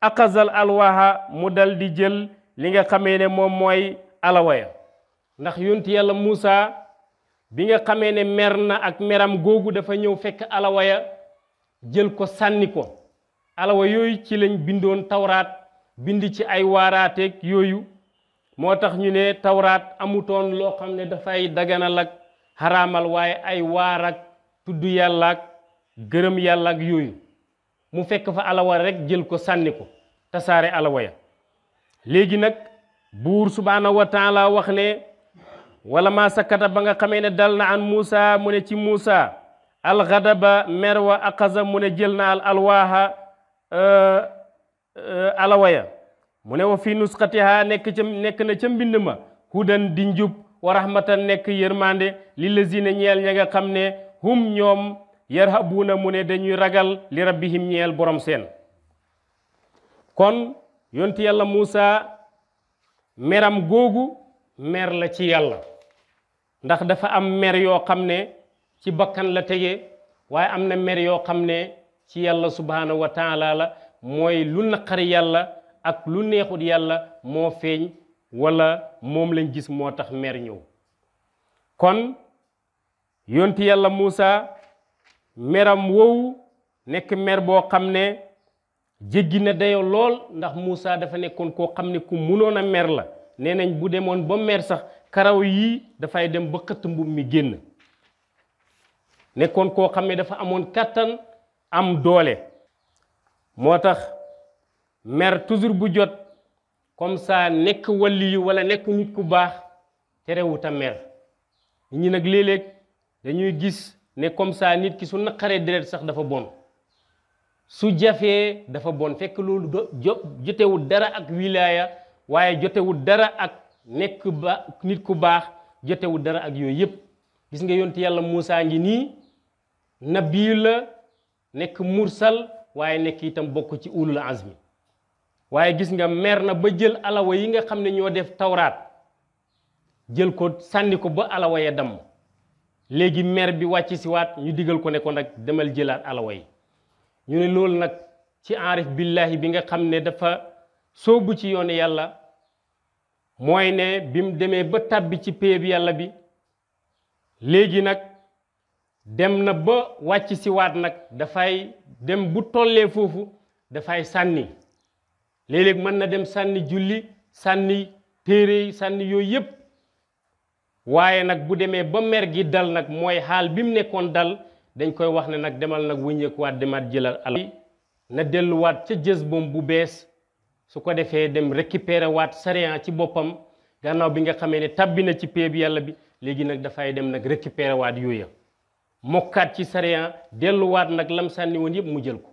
akasal alwaha mu dal di jël li nga xamee ne moom mooy alawaya ndax yonti yàlla Muusa bi nga xamee ne mer na ak meram googu dafa ñëw fekk alawaya jël ko sànni ko alawa yooyu ci lañ bindoon tawraat bind ci ay waaraateeg yooyu moo tax ñu ne tawraat amutoon loo xam ne dafay daganal ak xaraamal waaye ay waar ak tudd yàlla gërëm yàlla yooyu mu fekk fa alawa rekk jël ko sànni ko tasaare alawaya léegi nag buur subhaanahu wa wax ne walla ma sakkata ba nga xamee ne dal na an Muusa mu ne ci Muusa alxadaba mer wa aqaza mu ne jël na al alwaaha euh, euh, alawaya mu ne wa fi nusxatiha nekk ca nekk na ca mbind ma hudan di njub wa rahmatan nekk yërmande li lazina ñeel ña nga xam ne hum ñoom yarhabuuna mu ne dañuy ragal li rabbihim ñeel borom seen kon yonti yàlla Muusa meram googu mer la ci yàlla ndax dafa am mer yoo xam ne ci bakkan la tege waaye am na mer yoo xam ne ci yàlla subhaanahu wa la mooy lu naqari yàlla ak lu neexut yàlla moo feeñ wala moom lañ gis moo tax mer ñëw kon yonti yàlla Muusa meram wow nekk mer boo xam ne jéggi na dayoo lool ndax Moussa dafa nekkoon koo xam ne ku munoon a mer la nee nañ bu demoon ba mer sax karaw yii dafay dem ba xëtt mbub mi génn nekkoon koo xam ne dafa amoon kàttan am doole moo tax mer toujours bu jot comme ça nekk walli yu wala nekk nit ku baax terewut a mer ñi nag léeg-léeg dañuy gis ne comme ça nit ki su naqaree deret sax dafa bon su jafee dafa bon fekk loolu jotewul dara ak wilaaya waaye jotewul dara ak nekk ba nit ku baax jotewul dara ak yooyu yëpp gis nga yoon yonti yàlla Muusaa ngi nii nabi la nekk mursal waaye nekk itam bokk ci ulul azmi waaye gis nga mer na ba jël alawa yi nga xam ne ñoo def tawraat jël ko sànni ko ba alawa ya damm léegi mer bi wàcc si ñu digal ko ne ko nag demal jëlaat alawa yi ñu ne loolu nag ci aarif billahi bi nga xam ne dafa sóobu ci yoon yàlla mooy ne bi mu demee ba tàbbi ci péeb yàlla bi léegi nag dem na ba wàcc si waat nag dafay dem bu tollee foofu dafay sànni léeg mën na dem sànni julli sànni téere yi sànni yooyu yépp waaye nag bu demee ba mer gi dal nag mooy xaal bi mu nekkoon dal dañ koy wax ne nag demal nag wëññeekuwaat demaat jëlal alal na delluwaat ca jës boom bu bees su ko defee dem récupérer waat sariya ci boppam gannaaw bi nga xamee ne tàbbi na ci péeb yàlla bi léegi nag dafay dem nag récupérer waat yooya mokkaat ci sariya delluwaat nag lam sànni woon yëpp mu jël ko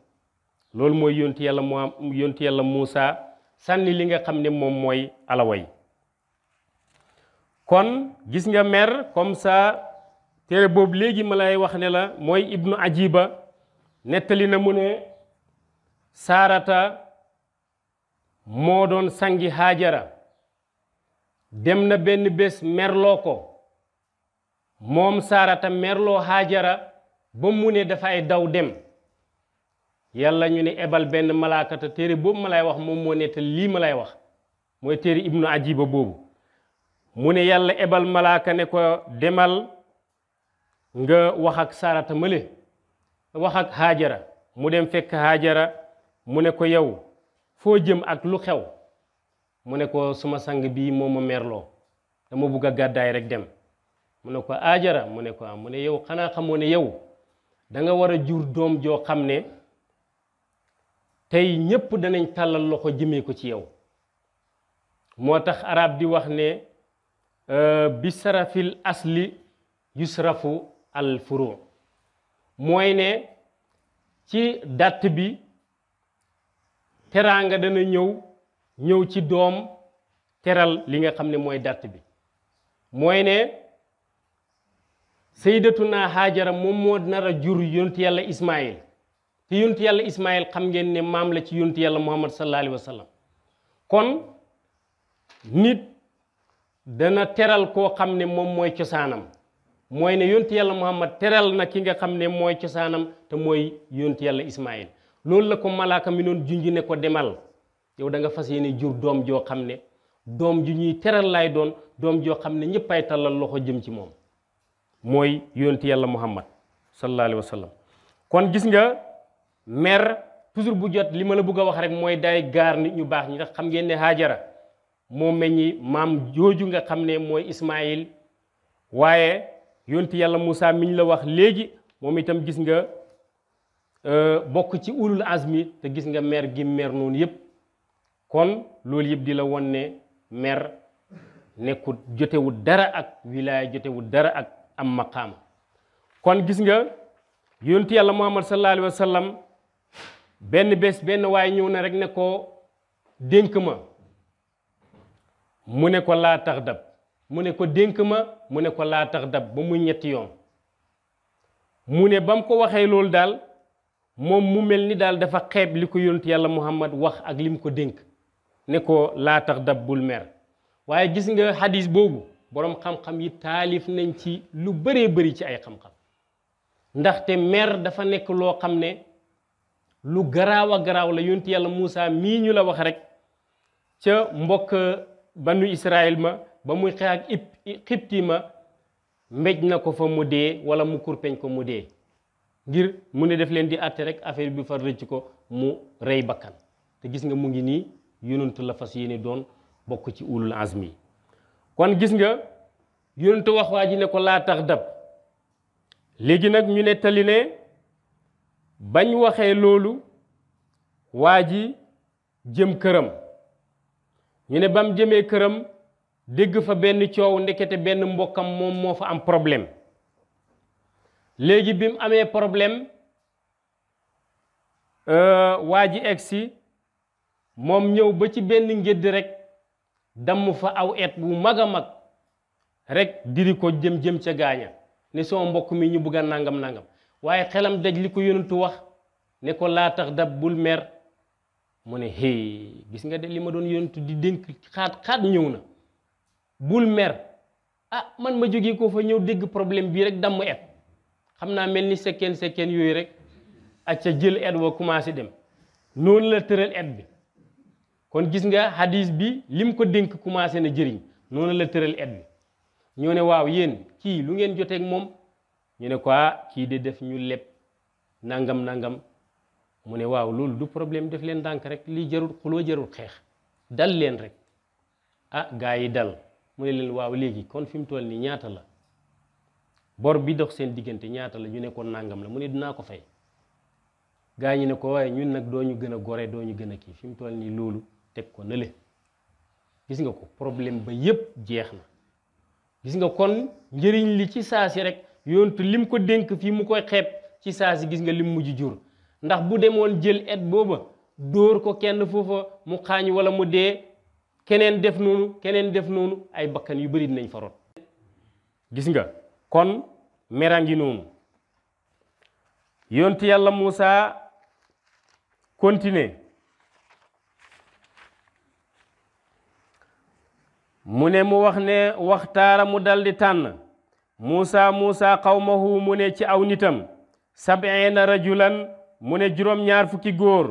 loolu mooy yonti yàlla moo yonti yàlla Muusa sànni li nga xam ne moom mooy alaway kon gis nga mer comme ça téere boobu léegi ma lay wax ne la mooy ibnu ajiba nettali na mu ne saarata moo doon sangi haajara dem na benn bés merloo ko moom saarata merloo haajara ba mu ne ay daw dem yàlla ñu ne ebal benn malaakata téere boobu ma lay wax moom moo nettali lii ma lay wax mooy téere ibnu ajiba boobu mu ne yàlla ebal malaaka ne ko demal nga wax ak sarata mële wax ak haajara mu dem fekk haajara mu ne ko yow foo jëm ak lu xew mu ne ko suma sang bii moo ma merloo dama bugg a gàddaay rek dem mu ne ko haajara mu ne ko ah mu ne yow xanaa xamoo ne yow danga war a jur doom joo xam ne tey ñépp danañ tàllal loxo jëmee ko ci yow moo tax arab di wax ne euh, bi sarafil asli yusrafu al furu mooy ne ci dàtt bi teraanga dana ñëw ñëw ci doom teral li nga xam ne mooy dàtt bi mooy ne sayyidatuna Haajara moom moo nar a jur yontu yàlla Ismaayil te yontu yàlla Ismaayil xam ngeen ne maam la ci yontu yàlla Muhammad sallallahu alayhi kon nit dana teral koo xam ne moom mooy cosaanam mooy ne yonti yàlla muhammad teral na ki nga xam ne mooy cosaanam te mooy yonti yàlla ismail loolu la ko malaaka mi doon junj ne ko demal yow da nga fas yéene jur doom joo xam ne doom ju ñuy teral laay doon doom joo xam ne ñëppay tallal loxo jëm ci moom mooy yonti yàlla muhammad sallallahu alayhi kon gis nga mer toujours bu jot li ma la bugg a wax rek mooy day gaar nit ñu baax nga ndax xam ngeen ne haajara moo meññi maam jooju nga xam ne mooy ismail waaye yonti yàlla Moussa miñ la wax léegi moom itam gis nga euh, bokk ci ulul azmi te gis nga mer gi mer noonu yëpp kon loolu yëpp di la won ne mer nekkut jotewul dara ak wilaaya jotewul dara ak am maqaam kon gis nga yonti yàlla Muhammad sallallahu alayhi wa sallam benn bés benn waaye ñëw na rek ne ko dénk ma mu ne ko laa tax dab mu ne ko dénk ma mu ne ko laa tax dab ba muy ñetti yoon mu ne ba mu ko waxee loolu daal moom mu mel ni daal dafa xeeb li ko yonent yàlla muhammad wax ak li mu ko dénk ne ko laa tax dab bul mer waaye gis nga xadiis boobu boroom xam-xam yi taalif nañ ci lu bëree bari ci ay xam-xam ndaxte mer dafa nekk loo xam ne lu garaaw a garaaw la yonent yàlla Muusa mii ñu la wax rek ca mbokk banu Israël ma ba muy xeex ak xiptima mbéj na ko fa mu dee wala mu kurpeñ ko mu dee ngir mu ne def leen di àtte rek affaire bi far rëcc ko mu rey bakkan te gis nga mu ngi nii yonent la fas yéene doon bokk ci ulul azmi yi kon gis nga yonent wax waa ji ne ko laa tax dab léegi nag ñu nettali ne bañ waxee loolu waa ji jëm këram ñu ne bam jëmee këram dégg fa benn coow ndekete benn mbokkam moom moo fa am problème léegi bi mu amee problème euh, waa ji egsi moom ñëw ba ci benn ngédd rek damm fa aw et wu mag a mag rek diri ko jëm jëm ca gaaña ne sama mbokk mi ñu bëgg a nangam nangam waaye xelam daj li ko yonentu wax ne ko laa tax dab bul mer mu ne hey gis nga de li ma doon yonentu di dénk xaat xaat ñëw na. bul mer a ah, man ma jógee ko fa ñëw dégg problème bii rek damm et xam naa mel ni sekkeen sekkeen yooyu rek ak ca jël et wa commencé dem noonu la tëral et bi kon gis nga hadis bi lim ko dénk commencé na jëriñ noonu la tëral et bi ñoo ne waaw yéen kii lu ngeen joteeg moom ñu ne ko ah, kii de def ñu leb nangam nangam mu ne waaw loolu du problème def leen dànk rek lii jarul xuloo jarul xeex dal leen rek ah gaa yi dal mu ne leen waaw léegi kon fi mu toll nii ñaata la bor bi dox seen diggante ñaata la ñu ne ko nàngam la mu ne dinaa ko fay gaa ñi ne ko waaye ñun nag doo ñu gën a gore doo ñu gën a kii fi mu toll nii loolu teg ko nële gis nga ko problème ba yépp jeex na gis nga kon njëriñ li ci saa si rek yontu lim ko dénk fii mu koy xeeb ci saa si gis nga lim mujj jur ndax bu demoon jël et booba dóor ko kenn foofa mu xaañ wala mu dee keneen def noonu keneen def noonu ay bakkan yu bëri dinañ fa rot gis nga kon mera ngi noonu yonti yàlla Moussa kontine mu ne mu wax ne waxtaara mu daldi tànn Moussa Moussa xawmahu mu ne ci aw nitam sabiina rajulan mu ne juróom-ñaar fukki góor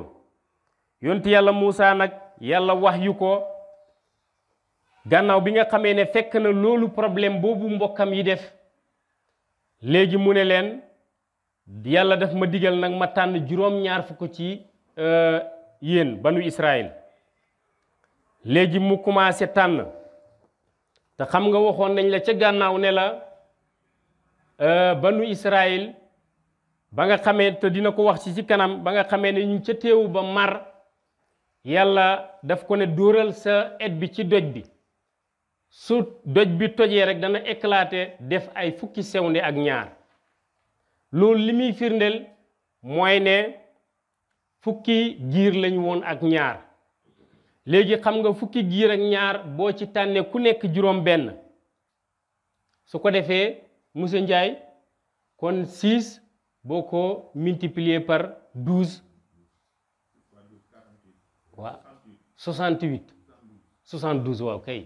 yonti yàlla Moussa nag yàlla wax yu ko gànnaaw bi nga xamee ne fekk na loolu problème boobu mbokkam yi def léegi mu ne leen yàlla daf ma digal nag ma tànn juróom-ñaar fukk ci euh, yéen banu Israël léegi mu commencé tànn te xam nga waxoon dañ la ca gànnaaw ne la euh, banu Israël ba nga xamee te dina ko wax ci ci kanam ba nga xamee ne ñu ca teewu ba mar yàlla daf ko ne dóoral sa et bi ci doj bi su doj bi tojee rek dana éclater def ay fukki sewnde ak ñaar loolu li muy firndeel mooy ne fukki giir lañ woon ak ñaar léegi xam nga fukki giir ak ñaar boo ci tànnee ku nekk juróom benn su ko defee monsieur Ndiaye kon 6 boo ko multiplier par 12 waaw 68 waaw kay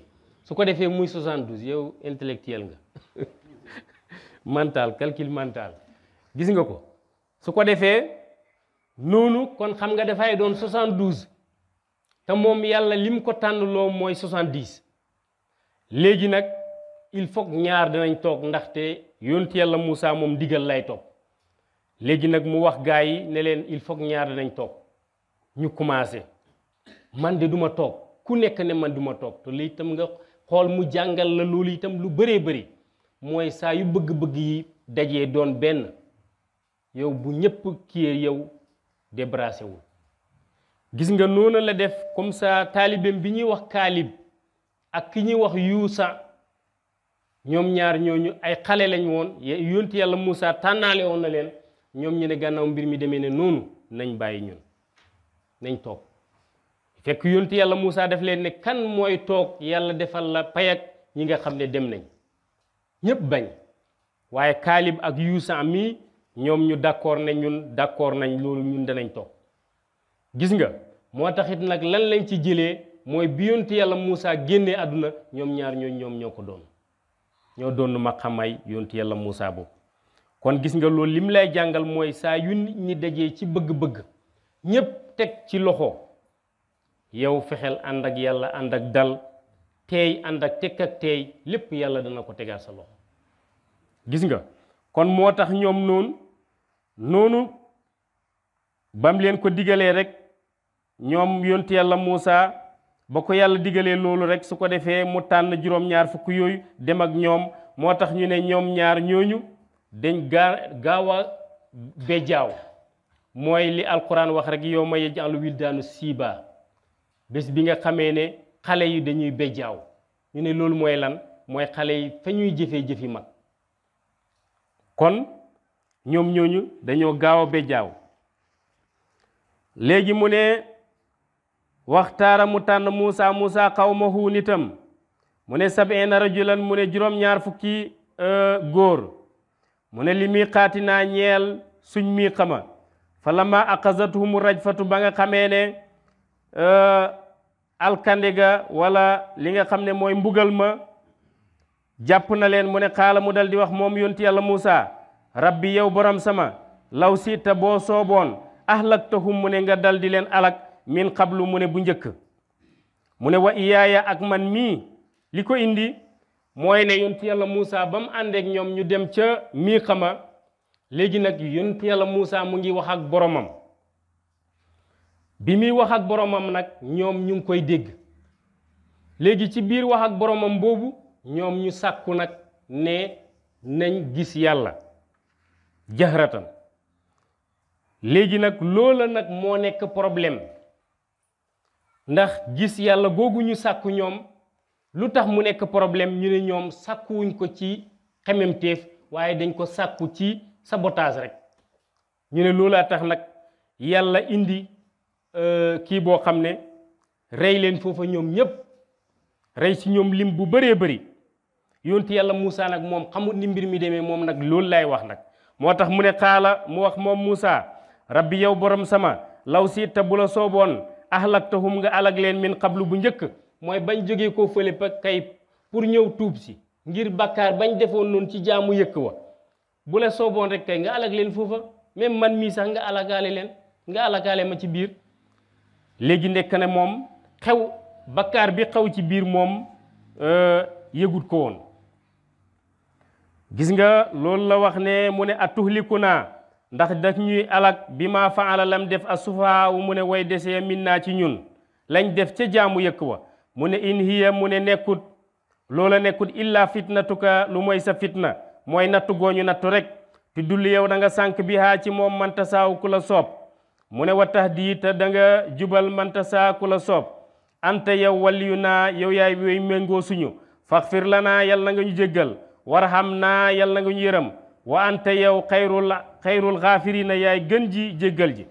su ko defee muy 72 yow intellectuel nga mental calcul mental gis nga ko su ko defee noonu kon xam nga dafay doon 72 te moom yàlla lim ko tànn loo mooy 70 léegi nag il faut ñaar danañ toog ndaxte yonent yàlla Moussa moom digal lay toog léegi nag mu wax gaa yi ne leen il faut ñaar dinañ toog ñu commencé man de duma toog ku nekk ne man duma toog te léegi tam nga xool mu jàngal la loolu itam lu bëree bëri mooy saa yu bëgg-bëgg yi dajee doon benn yow bu ñëpp kii yow débrassé wul gis nga noonu la def comme sa taalibeem bi ñuy wax kaalib ak ki ñuy wax yuusa ñoom ñaar ñooñu ay xale lañ woon yonent yàlla Moussa tànnaale woon na leen ñoom ñu ne gannaaw mbir mi demee ne noonu nañ bàyyi ñun nañ toog fekk yontu yàlla Moussa def leen ne kan mooy toog yàlla defal la payak ñi nga xam ne dem nañ ñépp bañ waaye Kaalib ak Yuusa mi ñoom ñu d'accord ne ñun d'accord nañ loolu ñun danañ toog gis nga moo taxit nag lan lañ ci jëlee mooy bi yontu yàlla Moussa génnee àdduna ñoom ñaar ñoo ñoom ñoo ko doon ñoo doon ma xamay yontu yàlla Moussa boobu kon gis nga loolu lim lay jàngal mooy saa yu nit ñi dajee ci bëgg-bëgg ñépp teg ci loxo yow fexeel ànd ak yàlla ànd ak dal teey ànd ak tekk ak teey lépp yàlla dana ko tegaat sa loxo gis nga kon moo tax ñoom noonu noonu bam leen ko digalee rek ñoom yontu yàlla Muusa ba ko yàlla digalee loolu rek su ko defee mu tànn juróom-ñaar fukk yooyu dem ak ñoom moo tax ñu ne ñoom ñaar ñooñu deñ gaa gaaw a jaaw mooy li alquran wax rek yow ma yejj al wildaanu siiba bés bi nga xamee ne xale yi dañuy béjjaaw ñu ne loolu mooy lan mooy xale yi fa ñuy jëfee jëfi mag kon ñoom ñooñu dañoo gaaw a béjjaaw léegi mu ne waxtaara mu tànn Muusa Muusa xawmahu nitam mu ne sabiina rajulan mu ne juróom-ñaar fukki euh, góor mu ne li muy xaati naa ñeel suñ mii xama fa lama axasathum rajfatu ba nga xamee ne euh, alkande ga walla li nga xam ne mooy mbugal ma jàpp na leen mu ne xaala mu dal di wax moom yonti yàlla Muusa rabbi yow borom sama law siita boo sooboon ahlaktahum mu ne nga dal di leen alak min xablu mu ne bu njëkk mu ne wa yaaya ak man mii li ko indi mooy ne yonti yàlla Muusa ba mu àndeek ñoom ñu dem ca mii xama léegi nag yonti yàlla Muusa mu ngi wax ak boromam bi muy wax ak boromam nag ñoom ñu ngi koy dégg léegi ci biir wax ak boromam boobu ñoom ñu sàkku nag ne nañ gis yàlla jahratan léegi nag loola nag moo nekk problème ndax gis yàlla googu ñu sàkku ñoom lu tax mu nekk problème ñu ne ñoom sàkkuwuñ ko ci xememteef waaye dañ ko sàkku ci sabotage rek ñu ne loolaa tax nag yàlla indi Euh, kii boo xam ne rey leen foofa ñoom ñëpp rey si ñoom lim bu bëree bëri yonti yàlla Moussa nag moom xamut ni mbir mi demee moom nag loolu laay wax nag moo tax mu ne xaala mu wax moom Moussa rabbi yow borom sama law siit te bu la sooboon ahlaktahum nga alag leen men xablu bu njëkk mooy bañ jógee koo fële pa kay pour ñëw tuub si ngir bakkaar bañ defoon noonu ci jaamu yëkk wa bu la sooboon rek kay nga alag leen foofa même man mii sax nga alagaale leen nga ma ci biir léegi nekk ne moom xew bakkaar bi xew ci biir moom euh, yëgut ko woon gis nga loolu la wax ne mu ne a tuhliku naa ndax daf ñuy alak bi ma faala lam def a sufaawu mu ne way desee min naa ci ñun lañ def ca jaamu yëkk wa mu ne in mu ne nekkut loola nekkut illaa fitnatuka lu moy sa fitna mooy nattu gooñu nattu rek te dulli yow da nga sànq bi haa ci moom manta saaw ku la soob mu ne wa tahdi te da jubal manta saa ku la soob ante yow waliyu naa yow yaay yooyu méngoo suñu faxfir lanaa yal na nga ñu jéggal warham naa yal na nga ñu yërëm wa anta yow xayrul xayrul na yaay gën ji jéggal ji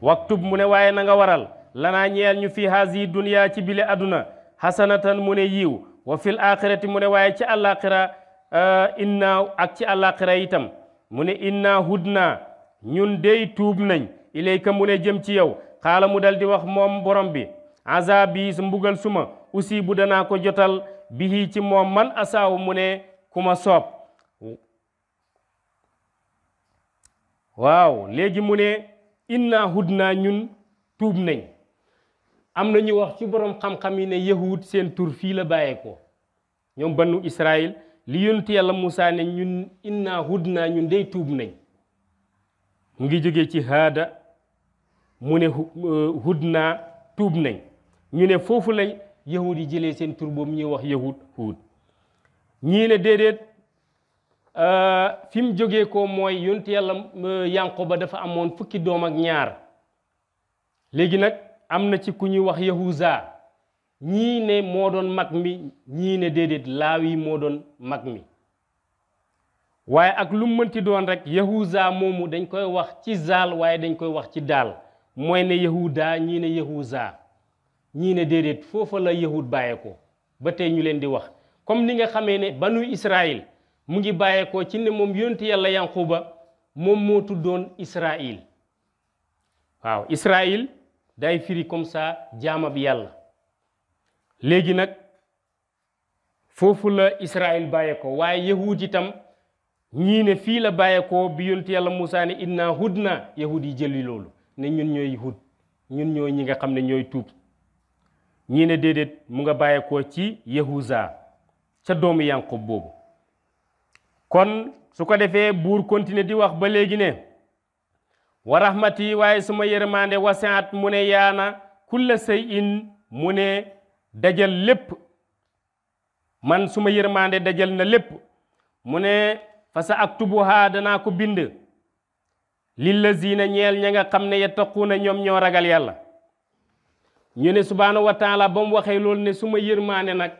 waktub mu ne waaye na nga waral lanaa ñeel ñu fi haasi duniya ci bile aduna hasanatan mu ne yiiw wa fil axirati mu ne waaye ci àllaaxira eh, inna ak ci àllaaxira itam mu ne inna hudna ñun dey tuub nañ ilayka mu ne jëm ci yow xaala mu dal di wax moom borom bi azaabi su mbugal suma aussi bu danaa ko jotal bihi ci moom man asaaw mu ne ku ma soob waaw léegi mu ne inna hudna ñun tuub nañ am na ñu wax ci borom xam-xam yi ne yahud seen tur fii la bàyyeekoo ñoom bannu Israël li yonent yàlla Moussa ne ñun inna hudna ñun dey tuub nañ mu ngi jógee ci haada mu ne euh, hud naa tuub nañ ñu ne foofu lay yahud yi jëlee seen tur boobu ñuy wax yahud huud ñii ne déedéet euh, fi mu jógee ko mooy yontu yàlla euh, ba dafa amoon fukki doom ak ñaar léegi nag am na ci ku ñuy wax yahuza ñii ne moo doon mag mi ñii ne déedéet laawi moo doon mag mi waaye ak lu mënti doon rek yahuza moomu dañ koy wax ci zaal waaye dañ koy wax ci daal mooy ne yahuda ñii ne yahuza ñii ne déedéet foofa la yahud bàyyeekoo ba tey ñu leen di wax comme ni nga xamee ne banu israil mu ngi bàyyeekoo ci ne moom yonti yàlla yanquba moom moo doon israil waaw israil day firi comme ça jaamab yàlla léegi nag foofu la israil bàyyeekoo waaye yahud itam ñii ne fii la bàyyeekoo bi yonent yàlla Moussa ne inna hudna yahud yi jëli loolu ne ñun ñooy hud ñun ñooy ñi nga xam ne ñooy tuub ñii ne déedéet mu nga bàyyeekoo ci Yahuza ca doomu Yanqub boobu kon su ko defee buur continuer di wax ba léegi ne wa rahmati waaye suma yërmande wasiat mu ne yaa na kulla shay'in mu ne dajal lépp man suma yërmande dajal na lépp mu ne fa sa aktubuha danaa ko bind lillazina ñeel ña nga xam ne yattaquuna ñoom ñoo ragal yàlla ñu ne subhaanahu wa taala ba waxee loolu ne su ma yërmaane nag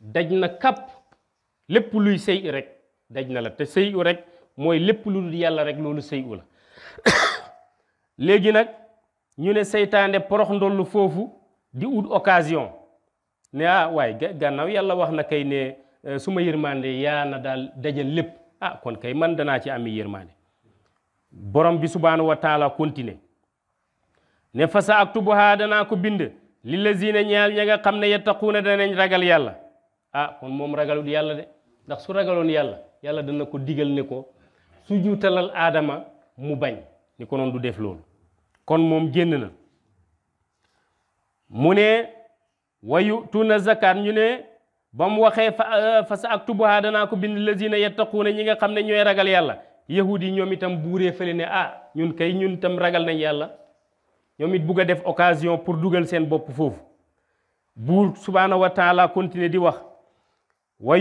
daj na kàpp lépp luy sëy rek daj na la te sëy u rek mooy lépp lu dul yàlla rek loolu sëy u la léegi nag ñu ne seytaane porox ndollu foofu di ut occasion ne ah waaye gannaaw yàlla wax na kay ne euh, su ma yërmaande yaa na daal dajal lépp ah kon kay man danaa ci am yërmaane borom bi subhaanahu wa taala continuer ne fa sa aktubuha danaa ko bind li lazina ñaal ña nga xam ne yattaquuna danañ ragal yàlla ah kon moom ragalut yàlla de ndax su ragaloon yàlla yàlla dana ko digal ne ko su juutalal aadama mu bañ ni ko noonu du def loolu kon moom génn na mu ne wayu tuuna zakat ñu ne ba mu waxee fa euh, sa aktubuha danaa ko bind lazina yattaquuna ñi nga xam ne ñooy ragal yàlla yahud yi ñoom itam buuree fële ne ah ñun kay ñun itam ragal nañ yàlla ñoom it bugg a def occasion pour dugal seen bopp foofu buur subhaanahu wa taala di wax wa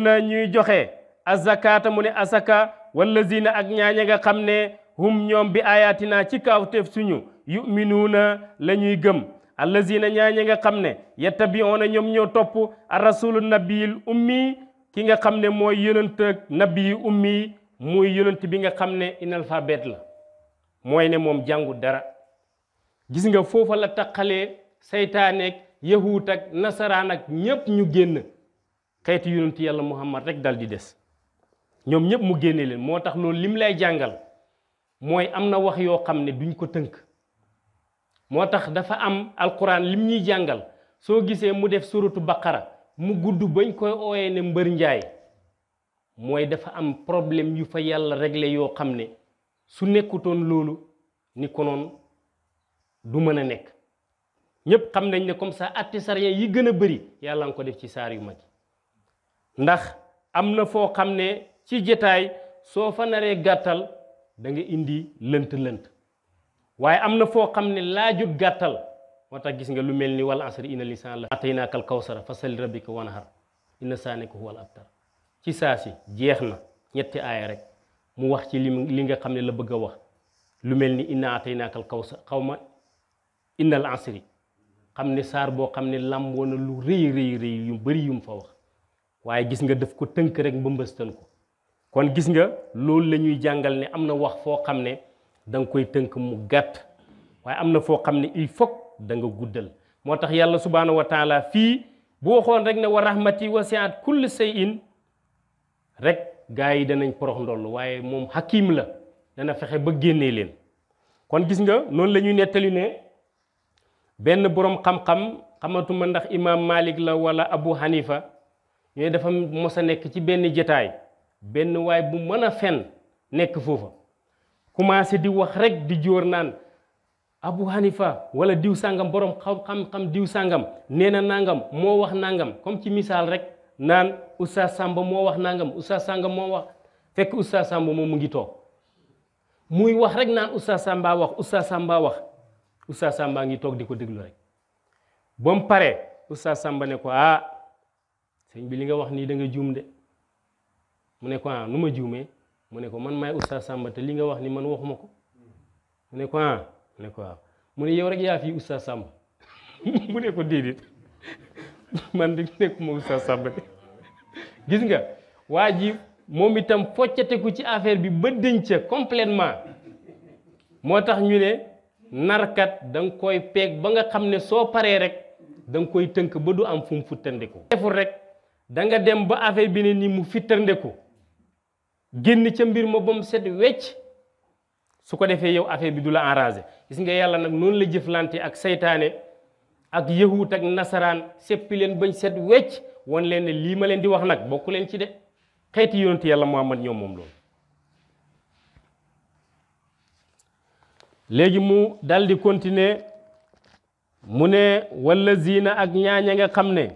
na ñuy joxe azakaata mu ne asaka wallazina ak ñaaña nga xam ne hum ñoom bi ayatina ci kaawteef suñu yuminuuna la ñuy gëm allazina ñaaña nga xam ne yattabi'una ñoom ñoo topp ar rasulu nabiyil ummi ki nga xam ne mooy yonent ak nabiyi ummi muy yonent bi nga xam ne inalphabète la mooy ne moom jàngu dara gis nga foofa la taqalee saytaaneeg yahuut ak nasaraan ak ñépp ñu génn xeeti yonent yàlla muhammad rek dal di des ñoom ñépp mu génne leen moo tax loolu lim lay jàngal mooy am na wax yoo xam ne duñ ko tënk moo tax dafa am alquran lim ñuy jàngal soo gisee mu def suratu baqara mu gudd bañ koy ooyee ne mbër njaay mooy dafa am problème yu fa yàlla réglé yoo xam ne su nekkutoon loolu ni konoon du mën a nekk ñépp xam nañ ne comme sa atte sariya yi gën a bëri yàlla nga ko def ci saar yu mag yi ndax am na foo xam ne ci jataay soo fa naree gàttal da nga indi lënt-lënt waaye am na foo xam ne laajut gàttal moo tax gis nga lu mel ni wal asri inna lisaan la ataynaaka al kawsara fa salli rabbika wanhar inna saaneka huwal abtar ci saa si jeex na ñetti aaya rek mu wax ci li li nga xam ne la bëgg a wax lu mel ni inna ataynaaka al kawsar xaw ma inna al xam ne saar boo xam ne làmboo na lu rëy rëy rëy yu bari yum fa wax waaye gis nga daf ko tënk rek mbëmbëstan ko kon gis nga loolu la jàngal ne am na wax foo xam ne da koy tënk mu gàtt waaye am na foo xam ne il faut danga guddal moo tax yàlla subhaanahu wa taala fii bu waxoon rek ne wa rahmati wasiat kulli in rek gaa yi danañ porox ndoll waaye moom hakim la dana fexe ba génnee leen kon gis nga noonu la ñuy nettali ne benn boroom xam-xam xamatuma ndax imaam Malik la wala Abu Hanifa ñooy dafa mos nekk ci benn jataay benn waay bu mën a fen nekk foofa commencé di wax rek di jóor naan Abu Hanifa wala diw sàngam borom xam-xam diw sàngam nee na nangam moo wax nangam comme ci misaal rek naan ussa Samba moo wax nangam Oustaz sàngam moo wax fekk ussa Samba moom mu ngi toog muy wax rek naan Oustaz Samba wax Oustaz Samba wax Oustaz Samba ngi toog di ko déglu rek ba mu paree Oustaz Samba ne ko ah sëñ bi li nga wax nii danga nga juum de mu ne ah nu ma juumee. mu ne ko man maay oustaz Samba te li nga wax ni man waxuma ko mu ne ko ah mu ne ko ah. mu ne yow rek yaa fi oustaz Samba mu ne ko déedéet man di nekkuma oustaz Samba de gis nga waa ji moom itam foccateku ci affaire bi ba dënca complètement moo tax ñu ne narkat danga koy peeg ba nga xam ne soo paree rek danga koy tënk ba du am fum mu futtandeku deful rek danga dem ba affaire bi ne nii mu fittandeku génn ca mbir ma bam mu set wecc su ko defee yow affaire bi du la enragé gis nga yàlla nag noonu la jëflante ak seytaane ak yahuut ak nasaraan seppi leen bañ set wecc won leen ne lii ma leen di wax nag bokku leen ci de xeeti yonent yàlla Muhammad ñoom moom loolu léegi mu daldi di mu ne wala ziina ak ñaaña nga xam ne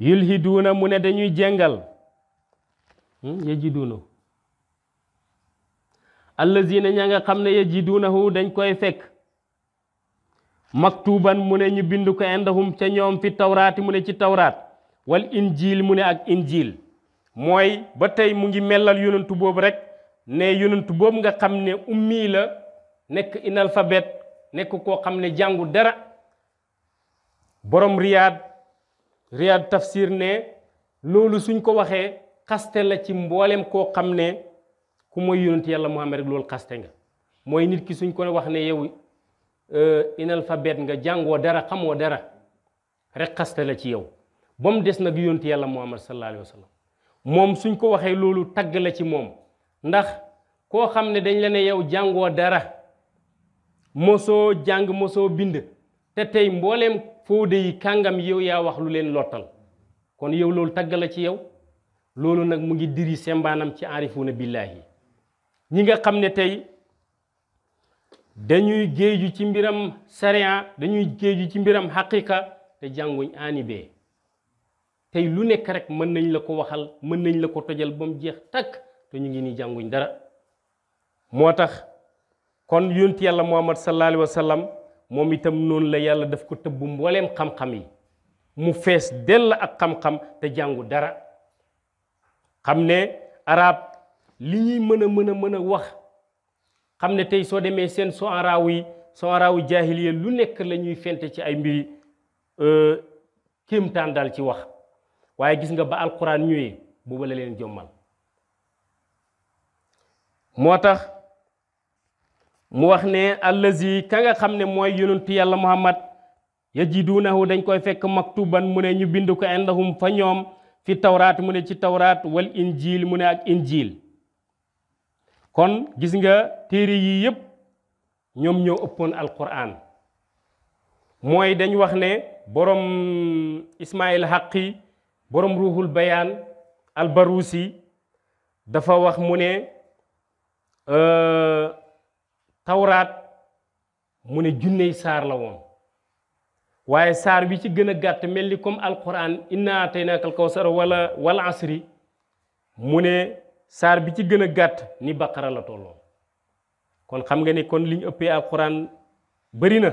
yulhiduuna mu ne dañuy jengal Hmm? yajiduunahu allazina ña nga xam ne yajiduunahu dañ koy fekk maktuban mu ne ñu bind ko indahum ca ñoom fi tawraati mu ne ci tawraat wal injil mu ne ak injil mooy ba tey mu ngi melal yonentu boobu rek ne yonentu boobu nga xam ne ummi la nekk inalphabète nekk koo xam ne jàngu dara boroom riyaad riyaad tafsir ne loolu suñ ko waxee xaste la ci mbooleem koo xam ne ku mooy yonent yàlla Muhammad rek loolu xaste nga mooy nit ki suñ ko wax ne yow euh, inalphabète nga jàngoo dara xamoo dara rek xaste la ci yow ba mu des nag yonent yàlla Muhammad sallallahu alayhi wa sallam moom suñ ko waxee loolu tagg la ci moom ndax koo xam ne dañ la ne yow jàngoo dara mosoo jàng mosoo bind te tey mbooleem fóode yi kàngam yow yaa wax lu leen lottal kon yow loolu tagg la ci yow loolu nag mu ngi diri sembaanam ci aarifuuna billaahi ñi nga xam ne tey dañuy géeju ci mbiram sariya dañuy géeju ci mbiram xaqiqa te jànguñ aanibee tey lu nekk rek mën nañ la ko waxal mën nañ la ko tojal ba mu jeex takk te ñu ngi nii jànguñ dara moo tax kon yonent yàlla muhammad sallallahu alayhi wa sallam moom itam noonu la yàlla daf ko tëbb mbooleem xam-xam yi mu fees dell ak xam-xam te jàngu dara xam ne arab li ñuy mën a mën a mën a wax xam ne tey soo demee seen so enraw yi so enraw yi lu nekk lañuy ñuy fente ci ay mbiri euh, kéemtaan daal ci wax waaye gis nga ba alquran ñëwee booba la leen jommal moo tax mu wax ne allazi ka nga xam ne mooy yonentu yàlla muhammad yajidunahu dañ koy fekk maktuban mu ne ñu bind ko indahum fa ñoom fi tawraat mu ne ci tawraat wal injiil mu ne ak injiil kon gis nga téere yii yépp ñoom ñoo ëppoon alquran mooy dañ wax ne boroom Ismaïl Haqi borom ruuxul bayaan albaruusi dafa wax mu ne euh, tawraat mu ne junney saar la woon waaye saar bi ci gën a gàtt mel ni comme alquran inna ataynaaka alkawsar wala wal asri mu ne saar bi ci gën a gàtt ni baqara la tolloo kon xam nga ni kon li ëppee alquran bëri na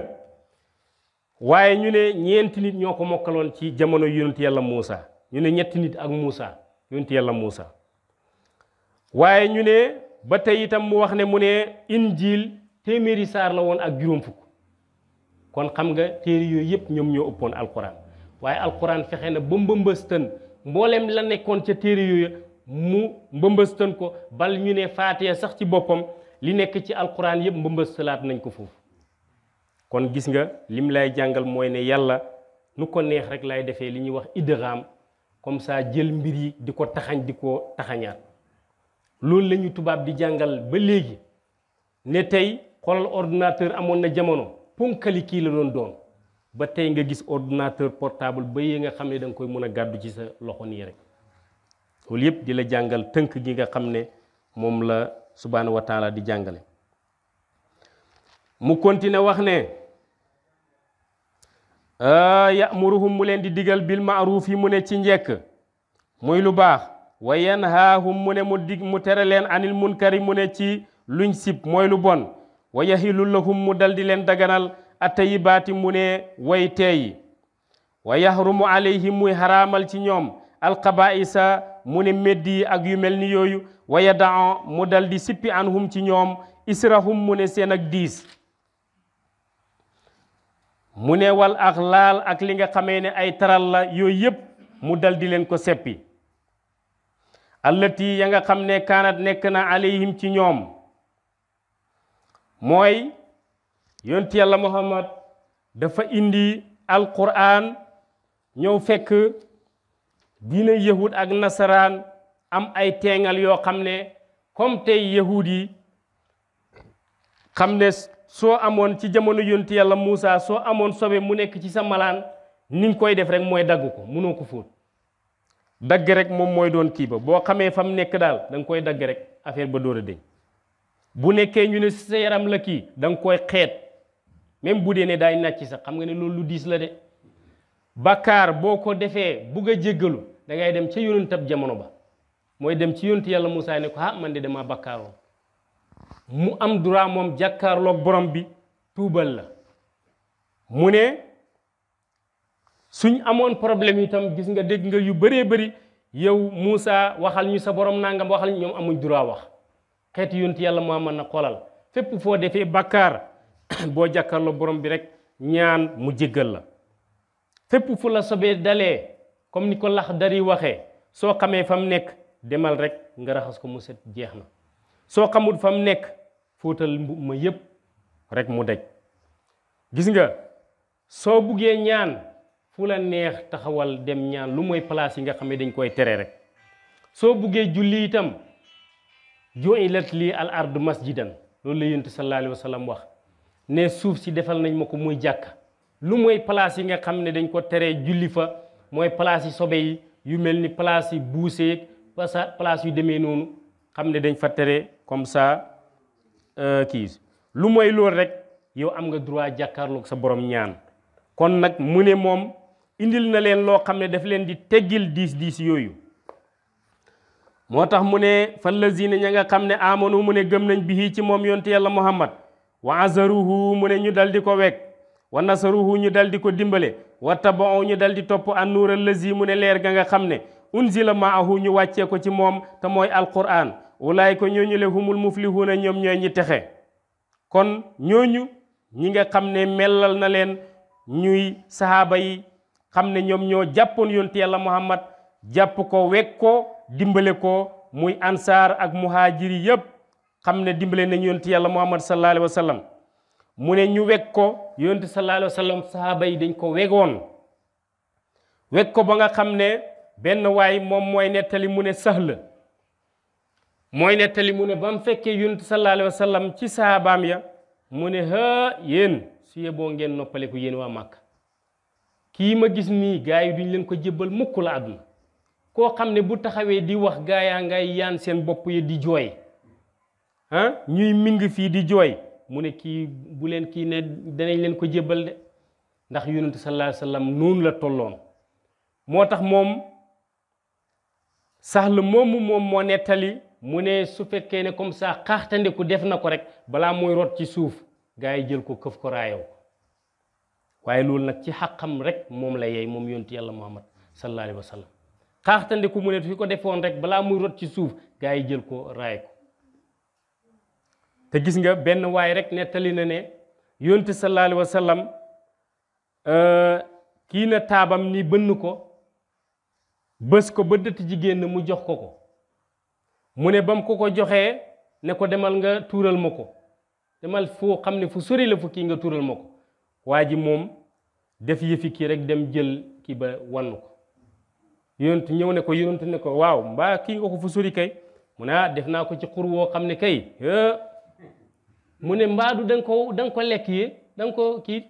waaye ñu ne ñeenti nit ñoo ko mokkaloon ci jamono yonent yàlla Muusa ñu ne ñetti nit ak Muusa yonent yàlla Muusa waaye ñu ne ba tey itam mu wax ne mu ne injiil téeméeri saar la woon ak juróom fukk kon xam nga téere yooyu yëpp ñoom ñoo ëppoon alquran waaye alquran fexe na ba mbëmbëstan mbooleem la nekkoon ca téere yooyu mu mbëmbëstan ko bal ñu ne faatiya sax ci boppam li nekk ci alquran yëpp mbëmbëstalaat nañ ko foofu kon gis nga lim lay jàngal mooy ne yàlla nu ko neex rek lay defee li ñuy wax idgham comme saa jël mbir yi di ko taxañ di ko taxañaat loolu lañuy tubaab di jàngal ba léegi ne tey xoolal ordinateur amoon na jamono ponkali kii la doon doon ba tey nga gis ordinateur portable ba nga xam ne danga koy mën a gàddu ci sa loxo nii rek loolu yëpp di la jàngal tënk gi nga xam ne moom la subhaanahu wa di jàngale mu kontine wax ne ah, yamuruhum mu leen di digal bil maaruf yi mu ne ci njekk muy lu baax wa yanhaahum mu ne mu dig mu tere leen anil munkari mu ne ci luñ sib mooy lu bon wa yahilu lahum mu daldi leen daganal attayibaati mu ne way teeyi wa yahrumu alayhim muy haraamal ci ñoom alxabaisa mu ne meddi ak yu mel ni yooyu wa yadaa mu daldi di sippi anhum ci ñoom israhum mu ne seen ak diis mu ne wal axlaal ak li nga xamee ne ay taral la yooyu yépp mu daldi leen ko seppi allati ya nga xam ne kaanat nekk na alayhim ci ñoom mooy yonti yàlla muhammad dafa indi alquran ñëw fekk diina yahud ak nasaraan am ay teengal yoo xam ne comme tey yahud yi xam ne soo amoon ci jamono yonti yàlla Moussa soo amoon sobe mu nekk ci sa malaan ni koy def rek mooy dagg ko munoo ko fóot dagg rek moom mooy doon kii ba boo xamee fa mu nekk daal da koy dagg rek affaire ba dóor a bu nekkee ñu ne sa yaram la kii danga koy xeet même bu dee ne daay nàcc sax xam nga ne loolu lu diis la de bàkkaar boo ko defee bugg a jéggalu da ngay dem ca yónentab jamono ba mooy dem ci yónent yàlla Moussa ne ko ah man de damaa bàkkaaroon mu am droit moom jàkkaarloog borom bi tuubal la mu ne suñ amoon problème itam gis nga dégg nga yu bëree bëri yow Moussa waxal ñu sa borom nangam waxal ñu ñoom amuñ droit wax xeeti ti yàlla Muhammad na xoolal fépp foo defee bàkkaar boo jàkkaarloo borom bi rek ñaan mu jéggal la fépp fu la sobee dalee comme ni ko lax dari waxee soo xamee fa mu nekk demal rek nga raxas ko mu set jeex na soo xamul fa mu nekk fóotal mbubb ma yépp rek mu daj gis nga soo buggee ñaan fu la neex taxawal dem ñaan lu mooy place yi nga xam ne dañ koy tere rek soo buggee julli itam ju'ilat lii al ardu masjidan loolu la yonent sallallahu alayhi wa wax ne suuf si defal nañ ma ko muy jàkk lu mooy place yi nga xam ne dañ ko teree julli fa mooy place yi sobe yi yu mel ni place yi pasa place yu demee noonu xam ne dañ fa tere comme ça euh, kii lu mooy loolu rek yow am nga droit jàkkarlook sa borom ñaan kon nag mu ne moom indil na leen loo xam ne daf leen di teggil diis diis yooyu moo tax mu ne fallazina ña nga xam ne amanu mu ne gëm nañ bihi ci moom yontu yàlla muhammad wa azaruhu mu ne ñu dal di ko wekk wa nasaruhu ñu dal di ko dimbale wa tabao ñu dal di topp annuur allazi mu ne leer ga nga xam ne unzila maahu ñu wàccee ko ci moom te mooy alquran wulaay ko ñooñu le humul muflihuuna ñoom ñooy ñi texe kon ñooñu ñi nga xam ne mellal na leen ñuy sahaaba yi xam ne ñoom ñoo jàppoon yontu yàlla muhammad jàpp ko wek koo dimbale ko muy ansaar ak muhaajiri yépp xam ne dimbale nañ yonti yàlla muhammad sallallahu alayhi wa mu ne ñu weg ko yonti sallallahu alayhi wa sallam sahaaba yi dañ ko wegoon weg ko ba nga xam ne benn waay moom mooy nettali mu ne sahla mooy nettali mu ne ba mu fekkee yonti sallallahu alayhi wa sallam ci sahaabaam ya mu ne ha yéen su yeboo ngeen noppaleku yéen waa màkk kii ma gis nii gars yi duñ leen ko jébbal mukk la àdduna koo xam ne bu taxawee di wax gaa yaa ngay yaan seen bopp yi di jooy ah ñuy ming fii di jooy mu ne kii bu leen kii ne danañ leen ko jébbal de ndax yonent sallallahu alayhi wasallam noonu la tolloon moo tax moom saxlu moomu moom moo nettali mu ne su fekkee ne comme ça xaaxtandiku def na ko rek balaa mooy rot ci suuf gaa yi jël ko këf ko raayoo waaye loolu nag ci xaqam rek moom la yey moom yontu yàlla muhammad sallallahu alayhi wa sallam xaaxtandi ku mu ne fi ko defoon rek balaa muy rot ci suuf gaa yi jël ko raay ko te gis nga benn waay rek nettali na ne yonti sallallahu alayhi wa sallam euh, kii na taabam ni bënn ko bës ko ba dëtt jigéen mu jox ko ko mu ne bam ko ko joxee ne ko demal nga tuural ma ko demal foo xam ne fu sori la fu kii nga tuural ma ko waa ji moom def yëfi kii rek dem jël kii ba wann ko yonent ñëw ne ko yonent ne ko waaw mbaa kii nga ko fu sori kay mu ne ah, def naa ko ci xur woo xam ne kay mu ne mbaadu da nga ko da lekk yee dang nga ko kii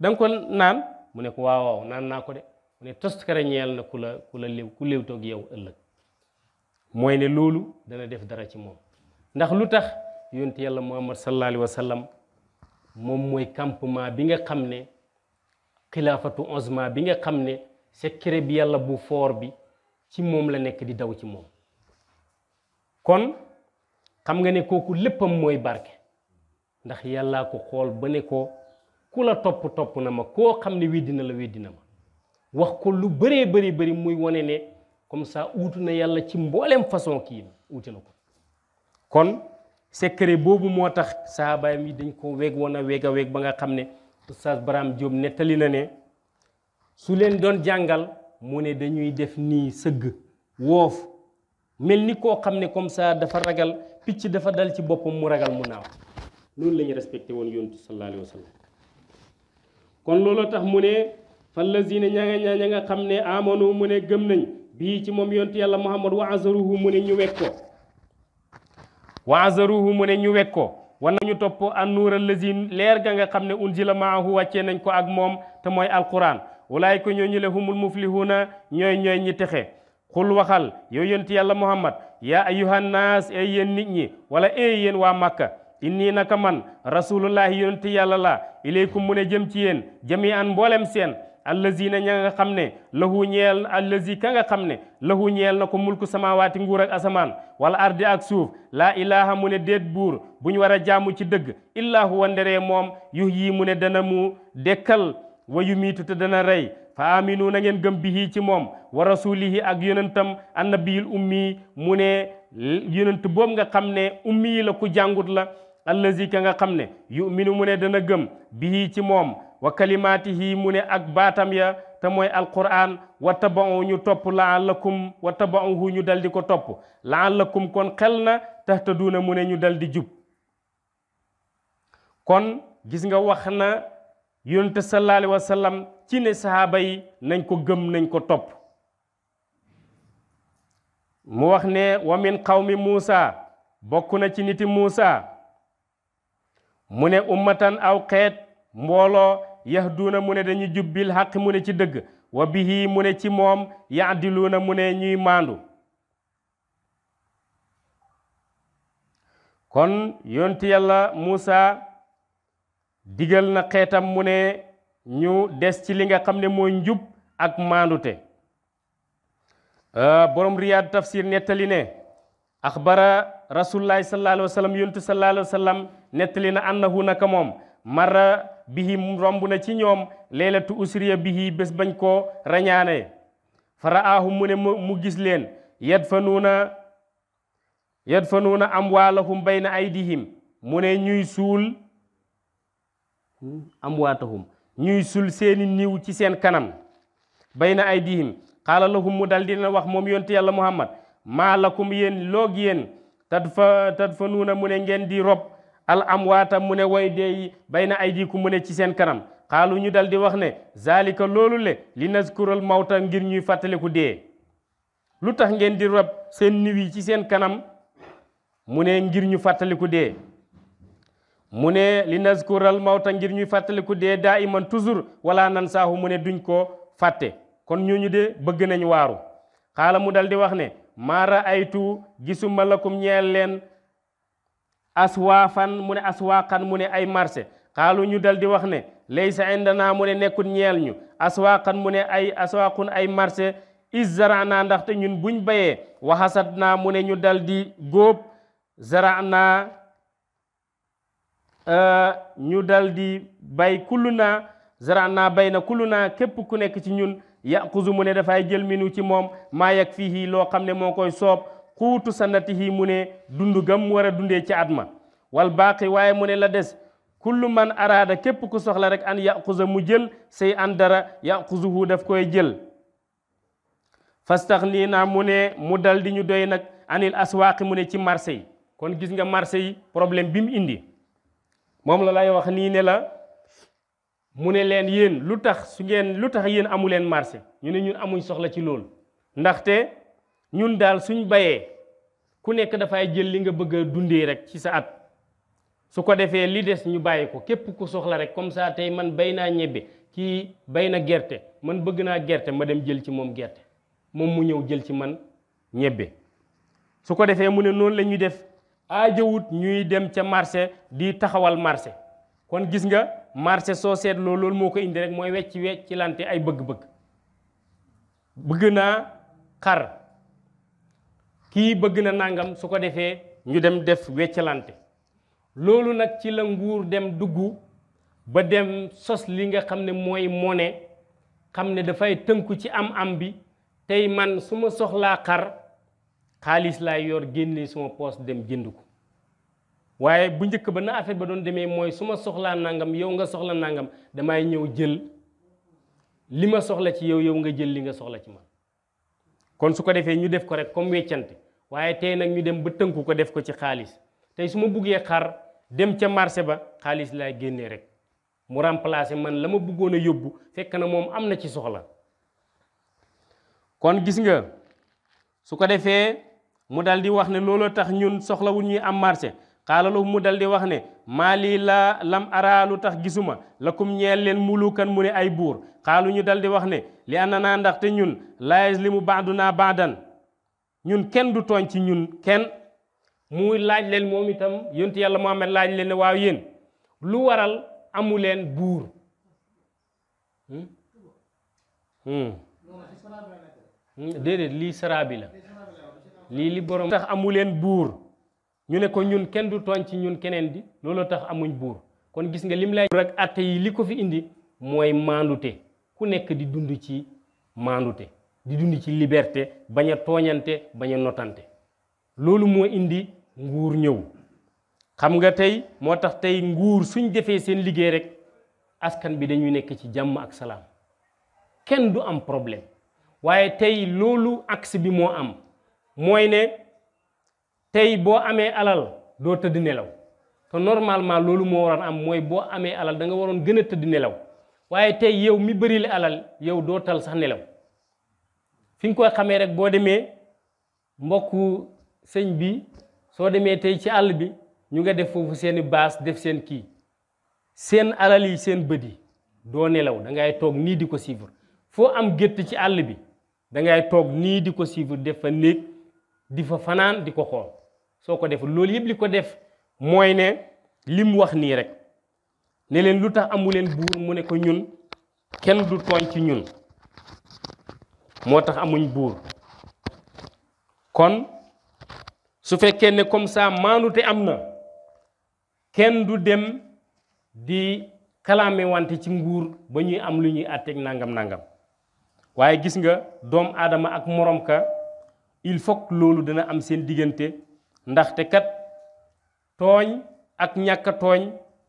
da ko naan mu ne ko waaw naan naa ko de mu ne toskare ñeel na ku la ku la léw ku léew toog yow ëllëg mooy ne loolu dana def dara ci moom ndax lu tax yonent yàlla muhammad sallallahu alayhi wa sallam moom mooy campement bi nga xam ne xilaafatu osma bi nga xam ne secret bi yàlla bu foor bi ci moom la nekk di daw ci moom kon xam nga ne kooku léppam mooy barke ndax yàllaa ko xool ba ne ko ku la topp topp na ma koo xam ne weddi na la weddi na ma wax ko lu bëree bëri bari muy wane ne comme sa uutu na yàlla ci mbooleem façon kii uuti na ko kon secret boobu moo tax sahabaayam yi dañ ko weeg woon a weg a weeg ba nga xam ne oustaz Baram Diop nettali na ne su leen doon jàngal mu ne dañuy def nii sëgg woof mel ni koo xam ne comme ça dafa ragal picc dafa dal ci boppam mu ragal mu naaw noonu lañuy ñu respecté woon yontu sallallahu alayhi wa sallam kon looloo tax mu ne fallazina ña nga ña ña nga xam ne amanu mu ne gëm nañ bii ci moom yontu yàlla muhammad wa azaruhu mu ne ñu wekk ko wa azaruhu mu ne ñu ko war nañu topp an nuur allazi leer ga nga xam ne unzila maahu wàccee nañ ko ak moom te mooy alquran wulaay ko ñooñu le humul muflihuuna ñooy ñooy ñi texe xul waxal yow yonti yàlla muhammad yaa ayuhannaas ay yéen nit ñi wala ey yéen waa màkka inni naka man rasulullahi yonti yàlla la ilaykum mu ne jëm ci yéen jami an mboolem seen allazina ña nga xam ne lahu ñeel allazi ka nga xam ne lahu ñeel na ko mulku samawaati nguur ak asamaan wala ardi ak suuf laa ilaha mu ne déet buur bu ñu jaamu ci dëgg illaa huwa nderee moom yuh wa yumiitu te dana rey fa aminu na ngeen gëm bihi ci moom wa rasulihi ak yonentam annabiyul ummi mu ne yonent boobu nga xam ne ummi yi la ku jàngut la allazi ka nga xam ne yuminu mu ne dana gëm bihi ci moom wa kalimaatihi mu ne ak baatam ya te mooy alquran wa tabahu ñu topp laallakum wa tabahu ñu dal di ko topp laallakum kon xel na tahtaduuna mu ne ñu dal di jub kon gis nga wax na yonent sallallahu alayhi wa sallam ci ne sahaaba yi nañ ko gëm nañ ko topp mu wax ne wa min qawmi muusaa bokk na ci niti muusaa mu ne ummatan aw xeet mbooloo yahduuna mu ne dañu jubbil xaq mu ne ci dëgg wa bihi mu ne ci moom yaadiluuna mu ne ñuy maandu kon yonent yàlla muusa digal na xeetam mu ne ñu des ci li nga xam ne mooy njub ak maandute euh, borom riyaad tafsir nettali ne axbara rasulullahi sallallahu alayhi wa sallam yontu sallallahu alayhi wa sallam nettali na annahu moom marra bihi romb na ci ñoom leelatu usriya bihi bés bañ koo rañaane faraahu mu ne mu gis leen yad fa nuuna yad fa nuuna amwaalahum bayna aydihim mu ne ñuy suul amwaatahum ñuy sul seeni niiw ci seen kanam bay bayna aydihim xaala lahum mu dal dina wax moom yonte yàlla muhammad maa lakum yéen loog yéen tad fa tad fa nuuna mu ne ngeen di rob al waata mu ne woy way deey bayna aydikum mu ne ci seen kanam xaalu ñu dal di wax ne zalika loolu le li naskural mawta ngir ñuy fàttaliku dee lu tax ngeen di rob seen niw yi ci seen kanam mu ne ngir ñu fàttaliku dee mu ne li nazkural mawta ngir ñuy fàttaliku dee daa iman toujours wala nan saahu mu ne duñ ko fàtte kon ñu ñu de bëgg nañ waaru xaala mu dal di wax ne maara aytu gisuma lakum ñeel leen aswaafan mu ne aswaaqan mu ne ay marché xaalu ñu dal di wax ne laysa indana mu ne nekkul ñeel ñu aswaaqan mu ne ay aswaaqun ay marché izzaranaa ndaxte ñun buñ bayee waxasat naa mu ne ñu dal di góob zaranaa Euh, ñu daldi bay kullu naa zaran naa bay na kullu naa képp ku nekk ci ñun yaquzu mu ne dafay jël minu ci moom maa yak fii loo xam ne moo koy soob xuutu sanatihi mu ne dund gam war a dundee ci at ma wal baaqi waaye mu ne la des kullu man araada képp ku soxla rek an yaquza mu jël sey an dara yaquzuhu daf koy jël fastax nii naa mu ne mu dal di ñu doy nag anil aswaaqi mu ne ci marché yi kon gis nga marché yi problème bi mu indi moom la lay wax nii ne la mu ne leen yéen lu tax su ngeen lu tax yéen amu leen marché ñu ne ñun amuñ soxla ci loolu ndaxte ñun daal suñ bayee ku nekk dafay jël li nga bëgg a dundee rek ci sa at su ko defee li des ñu bàyyi ko képp ku soxla rek comme ça tey man bay naa ñebbe kii bay na gerte man bëgg naa gerte ma dem jël ci moom gerte moom mu ñëw jël ci man ñebbe su ko defee mu ne noonu la def aajawut ñuy dem ca marché di taxawal marché kon gis nga marché soo seetloo loolu moo ko indi rek mooy wecc wecc ci lante ay bëgg-bëgg bëgg naa xar kii bëgg na nangam su ko defee ñu dem def weccalante loolu nag ci la nguur dem dugg ba dem sos li nga xam ne mooy monnaie xam ne dafay tënku ci am-am bi tey man su ma soxlaa xar xaalis laay yor génne suma poos dem jënd ko waaye bu njëkk ba na affaire ba doon demee mooy suma soxlaa nangam yow nga soxla nangam damay ñëw jël li ma soxla ci yow yow nga jël li nga soxla ci man kon su ko defee ñu def ko rek comme weccante waaye tey nag ñu dem ba tënku ko def ko ci xaalis tey su ma buggee xar dem ca marché ba xaalis laay génnee rek mu remplacer man la ma bëggoon a yóbbu fekk na moom am na ci soxla kon gis nga su ko defee mu dal wax ne looloo tax ñun soxlawul ñuy am marché xaala mu dal di wax ne maa lii la lam araa tax gisuma lakum ñeel leen mulukan mu ne ay buur xaalu ñu dal di wax ne li ana naa ndaxte ñun li mu yazlimu naa baadan ñun kenn du tooñ ci ñun kenn muy laaj leen moom itam yontu yàlla mu Muhammad laaj leen ne waaw yéen lu waral amu leen buur hmm? Hmm? Hmm? déedéet lii saraa la lii li borom tax amu leen buur ñu ne ko ñun kenn du tooñ ci ñun keneen di loolu tax amuñ buur kon gis nga lim lay rek atte yi li ko fi indi mooy maandute ku nekk di dund ci maandute di dund ci liberte bañ a tooñante bañ a notante loolu moo indi nguur ñëw xam nga tey moo tax tey nguur suñ defee seen liggéey rek askan bi dañuy nekk ci jàmm ak salaam kenn du am problème waaye tey loolu axe bi moo am mooy ne tey boo amee alal doo tëdd nelaw te normalement loolu moo waroon am mooy boo amee alal da nga waroon gën a tëdd nelaw waaye tey yow mi bëri la alal yow doo tal sax nelaw fi nga koy xamee rek boo demee mbokk sëñ bi soo demee tey ci àll bi ñu nga def foofu seeni baas def seen kii seen alal yi seen bët yi doo nelaw da ngay toog nii di ko suivre foo am gétt ci àll bi da ngay toog nii di ko suivre def fa néeg di fa fanaan di ko xool soo ko def loolu yëpp li ko def mooy ne lim wax nii rek ne leen lu tax amu leen buur mu ne ko ñun kenn du tooñ ci ñun moo tax amuñ buur kon su fekkee ne comme ça maanute am na kenn du dem di kalaame wante ci nguur ba ñuy am lu ñuy àtteeg nangam nangam waaye gis nga doom aadama ak morom ka il faut loolu dina am seen diggante ndaxte kat tooñ ak ñàkk tooñ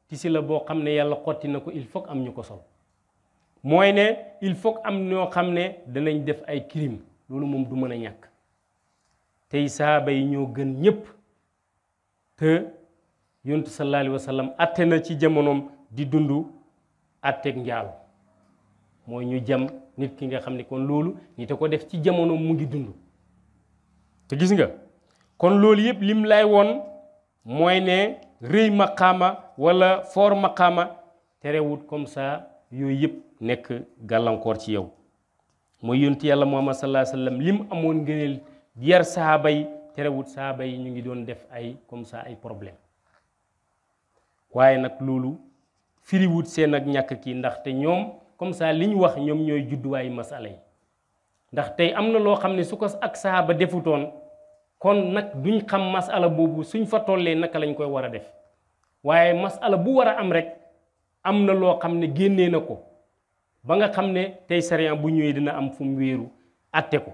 ci si la boo xam ne yàlla xotti na ko il faut am ñu ko sol mooy ne il faut am ñoo xam ne danañ def ay crime loolu moom du mën a ñàkk tey saaba yi ñoo gën ñépp te yontu sallallahu alayhi wa atte na ci jamonoom di dund atteeg njaalo mooy ñu jam nit ki nga xam ni kon loolu ñu te ko def ci jamonoom mu ngi dund te gis nga kon loolu yëpp lim lay woon mooy ne rëy maqaama walla foor maqaama terewut comme saa yooyu yëpp nekk gàllankoor ci yow mooy yontu yàlla Muhammad sallallahu alayhi wa sallam lim amoon ngëneel yar saaba yi terewut saaba yi ñu ngi doon def ay comme ça ay problème waaye nag loolu firiwut seen ak ñàkk kii ndaxte ñoom comme saa li ñu wax ñoom ñooy judduwaayu masala yi ndax tey am na loo xam ne su ko ak saaba defutoon kon nag duñ xam masala boobu suñ fa tollee naka lañu koy war a def waaye masala bu war a am rek am na loo xam ne génnee na ko ba nga xam ne tey sariya bu ñëwee dina am fu mu wéeru atte ko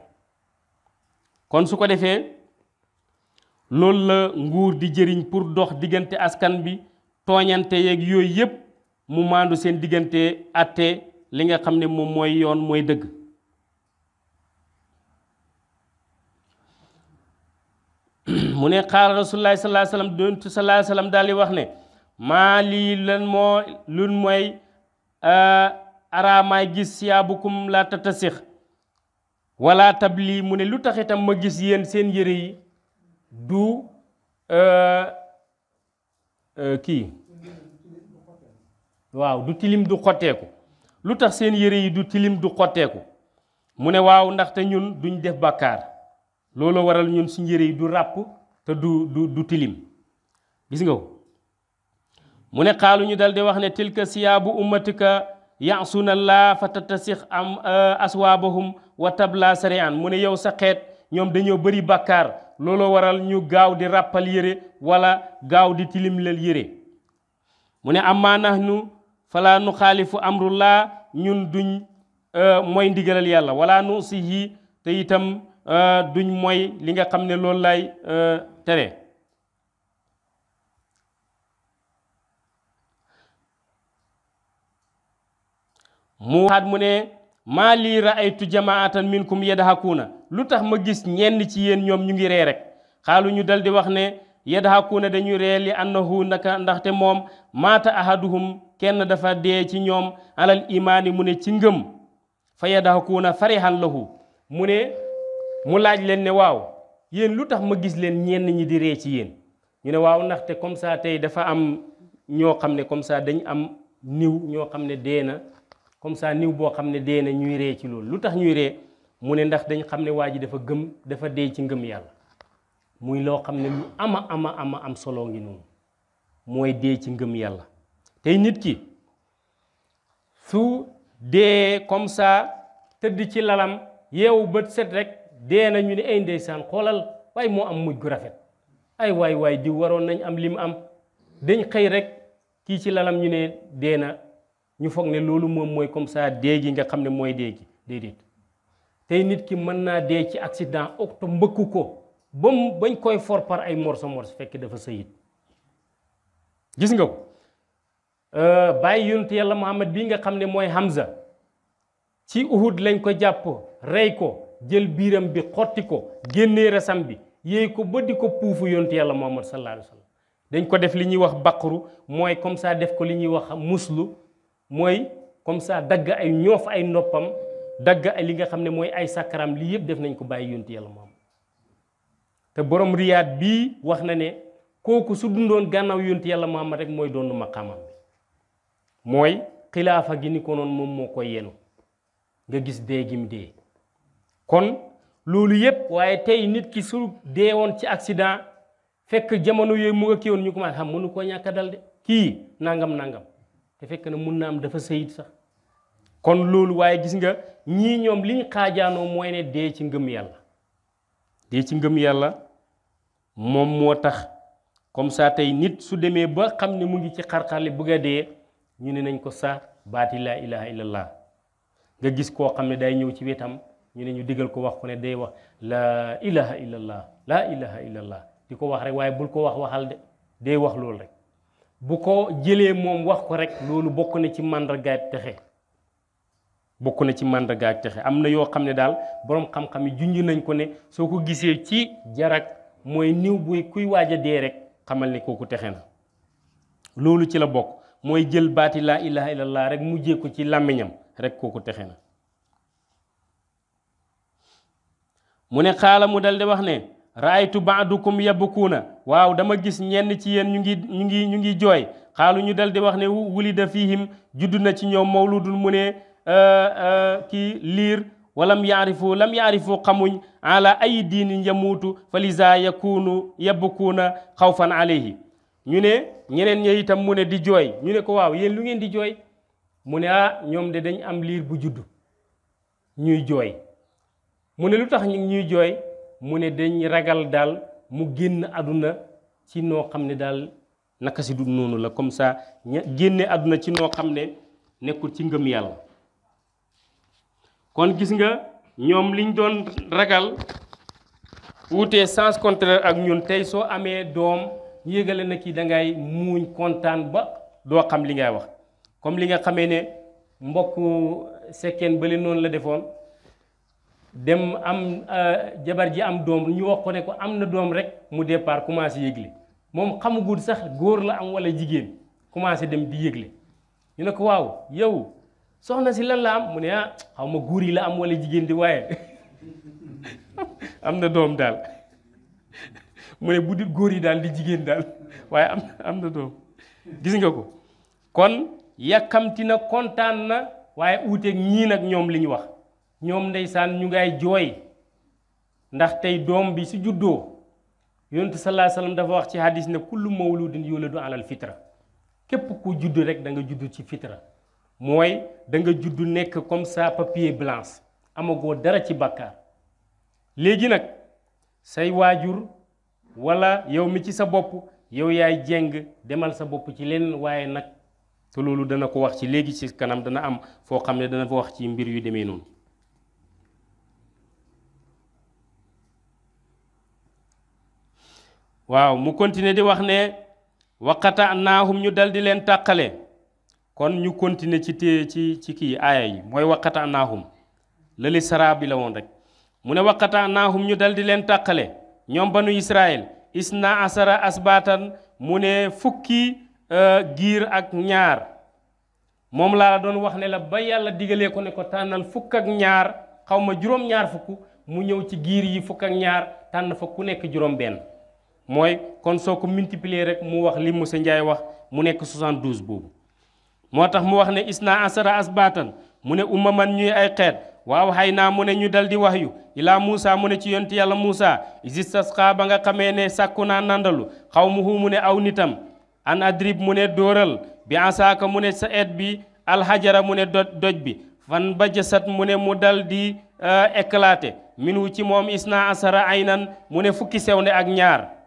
kon su ko defee loolu la nguur di jëriñ pour dox diggante askan bi tooñante yeeg yooyu yépp mu maandu seen diggante atte li nga xam ne moom mooy yoon mooy dëgg mu ne xaar rasulullah sallallahu alayhi wasallam doontu sallallahu alayhi daal di wax ne maa lii lan moo lun mooy araamaay gis siyaabukum la tatasix wala tabli mu ne lu tax itam ma gis yéen seen yére yi du kii waaw du tilim du xotteeku lu tax seen yére yi du tilim du xotteeku mu ne waaw ndaxte ñun duñ def bàkkaar loolu waral ñun suñu yére yi du ràpp te du du du tilim gis nga ko mu ne xaalu ñu dal di wax ne tilka siyaabu ummatika yaasuna laa fa tatasix am euh, aswaabahum wa tabla sarian mu ne yow sa xeet ñoom dañoo bëri bàkkaar looloo waral ñu gaaw di ràppal yére wala gaaw di tilim tilimlal yére mu ne amma nahnu fala nu xaalifu amrullaa ñun duñ euh, mooy ndigalal yàlla wala nu si yi te itam Euh, duñ mooy li nga xam ne loolu laay euh, tere mu waxaat mu ne maa lii raaytu jamaatan minkum yadhakuuna lu tax ma gis ñenn ci yéen ñoom ñu ngi ree rek xaalu ñu dal di wax ne yadhakuuna dañuy ree li annahu naka ndaxte moom maata ahaduhum kenn dafa dee ci ñoom alal imaani mu ne ci ngëm fa yadhakuuna farihan lahu mu ne mu laaj leen ne waaw yéen lu tax ma gis leen ñenn ñi di ree ci yéen ñu ne waaw ndaxte comme ça tey dafa am ñoo xam ne comme ça dañ am niw ñoo xam ne dee na comme ça niw boo xam ne dee na ñuy ree ci loolu lu tax ñuy ree mu ne ndax dañ xam ne waa ji dafa gëm dafa dee ci ngëm yàlla muy loo xam ne lu ama ama ama am solo ngi noonu mooy dee ci ngëm yàlla tey nit ki su dee comme ça tëdd ci lalam yeewu bët set rek dee na ñu ne ay ndeysaan xoolal waaye moo am mujj gu rafet ay waay waay di waroon nañ am li mu am dañ xëy rek kii ci lalam ñu ne dee ñu foog ne loolu moom mooy comme ça dee gi nga xam ne mooy déegi gi déedéet tey nit ki mën naa dee ci accident octo mbëkku ko ba mu bañ koy forpar ay morso morso fekk dafa sëyit gis nga ko euh, bàyyi yonent yàlla Muhammad bi nga xam ne mooy Hamza ci Uhud lañ ko jàpp rey ko jël biiram bi xotti ko génnee resam bi yéey ko ba di ko puufu yontu yàlla muhammad sallallahu alayhi wa sallam dañ ko def li ñuy wax baqru mooy comme ça def ko li ñuy wax muslu mooy comme ça dagg ay ñoof ay noppam dagg ay li nga xam ne mooy ay sakaram lii yëpp def nañ ko bàyyi yontu yàlla muhammad te borom riyaat bii wax na ne kooku su dundoon gànnaaw yontu yàlla muhammad rek mooy doon maqaamam bi mooy xilaafa gi ni ko noonu moom moo koy yenu nga gis dee gi mu kon loolu yépp waaye tey nit ki su dee woon ci accident fekk jamono yooyu mu nga kii woon ñu commencé xam ah, mënu koo ñàkk kii nangam nangam te fekk na mun na am dafa sëyit sax kon loolu waaye gis nga ñii ñoom liñ xaajaanoo mooy ne dee ci ngëm yàlla dee ci ngëm yàlla moom moo tax comme ça tey nit su demee ba xam ne mu ngi ci xarxarli bëgg a dee ñu ne nañ ko sa baati laa ilaha illallah nga gis koo xam ne day ñëw ci wetam ñu ne ñu digal ko wax ku ne day wax laa ilaha illallah laa ilaha illallah di ko wax rek waaye bul ko wax waxal de day wax loolu rek bu ko jëlee moom wax ko rek loolu bokk na ci màndargaay texe bokk na ci màndargaay texe am na yoo xam ne daal boroom xam-xam yi junj nañ ko ne soo ko gisee ci jarak mooy niw buy kuy waaj a dee rek xamal ne kooku texe na loolu ci la bokk mooy jël baati laa ilaha illallah rek mujjee ko ci làmmiñam rek kooku texe na mu ne xaala mu dal wax ne raaytu baadukum yabkuuna waaw dama gis ñenn ci yéen ñu ngi ñu ngi ñu ngi jooy xaalu ñu dal di wax ne wulida fiihim juddu na ci ñoom mawludun mu ne kii liir walam yaarifu lam yaarifu xamuñ ala ay diinin yamuutu fa lisa yakunu yabkuuna xawfan alayhi ñu ne ñeneen ñi itam mu ne di jooy ñu ne ko waaw yéen lu ngeen di jooy mu ne ah ñoom de dañ am liir bu juddu ñuy jooy mu ne lu tax ñu ngi ñuy jooy mu ne dañ ragal daal mu génn àdduna ci noo xam ne daal naka si du noonu la comme ça ña génne àdduna ci noo xam ne nekkul ci ngëm yàlla kon gis nga ñoom liñ doon ragal wuutee sens contraire ak ñun tey soo amee doom yégale na kii da ngay muuñ kontaan ba doo xam li ngay wax comme li nga xamee ne mbokk sekkeen bale noonu la defoon dem am euh, jabar ji am doom ñu wax ko ne ko am na doom rek mu départ commencé yëgle moom xamagul sax góor la am walla jigéen commencé dem di yëgle ñu ne ko waaw yow soxna si lan la am mu ne ah xaw ma góor yi la am walla jigéen di waaye am na doom daal mu ne di góor yi daal di jigéen daal waaye am am na doom gis nga ko kon yàkkamti na kontaan na waaye uuteeg ñii nag ñoom li ñu wax ñoom ndeysaan ñu ngay jooy ndax tey doom bi si juddoo yonent sallallahu dafa wax ci hadis ne kullu mawludin yuladu alal fitra képp ku judd rek danga nga judd ci fitra mooy danga nga judd nekk comme ça papier blanc amagoo dara ci bàkkaar léegi nag say waajur wala yow mi ci sa bopp yow yaay jéng demal sa bopp ci leneen waaye nag te loolu dana ko wax ci léegi ci kanam dana am foo xam ne dana fa wax ci mbir yu demee noonu waaw mu continuer di wax ne waqata naahum ñu dal di leen tàqale kon ñu continuer ci té ci ci kii aaya yi mooy waqata naahum lëli sara bi la woon rek mu ne waqata naahum ñu dal di leen tàqale ñoom banu Israël isna asara asbaatan mu ne fukki euh, giir ak ñaar moom laa la doon wax ne la ba yàlla digalee ko ne ko tànnal fukk ak ñaar xaw ma juróom-ñaar fukk mu ñëw ci giir yi fukk ak ñaar tànn fa ku nekk juróom benn mooy kon soo ko multiplier rek mu wax li monsieur Ndiaye wax mu nekk 72 boobu moo tax mu wax ne naa asara baatan mu ne umma man ñuy ay xeet waaw xay naa mu ne ñu dal di wax yu ilaa Moussa mu ne ci yonti yàlla Moussa isistasqa ba nga xamee ne sàkku naa nàndalu xaw mu hu mu ne aw nitam an adrib mu ne dóoral bi asaaka mu ne sa eet bi alxajara mu ne doj doj bi fan ba jasat mu ne mu dal di euh, éclaté minu ci moom is isna asara aynan mu ne fukki sew ne ak ñaar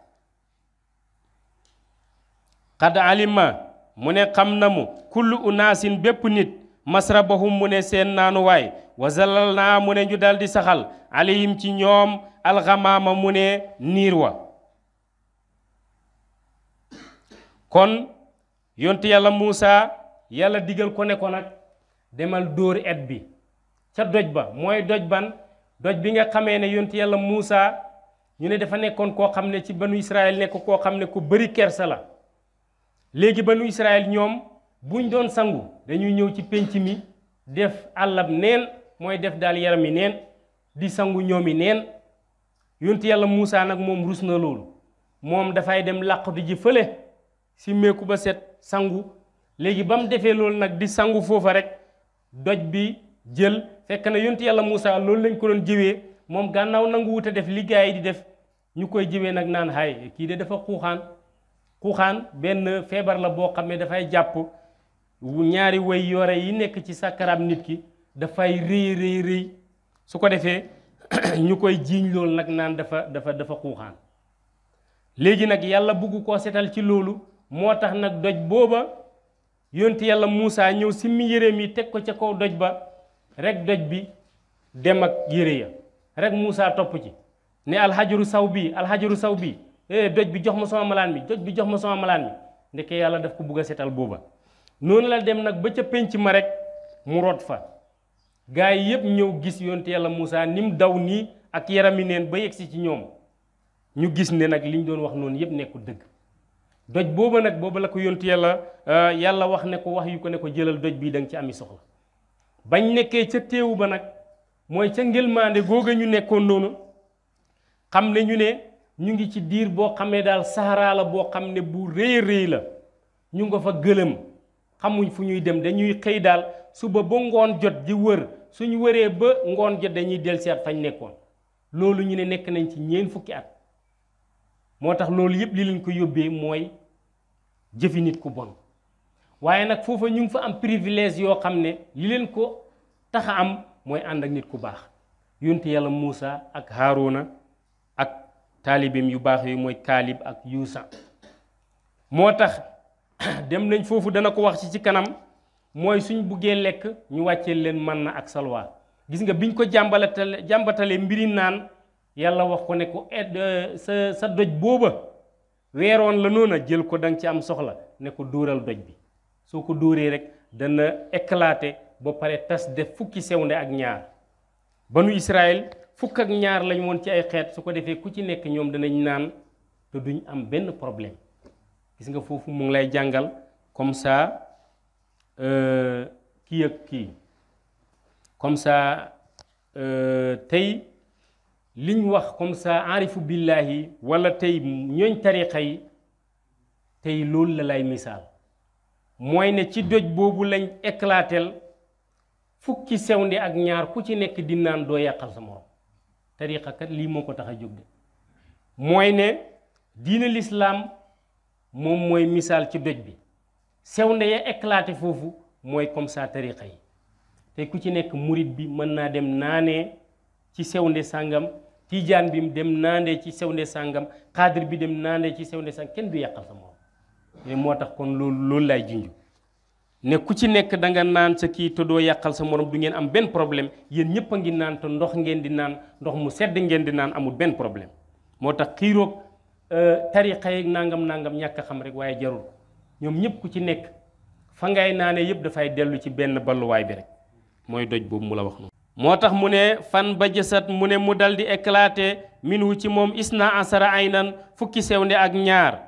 xad alima mu ne xam na mu kullu unaasin bépp nit masrabahum mu ne seen naanuwaay wa zalal naa mu ne ñu dal di saxal alayhim ci ñoom alxamaama mu ne niir wa kon yontu yàlla Muusa yàlla digal ko ne ko nag demal dóor et bi ca doj ba mooy doj ban doj bi nga xamee ne yontu yàlla Muusa ñu ne dafa nekkoon koo xam ne ci banu Israël nekk koo xam ne ku bari kerse la léegi ba banu Israël ñoom buñ doon sangu dañuy ñëw ci pénc mi def àllab neen mooy def daal yaram yi neen di sangu ñoom yi neen yontu yàlla Moussa nag moom rus na loolu moom dafay dem làqatu ji fële simmeeku ba set sangu léegi ba mu defee loolu nag di sangu foofa rek doj bi jël fekk na yontu yàlla Moussa loolu lañ ko doon jiwee moom gànnaaw nangu wut a def liggéey di def ñu koy jiwee nag naan hay kii de dafa xuuxaan xuuxaan benn feebar la boo xam ne dafay jàpp ñaari woy yore yi nekk ci sàkkaraam nit ki dafay rëy rëy rëy su ko defee ñu koy jiiñ loolu nag naan dafa dafa dafa xuuxaan léegi nag yàlla bugg koo setal ci loolu moo tax nag doj booba yonti yàlla Muusaa ñëw simmi yéreem yi teg ko ca kaw doj ba rekk doj bi dem ak yére ya rek Muusaa topp ci ne alxajaru saw bii alxajaru saw bii Eh, doj bi jox ma sama malaan bi doj bi jox ma sama malaan mi ndeke yàlla daf ko bugg a setal booba noonu la dem nag ba ca pénc ma rek mu root fa gaa yi yëpp ñëw gis yonte yàlla Moussa ni mu daw nii ak yarami neen ba yegsi ci ñoom ñu gis ne nag li ñu doon wax noonu yëpp nekkul dëgg doj booba nag booba la ko yontu yàlla eh, yàlla wax ne ko wax yu ko ne ko jëlal doj bii danga nga ci ami soxla bañ nekkee ca teewu ba nag mooy ca ngëlmaande googa ñu nekkoon noonu ñu ngi ci diir boo xamee daal saxaraa boo xam ne bu rëy rëy la ñu nga fa gëlëm xamuñ fu ñuy dem dañuy xëy daal suba ba ngoon jot di wër suñu wëree ba ngoon jot dañuy dellusiwaat fañ nekkoon loolu ñu ne nekk nañ ci ñeen fukki at moo tax loolu yëpp li leen ko yóbbee mooy jëfi nit ku bon waaye nag foofa ñu ngi fa am privilège yoo xam ne li leen ko tax a am mooy ànd ak nit ku baax yonte yàlla Muusa ak Haaruna taalibeem yu baax yooyu mooy kaalib ak yuusa moo tax dem nañ foofu dana ko wax ci ci kanam mooy suñ buggee lekk ñu wàcce leen man na ak salwa gis nga biñ ko jàmbalatale jàmbatale mbiri naan yàlla wax ko ne ko eh, sa sa doj booba weeroon la noona jël ko da ci am soxla ne ko dóoral doj bi soo ko dóoree rek dana éclater ba pare tas def fukki sewnde ak ñaar banu Israël fukk ak ñaar lañ woon ci ay xeet su ko defee ku ci nekk ñoom danañ naan te duñ am benn problème gis nga foofu mu ngi lay jàngal comme ça euh, kii ak kii comme ça euh, tey liñ wax comme ça arifu billahi wala tey ñooñ tariqa yi tey loolu la lay misaal mooy ne ci doj boobu lañ éclatel fukki sew ndi ak ñaar ku ci nekk di naan doo yàqal sa morom tariqa lii moo ko tax a jóg de mooy ne diine lislaam moom mooy misaal ci doj bi sew nde ya éclaté foofu mooy comme ça tariqa yi te ku ci nekk murit bi mën naa dem naanee ci sew nde sàngam tiijaan bi dem naandee ci sew nde sàngam xaadir bi dem naandee ci sew nde sàngam kenn du yàqal sa moom moo tax kon loolu loolu laay junju ne ku ci nekk da naan sa kii te doo yàqal sa morom du ngeen am benn problème yéen ñëpp a ngi naan te ndox ngeen di naan ndox mu sedd ngeen di naan amul benn problème moo tax xiiroog euh, tariqa yeeg nangam nangam ñàkk a xam rek waaye jarul ñoom ñëpp ku ci nekk fa ngay naane yëpp dafay dellu ci benn balluwaay bi rek mooy doj boobu mu la wax noonu. moo tax mu ne fan ba jësat mu ne mu dal di éclater minhu ci moom isna asara aynan fukki sewnde ak ñaar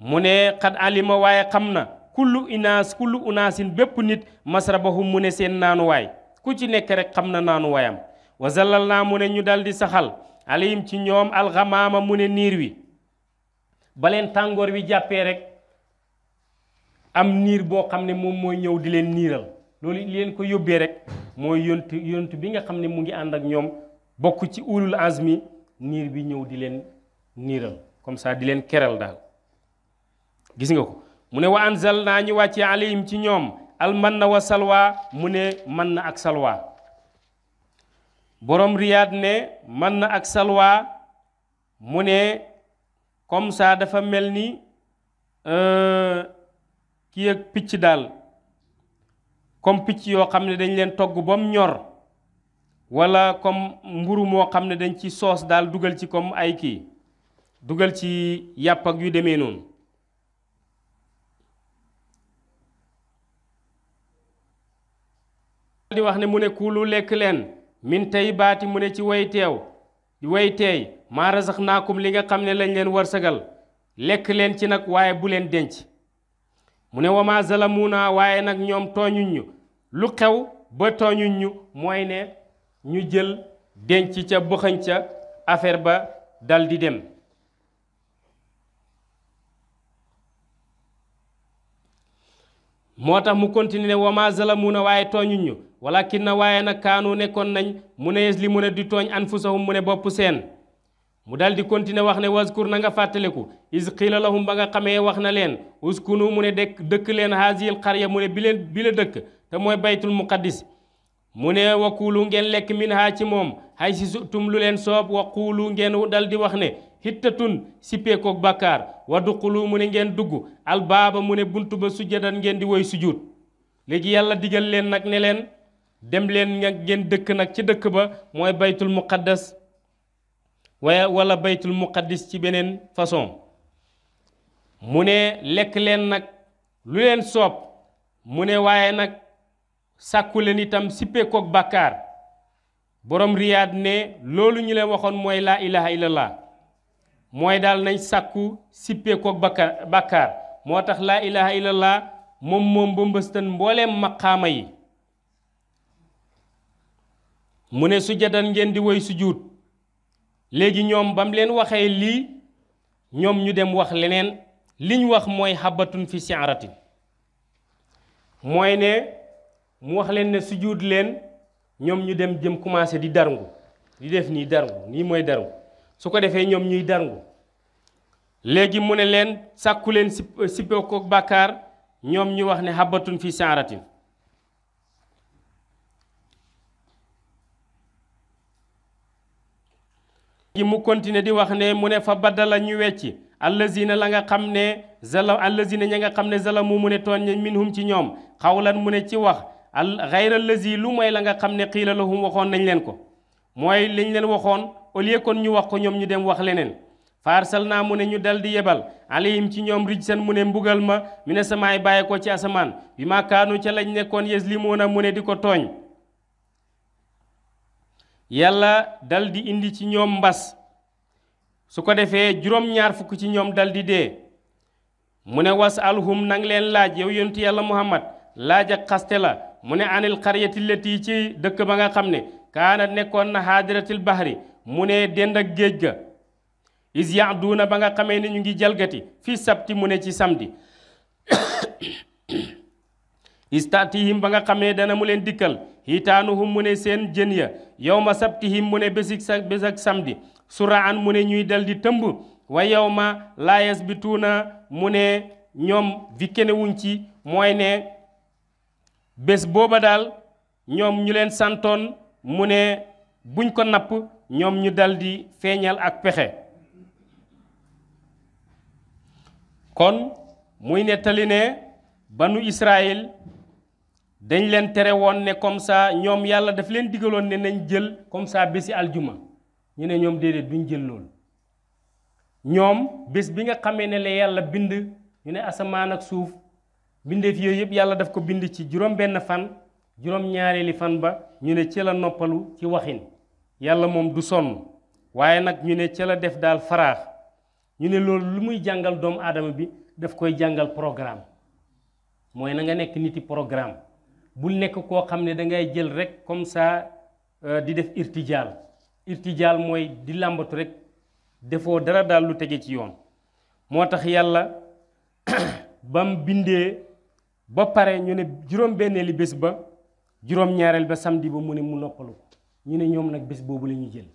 mu ne xat waaye xam na. kullu inaas kullu unaasin bépp nit masrabahum mu ne seen naanuwaay ku ci nekk rek xam na naanuwaayam wa zalal naa mu ne ñu dal di saxal alayhim ci ñoom alxamaama mu ne niir wi baleen tàngoor wi jàppee rek am niir boo xam ne moom mooy ñëw di leen niiral loolu leen ko yóbbee rek mooy yontu yontu bi nga xam ne mu ngi ànd ak ñoom bokk ci ulul azmi niir bi ñëw di leen niiral comme ça di leen keral daal gis nga ko mu ne wa anzal naa ñu wàccee alayhim ci ñoom almanna wa salwa mu ne man na ak salwa borom riyaad ne man na ak salwa mu ne comme saa dafa mel ni euh, kii ak picc daal comme picc yoo xam ne dañ leen togg ba mu ñor wala comme mburu moo xam ne dañ ci soos daal dugal ci comme ay kii dugal ci yàpp ak yu demee noonu di wax ne mu ne kuulu lekk leen min tey baati mu ne ci way teew way rasax naakum li nga xam ne lañ leen warsagal lekk leen ci nag waaye bu leen denc mu ne wama naa waaye nag ñoom tooñuñ ñu lu xew ba tooñuñ ñu mooy ne ñu jël denc ca bëxëñ ca affaire ba daldi dem moo tax mu continue ne wa maa na waaye tooñuñ ñu walakin na waaye nag kaanu nekkoon nañ mu ne yes li mu ne di tooñ anfusahum mu ne bopp seen mu dal di continuer wax ne waskur na nga fàttaliku is xiila lahum ba nga xamee wax na leen uskunu mu ne dëkk dëkk leen haazihil xarya mu ne bi leen bi la dëkk te mooy baytul muqaddis mu ne wakuulu ngeen lekk min haa ci moom hay si sutum lu leen soob waquulu ngeen dal di wax ne xittatun sippeekoog bàkkaar waduqulu mu ne ngeen dugg albaaba mu ne bunt ba sujjadan ngeen di woy sujjuut léegi yàlla digal leen nag ne leen dem leen ngeen dëkk nag ci dëkk ba mooy baytul muqaddas waaye wala baytul muqaddis ci beneen façon mu ne lekk leen nag lu leen soob mu ne waaye nag sàkku leen itam sippeekook bàkkaar borom riyaad ne loolu ñu leen waxoon mooy laa ilaha illallah mooy daal nañ sàkku sippeekook bakka bàkkaar moo tax laa ilaha illallah moom moom ba mbëstan mbooleem maqaama yi mu ne sujjadan ngeen di woy sujjuut léegi ñoom bam leen waxee lii ñoom ñu dem wax leneen liñ wax mooy xabatun fi siaratin mooy ne mu wax leen ne sujjuut leen ñoom ñu dem jëm commencé di darngu di def nii darngu nii mooy darngu su ko defee ñoom ñuy dangu léegi mu ne leen sàkku leen si euh, sippeeku bàkkaar ñoom ñu wax ne xabatun fi saaratin léegi mu continuer di wax ne mu ne fa baddala ñu wecci allazina la nga xam ne zalam allazina ña nga xam ne zalamu mu ne tooñ minhum ci ñoom xawlan mu ne ci wax al xayra allazi lu mooy la nga xam ne xiila waxoon nañ leen ko mooy liñ leen waxoon au lieu kon ñu wax ko ñoom ñu dem wax leneen faarsal naa mu ne ñu dal di yebal alayhim ci ñoom rij seen mu ne mbugal ma mi ne samaay bàyyi ko ci asamaan bi ma kaanu ca lañ nekkoon yes li moon a mu ne di ko tooñ yàlla dal di indi ci ñoom mbas su ko defee juróom-ñaar fukk ci ñoom dal di dee mu ne was alhum nang leen laaj yow yontu yàlla muhammad laaj ak xaste la mu ne anil xaryati lati ci dëkk ba nga xam ne kaana nekkoon na xaadiratil bahri mu ne dend ak géej ga is yaaduuna ba nga xamee ne ñu ngi jalgati fii sabti mu ne ci samedi istatihim ba nga xamee dana mu leen dikkal hitaanuhum mu ne seen jën ya yow ma sabtihim mu ne bésig sa bés ak samedi suraan mu ne ñuy daldi tëmb wa yow ma laayas bi tuuna mu ne ñoom vi kenewuñ ci mooy ne bés booba daal ñoom ñu leen santoon mu ne buñ ko napp ñoom ñu daldi feeñal ak pexe kon muy nettali ne ñu Israël dañ leen tere woon ne comme ñoom yàlla daf leen digaloon ne nañ jël comme ça bési aljuma ñu ne ñoom déedéet duñ jël lool ñoom bés bi nga xamee ne la yàlla bind ñu ne asamaan ak suuf bindeef yooyu yëpp yàlla daf ko bind ci juróom benn fan juróom ñaareeli fan ba ñu ne ci noppalu ci waxin yàlla moom du sonn waaye nag ñu ne ca la def daal faraax ñu ne loolu lu muy jàngal doomu aadama bi daf koy jàngal programme mooy nanga nekk niti programme bul nekk koo xam ne da ngay jël rek comme ça euh, di def irtijaal irtijaal mooy di làmbatu rek defoo dara daal lu tege ci yoon moo tax yàlla bam bindee ba pare ñu ne juróom-bennee li bés ba juróom-ñaareel ba samedi ba mu ne mu noppalu ñu ne ñoom nag bés boobu la jël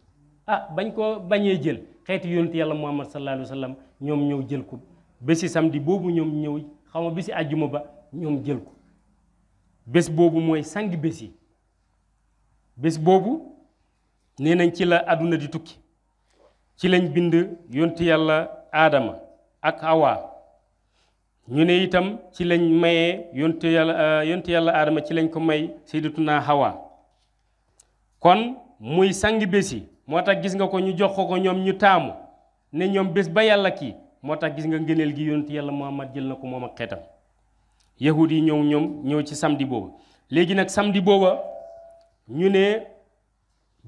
ah bañ koo bañee jël xeeti yonent yàlla muhammad sallallahu alayhi wa ñoom ñëw jël ko bési samedi ñoom ñëw xaw ma bési àjjuma ba ñoom jël ko bés boobu mooy sang bés yi bés boobu nee nañ ci la àdduna di tukki ci lañ bind yonent yàlla aadama ak Awa ñu ne itam ci lañ mayee yonent yàlla yonent yàlla aadama ci lañ ko may naa Hawa kon muy sang bés yi moo tax gis nga ko ñu jox ko ko ñoom ñu taamu ne ñoom bés ba yàlla kii moo tax gis nga ngëneel gi yonent yàlla Muhammad jël na ko moom ak xeetam yahud yi ñoom ñoom ñëw ci samdi boobu léegi nag samdi booba ñu ne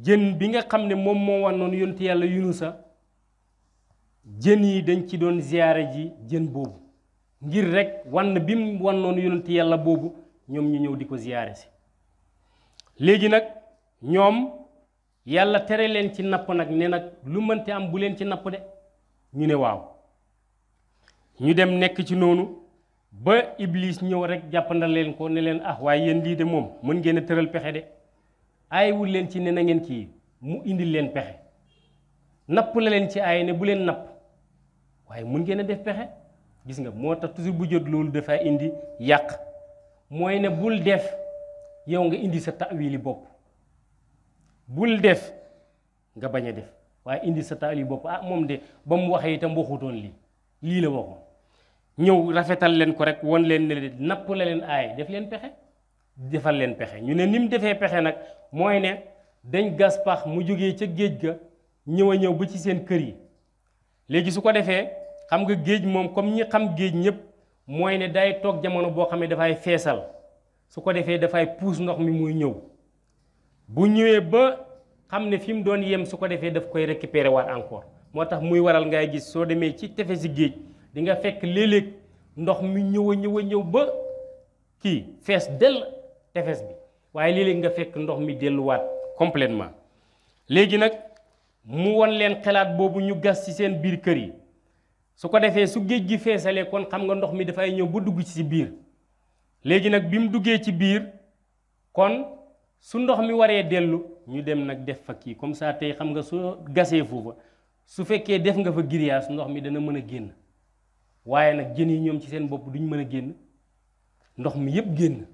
jën bi nga xam ne moom moo wan noonu yonent yàlla yunusa jën yi dañ ci doon ziyaare ji jën boobu ngir rek wan bi mu wan noonu yàlla boobu ñoom ñu ñëw di ko ziyaare si léegi nag ñoom yàlla tere leen ci napp nag ne nag lu mënti am bu leen ci napp de ñu ne waaw ñu dem nekk ci noonu ba ibliis ñëw rek jàppandal leen ko ne leen ah waaye yéen lii de moom mën ngeen a tëral pexe de ayewul leen ci ne nangeen ngeen kii mu indil leen pexe napp la leen ci aaye ne bu leen napp waaye mun ngeen a def pexe gis nga moo tax toujours bu jot loolu dafaa indi yàq mooy ne bul def yow nga indi sa tawili bopp bul def nga bañ a def waaye indi sa taal bopp ah moom de ba mu waxee itam waxutoon lii lii la waxoon ñëw rafetal leen ko rek won leen di napp la leen aaye def leen pexe defal leen pexe ñu ne ni mu defee pexe nag mooy ne dañ gas pax mu jógee ca géej ga ñëw a ñëw ba ci seen kër yi léegi su ko defee xam nga géej moom comme ñi xam géej ñëpp mooy ne day toog jamono boo xam ne dafay feesal su ko defee dafay puus ndox mi muy ñëw bu ñëwee ba xam ne fi mu doon yem su ko defee daf koy récupérer waat encore moo tax muy waral ngay gis soo demee ci tefesi géej di nga fekk léeg ndox mi ñëw a ñëw a ñëw ba kii fees dell tefes bi waaye léeg nga fekk ndox mi delluwaat complètement léegi nag mu won leen xalaat boobu ñu gas ci seen biir kër yi su ko defee su géej gi feesalee kon xam nga ndox mi dafay ñëw ba dugg ci biir léegi nag bi mu duggee ci biir kon su ndox mi waree dellu ñu dem nag def fa kii comme ça tey xam nga soo gasee foofa su fekkee def nga fa giriyaas ndox mi dana mën a génn waaye nag jën yi ñoom ci seen bopp duñ mën a génn ndox mi yëpp génn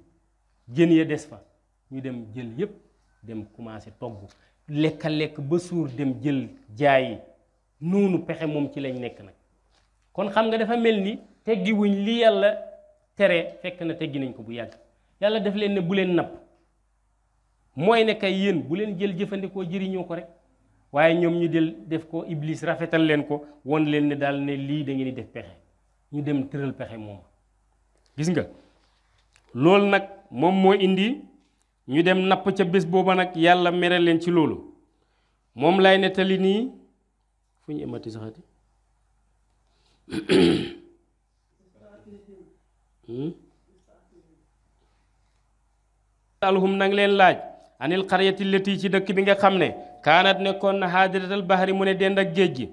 jën ya des fa ñu dem jël yëpp dem commencé togg lekka lekk ba suur dem jël jaayi noonu pexe moom ci lañ nekk nag kon xam nga dafa mel ni teggi wuñ li yàlla tere fekk na teggi nañ ko bu yàgg yàlla daf leen bu leen napp mooy ne kay yéen bu leen jël jëfandikoo jëriñoo ko rek waaye ñoom ñu del def ko iblis rafetal leen ko won leen ne daal ne lii da ngeen def pexe ñu dem tëral pexe moom gis nga loolu nag moom moo indi ñu dem napp ca bés booba nag yàlla mere leen ci loolu moom lay nettali nii fu ñu amati saxati hmm? hmm? alhum nang leen laaj anil xaryati lati ci dëkk bi nga xam ne kaanat nekkoon na haadiratal bahari mu ne dend ak géej gi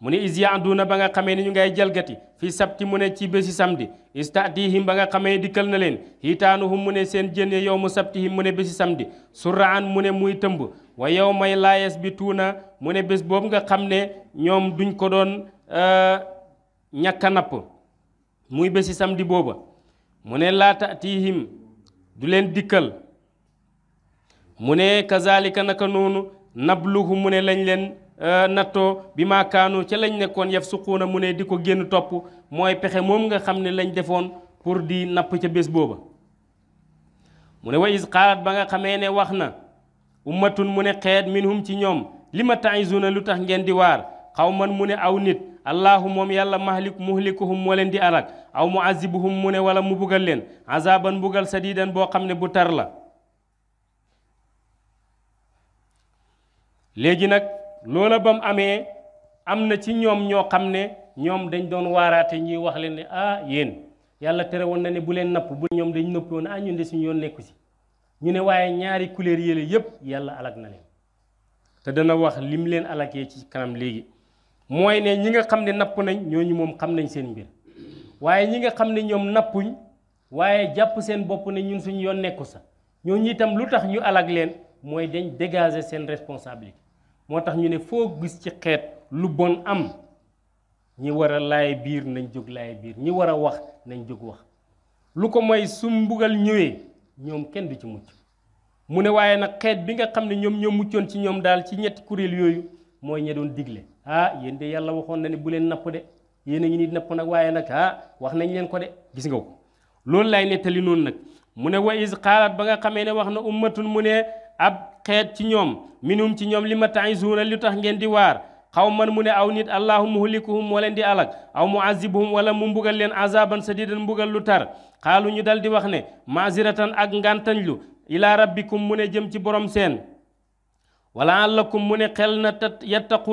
mu ne is yaaduna ba nga xamee ni ñu ngay jalgati fi sabti mu ne ci bési samedi istatihim ba nga xamee dikkal na leen hiitaanuhum mu ne seen jën yow mu sabtihim mu ne bési samedi surraan mu ne muy tëmb wa yow may laayes bi tuuna mu ne bés boobu nga xam ne ñoom duñ ko doon euh, ñàkk a napp muy bési samedi booba mu ne laa tatihim du leen dikkal mu ne kazalika naka noonu nabluhu mu ne lañ leen euh, nattoo bi maa kaanu ca lañ nekkoon yaf suquuna mu ne di ko génn topp mooy pexe moom nga xam ne lañ defoon pour di napp ca bés booba mu ne wa is ba nga xamee ne wax na ummatun mu ne xeet minhum ci ñoom li ma taizuna lu tax ngeen di waar xaw man mu ne aw nit allahu moom yàlla mahlik muhlikuhum moo leen di alak aw muazibuhum mu ne wala mu buggal leen azaban sa sadidan boo xam ne bu tar la léegi nag loola ba mu amee am na ci ñoom ñoo xam ne ñoom dañ doon waaraate ñuy wax leen ne ah yéen yàlla tere woon na ne bu leen napp bu ñoom dañ nëpp woon ah suñu yoon nekku si ñu ne waaye ñaari couleur yële yépp yàlla alag na te dana wax lim leen alagee ci kanam léegi mooy ne ñi nga xam ne napp nañ ñooñu moom xam nañ seen mbir waaye ñi nga xam ne ñoom nappuñ waaye jàpp seen bopp ne ñun suñ yoon nekku sax ñooñu itam lu tax ñu alag leen mooy dañ dégager seen responsabilité moo tax ñu ne foo gis ci xeet lu bon am ñi war a laay biir nañ jóg laay biir ñi war a wax nañ jóg wax lu ko moy su mbugal ñëwee ñoom kenn du ci mucc mu ne waaye nag xeet bi nga xam ne ñoom ñoo muccoon ci ñoom daal ci ñetti kuréel yooyu mooy ña doon digle ah yéen de yàlla waxoon na ne bu leen napp de yéen a ngi nit napp nag waaye nag ah wax nañ leen ko de gis nga ko loolu laay nettali noonu nag mu ne wa is xaalaat ba nga xamee ne wax na ummatun ab xeet ci ñoom minum ci ñoom li ma lu tax ngeen di waar xaw man mu ne aw nit allahu muhlikuhum moo leen di alak aw muazibuhum wala mu mbugal leen azaban sadidan mbugal lu tar xaalu ñu dal di wax ne maaziratan ak ngantañ lu ilaa rabbikum mu ne jëm ci borom seen wala allakum mu ne xel na tat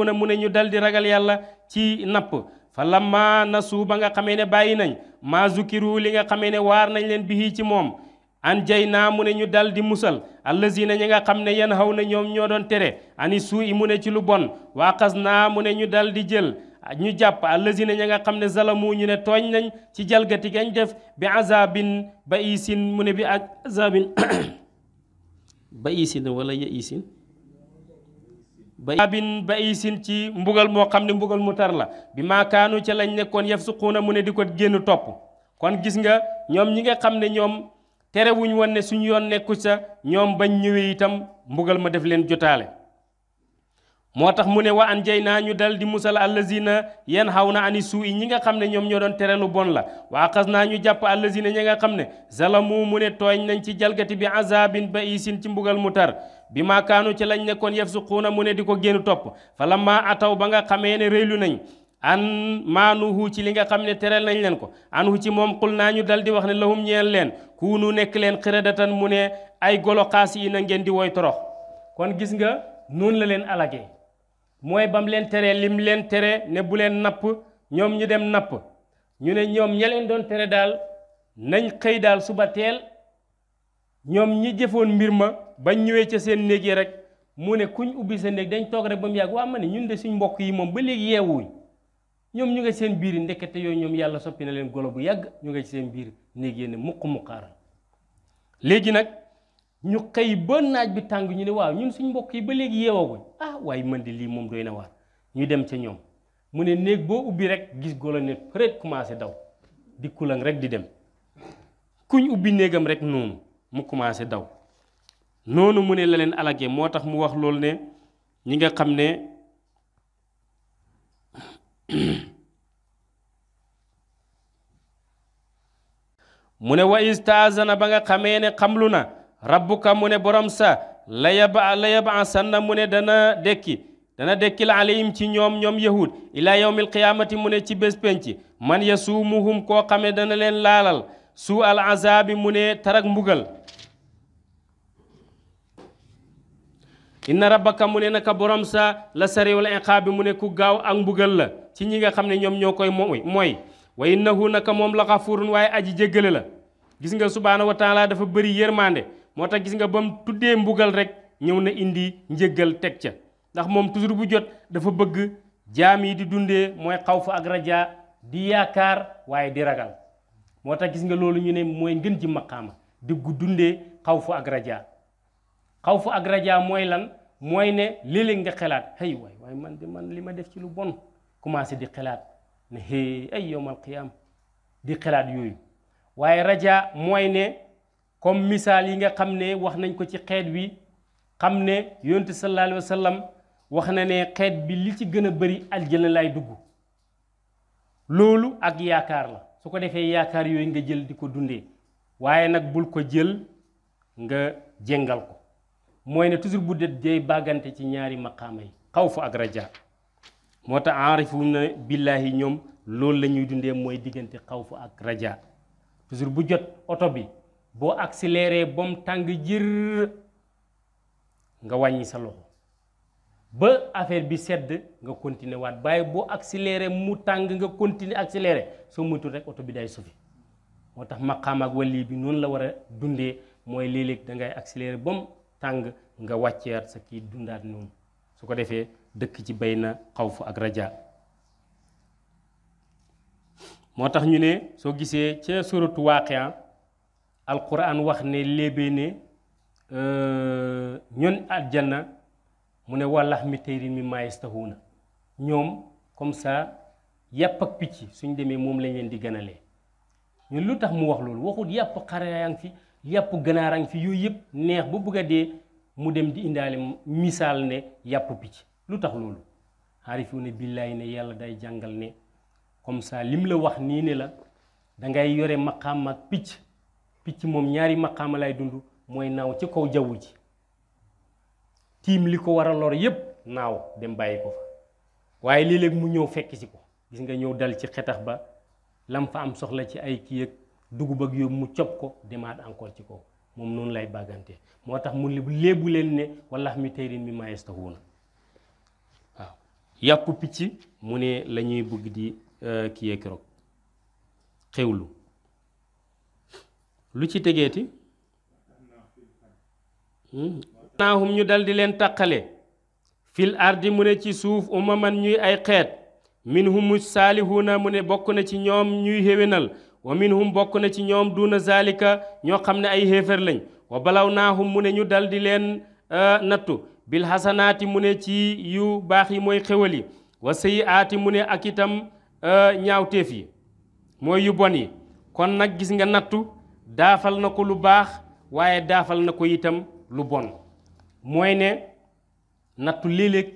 na mu ne ñu dal di ragal yàlla ci napp fa lamma nasu ba nga xamee ne bàyyi nañ maa zukiru li nga xamee ne waar nañ leen bihi ci moom an jay naa mu ne ñu dal di musal allazina ñi nga xam ne yenn xaw na ñoom ñoo doon tere ani suu i mu ne ci lu bon waa xas naa mu ne ñu dal di jël ñu jàpp allazina ñi nga xam ne zalamu ñu ne tooñ nañ ci jalgati gañ def bi azabin ba isin mu ne bi azabin ba isin wala ya isin baabin ba isin ci mbugal moo xam ne mbugal mu tar la bi maakaanu ca lañ nekkoon yaf suquuna mu ne di ko génn topp kon gis nga ñoom ñi nga xam ne ñoom terewuñ won ne suñu yoon nekku ca ñoom bañ ñëwee itam mbugal ma def leen jotaale moo tax mu ne wa an jay naa ñu dal di musal allazina yan xaw na ani suu yi ñi nga xam ne ñoom ñoo doon tere bon la waa xas naa ñu jàpp allazina ñi nga xam ne zalamu mu ne tooñ nañ ci jalgati bi azabin ba isin ci mbugal mu tar bi maakaanu ci lañ nekkoon yef su xuuna mu ne di ko génn topp fa la maa ataw ba nga xamee ne réylu nañ an maanuhu ci li nga xam ne tere nañ leen ko anhu ci moom xul naa ñu dal di wax ne lahum ñeen leen kuunu nekk leen xiradatan mu ne ay golo xaas yi na ngeen di woy torox kon gis nga noonu la leen alage mooy bam leen teree lim leen tere ne bu leen napp ñoom ñu dem napp ñu ne ñoom ña doon tere daal nañ xëy daal suba teel ñoom ñi jëfoon mbir ma bañ ñëwee ca seen néeg yi rek mu ne kuñ ubbi sa néeg dañ toog rek ba mu yàgg waa ma ne ñun de suñ mbokk yi moom ba léegi yeewuñ ñoom ñu nga seen biir ndekete yooyu ñoom yàlla soppi na leen golo bu yàgg ñu nga ci seen biir néeg yéen muq muqaaral léegi nag ñu xëy ba naaj bi tàng ñu ne waaw ñun suñ mbokk yi ba léegi yeewooguñ ah waaye mën di lii moom doy na waar ñu dem ca ñoom mu ne néeg boo ubbi rek gis golo ne peut commencé daw di kulang rek di dem kuñ ubbi néegam rek noonu mu commencé daw noonu mu ne la leen alage moo tax mu wax loolu ne ñi nga xam ne mu ne wa istaazana ba nga xamee ne xamlu na rabbuka mu ne borom sa la yaba la mu ne dana dekki dana dekkil ci ñoom ñoom yahud ilaa yawmil qiyaamati mu ne ci bés penc man yasuumuhum koo xamee dana leen laalal suu al azaabi mu ne tarak mbugal inna rabbaka mu ne naka borom sa la sariwal inqaab bi mu ne ku gaaw ak mbugal la ci ñi nga xam ne ñoom ñoo koy mooy mooy wa innahu naka moom la xafurun waaye aji jéggale la gis nga subaana wa taala dafa bëri yërmande moo tax gis nga ba mu tuddee mbugal rek ñëw na indi njëggal teg ca ndax moom toujours bu jot dafa bëgg jaam yi di dundee mooy xaw fa ak rajaa di yaakaar waaye di ragal moo tax gis nga loolu ñu ne mooy ngën ji maqaama di gu dundee xaw fa ak rajaa mooy lan mooy ne léeg nga xalaat hey waay waaye man de man li ma def ci lu bon commencé di xalaat ne hey ay yowmal qiyaam di xalaat yooyu waaye raja mooy ne comme misaal yi nga xam ne wax nañ ko ci xeet wi xam ne yonent sallallahu alayhi wa sallam wax na ne xeet bi li ci gën a bëri aljana lay dugg loolu ak yaakaar la su ko defee yaakaar yooyu nga jël di ko dundee waaye nag bul ko jël nga jéngal ko mooy ne toujours bu dee day bàggante ci ñaari maqaama yi xaw fa ak raja moo tax aarifuna billaahi ñoom loolu la ñuy dundee mooy diggante xaw fa ak raja toujours bu jot oto bi boo accéléré ba mu tàng jër nga wàññi sa loxo ba affaire bi sedd nga continuer waat bàyyi boo accéléré mu tàng nga continuer accéléré soo moytul rek oto bi day sufi moo tax maqaam ak bi noonu la war a dundee mooy léeg-léeg da ngay accéléré ba mu tàng nga wàcceewaat sa kii dundaat noonu su ko defee dëkk ci bay na xawf ak raja moo tax ñu ne soo gisee ca suratu waaqia alquran wax ne léebee ne euh, ñoon aljanna mu ne wàllax mi tayrin mi maayastahuuna ñoom comme sa yàpp ak picc suñ demee moom lañ leen di gënalee ñun lu tax mu wax loolu waxut yàpp xare yaa ngi fi yàpp ganaarang fi yooyu yëpp neex bu bëgg a dee mu dem di indaale misaal ne yàpp picc lu tax loolu xaarifu ne billaay ne yàlla day jàngal ne comme ça lim la wax nii ne la dangay yore maqaam ak picc picc moom ñaari maqaama lay dund mooy naaw ci kaw jawwu ji tiim li ko war a lor yépp naaw dem bàyyi ko fa waaye léeg mu ñëw fekk ci ko gis nga ñëw dal ci xetax ba lam fa am soxla ci ay kii ak dugub ak yooyu mu cob ko demaat encore ci kaw moom noonu lay bàggante moo tax mu léebu leen ne wallax mi tayrin mi maa yastahuuna waaw yàpp picc mu ne la bëgg di euh, kiyee keroog xewlu lu ci tegeeti hmm? naahum ñu daldi di leen taqale fil ardi mu ne ci suuf man ñuy ay xeet minhumu saalihuuna mu ne bokk na ci ñoom ñuy xéwénal wa minhum bokk na ci ñoom duna saalika ñoo xam ne ay xéefar lañ wa balaw naahum mu ne ñu dal di leen euh, nattu bil xasanaati mu ne ci yu baax yi mooy xéwal yi wa sëyi aati mu ne ak itam euh, ñaawteef yi mooy yu bon yi kon nag gis nga nattu daafal na ko lu baax waaye daafal na ko itam lu bon mooy ne nattu léeg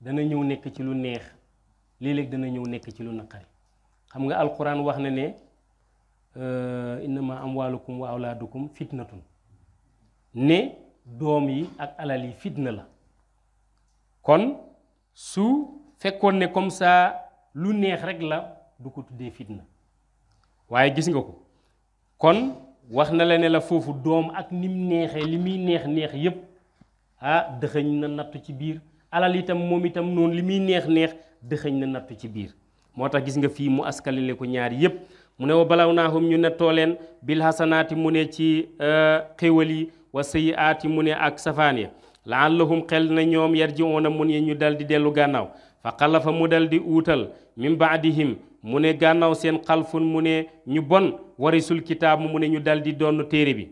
dana ñëw nekk ci lu neex léeg-léeg dana ñëw nekk ci lu naqari xam nga alxuraan wax na ne Euh, innama amwaalukum wa awlaadukum fitnatun ne doom yi ak alal yi fitna la kon su fekkoon ne comme ça lu neex rek la du ko tuddee fitna waaye gis nga ko kon wax na la ne la foofu doom ak nim neexee li muy neex neex yépp ah dëxëñ na nattu ci biir alal itam moom itam noonu li muy neex neex dëxëñ na nattu ci biir moo tax gis nga fii mu askalale ko ñaar yépp mu ne wa balaw naahum ñu nettoo leen bil hasanaati mu ne ci e, xéwal yi wa sayi aati mu ne ak safaan ya laallahum xel na ñoom yarjiuuna mun ñu dal di dellu gànnaaw fa xalafa mu dal di mi min baadihim mu ne gànnaaw seen xalfun mu ne ñu bon warisul kitaab mu mu ne ñu dal di donn téere bi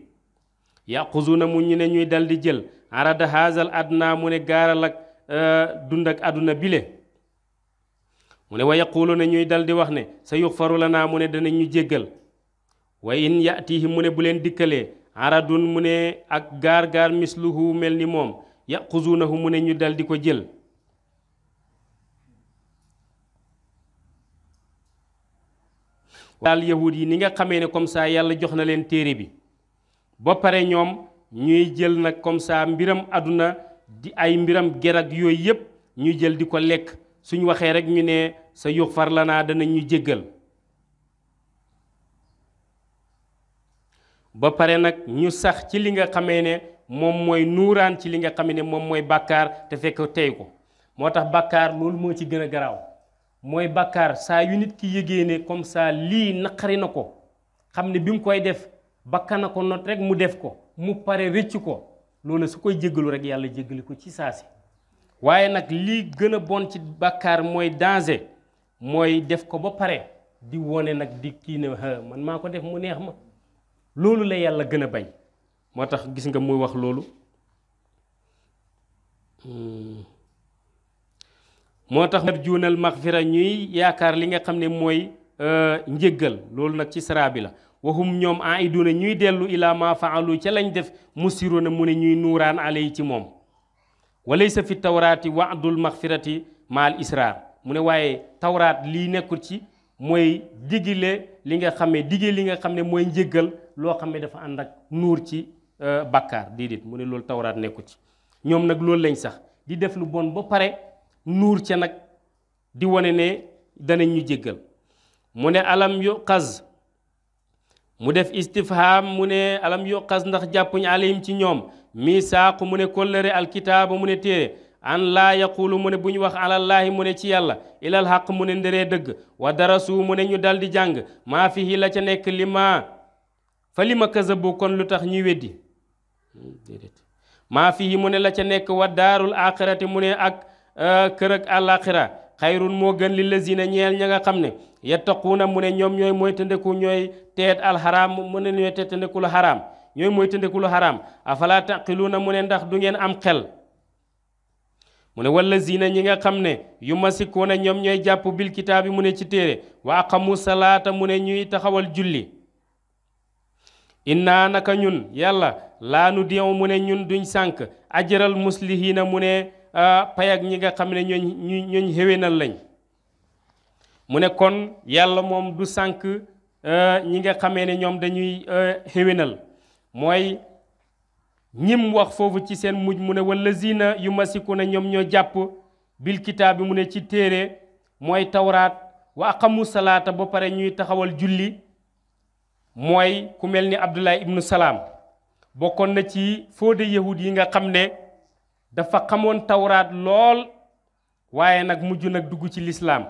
na mu ñu ne ñuy dal di jël arada haazal adnaa mu ne gaaral ak e, dund ak àdduna bile mu ne wa yaquulu na ñuy dal di wax ne sa yuxfaru la naa mu ne danañ ñu jéggal wa in yatihim mu ne bu leen dikkalee aradun mu ne ak gaar-gaar misluhu mel ni moom yaquzuunahu mu ne ñu daldi ko jël daal yi ni nga xamee ne comme yàlla jox na leen téere bi ba pare ñoom ñuy jël nag comme ça àdduna di ay mbiram ger yooyu yépp ñu jël di ko lekk suñ waxee rek ñu ne sa yux far la naa ñu jéggal ba pare nag ñu sax ci li nga xamee ne moom mooy nuuraan ci li nga xamee ne moom mooy bàkkaar te fekk tey ko moo tax bàkkaar loolu moo ci gën a garaaw mooy bàkkaar saa yu nit ki yëgee ne comme ça lii naqari na ko xam ne bi mu koy def bakka na ko not rek mu def ko mu pare rëcc ko loolu su koy jéggalu rek yàlla jéggali ko ci saa si waaye nag lii gën a bon ci bàkkaar mooy danger mooy def ko ba pare di wone nag di kii ne man maa ko def mu neex ma loolu la yàlla gën a bañ moo tax gis nga muy wax loolu hmm. moo tax juunal maxfira ñuy yaakaar li nga xam ne mooy euh, njëggal loolu nag ci saraa bi la waxum ñoom aiduna ñuy dellu ilaa ma faalu ca lañ def musiruna mu ne ñuy nuuraan ale yi ci moom walaysa fi tawraati waadul maxfirati maal israar mu ne waaye tawraat lii nekkul ci mooy digile li nga xam ne digee li nga xam ne mooy njëggal loo xam ne dafa ànd ak nuur ci euh, bakkaar déedéet mu ne loolu tawraat nekkul ci ñoom nag loolu lañ sax di def lu bon ba pare nuur ca nag di wane ne danañ ñu jéggal mu ne alam yu mu def istifham mu ne alam yuqas ndax jàppuñ alayhim ci ñoom misaaqu mu ne kóllëre alkitaaba mu ne téere an laa yaqulu mu ne bu ñu wax alallaahi mu ne ci yàlla ilal xaq mu ne ndëree dëgg wa darasu mu ne ñu dal di jàng maa fihi la ca nekk li maa fa li ma kazabu kon lu tax ñuy weddi maa fihi mu ne la ca nekk wa daarul axirati mu ne ak euh, kër ak àllaaxira xayrun moo gën li lazina ñeel ña nga xam ne na mu ne ñoom ñooy mooy tëndeku ñooy teet alxaraam mu ne ñooy tettandiku lu xaraam ñooy mooy tëndiku lu xaraam afala na mu ne ndax du ngeen am xel mu ne wala siina ñi nga xam ne yu masikoona ñoom ñooy jàpp bil kitaabi mu ne ci téere wa aqamu salaata mu ne ñuy taxawal julli inna naka ñun yàlla laa nu diw mu ne ñun duñ sànk ajral muslihiina mu ne ah, payak ñi nga xam ne ñooñ ñooñ xéwénal lañ mu ne kon yàlla moom du sànk Euh, ñi nga xamee ne ñoom dañuy euh, xéwénal mooy ñim wax foofu ci seen mujj mu ne wala siina yu masiku na ñoom ñoo jàpp bil kitaab bi mu ne ci téere mooy tawraat waa xamu salaata ba pare ñuy taxawal julli mooy ku mel ni Abdullah ibnu Salaam bokkoon na ci fóode yahud yi nga xam ne dafa xamoon tawraat lool waaye nag mujj nag dugg ci lislaam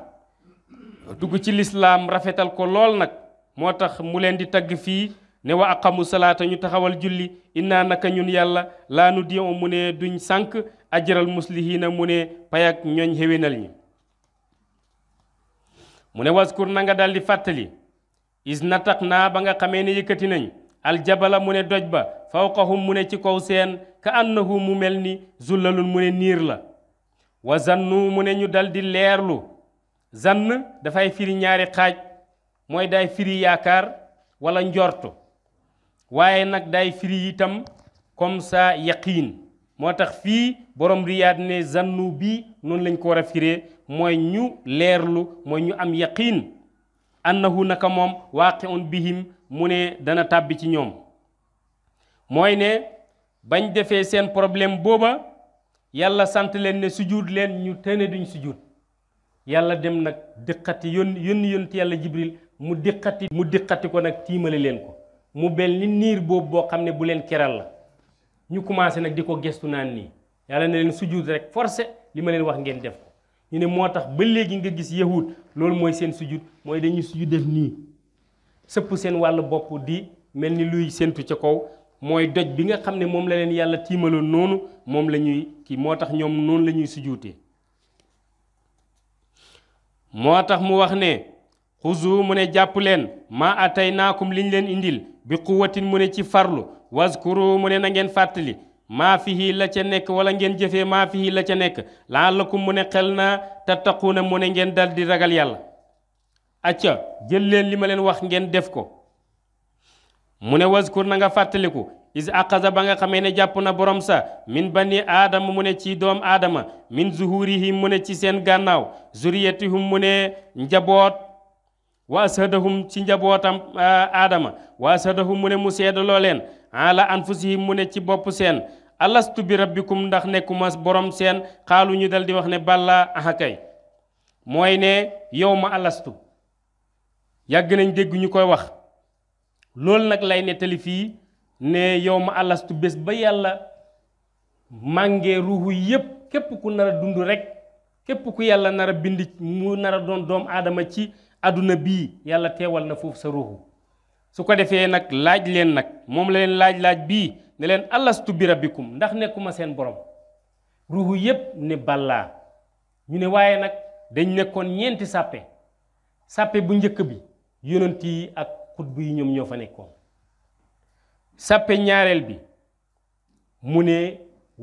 dugg ci lislaam rafetal ko lool nag moo tax mu leen di tagg fii ne wa aqamu salaata ñu taxawal julli innaa naka ñun yàlla laa nu diw mu ne duñ sànq ajral muslihiina mu ne payak ñooñ xéwénal ñi mu ne waskur na nga dal di fàttali is nataq naa ba nga xamee ne yëkkati nañ aljabala mu ne doj ba faw fawqahum mu ne ci kaw seen ka annahu mu mel ni zullalun mu ne niir la wa zannu mu ne ñu dal di leerlu zann dafay firi xaaj mooy day firi yaakaar walla njortu waaye nag day firi itam comme ça yaqiin moo tax fii borom riyaad ne zannu bi noonu lañ ko war a firee mooy ñu leerlu mooy ñu am yaqiin annahu naka moom waaqiun bihim mu ne dana tàbbi ci ñoom mooy ne bañ defee seen problème booba yàlla sant leen ne sujjuut leen ñu tëne duñ sujjuut yàlla dem nag dëqati yónni yónni yónni yàlla jibril mu diqati mu diqati ko nag tiimale leen ko mu bel ni niir boobu boo xam ne bu leen keral la ñu commencé nag di ko gestu naan nii yàlla na leen sujjuut rek forcé li ma leen wax ngeen def ñu ne moo tax ba léegi nga gis yahut loolu mooy seen sujjuut mooy dañuy sujjuut nii sëpp seen wàll bopp di mel ni luy séntu ca kaw mooy doj bi nga xam ne moom la yàlla tiimaloon noonu moom la ñuy kii moo tax ñoom noonu la ñuy sujjuutee moo tax mu wax ne xuzu mu ne jàpp leen maa atay naakum liñ leen indil bi quwatin mu ne ci farlu waskuru mu ne na ngeen fàttali maa fihi la ca nekk wala ngeen jëfee maa fihi la ca nekk laalakum mu ne xel na tattaquuna mu ne ngeen dal di ragal yàlla acca jël leen li ma leen wax ngeen def ko mu ne waskur na nga fàttaliku is aqaza ba nga xamee ne jàpp na borom sa min bani aadama mu ne ci doom aadama min zuhurihim mu ne ci seen gànnaaw zuriyatihum mu ne njaboot waa ashadahum ci njabootam aadama wa ashadahum mu ne mu seedaloo leen ala anfusihim mu ne ci bopp seen alastu bi rabbikum ndax nekkuma borom seen xaalu ñu dal di wax ne balla ahakay mooy ne yow ma alastu yàgg nañ dégg ñu koy wax loolu nag lay nettali fii ne yow ma alastu bés ba yàlla màngee ruuxu yépp képp ku nar a dund rekk képp ku yàlla nar a bind mu nar a doon doom aadama ci àdduna bii yàlla teewal na foofu sa ruuxu su ko defee nag laaj leen nag moom la leen laaj-laaj bii ne leen alastu bi rabbikum ndax nekkuma seen boroom ruuxu yépp ne ballaa ñu ne waaye nag dañ nekkoon ñeenti sàppe sàppe bu njëkk bi yonent yi ak xutbu yi ñoom ñoo fa nekkoon sàppe ñaareel bi mu ne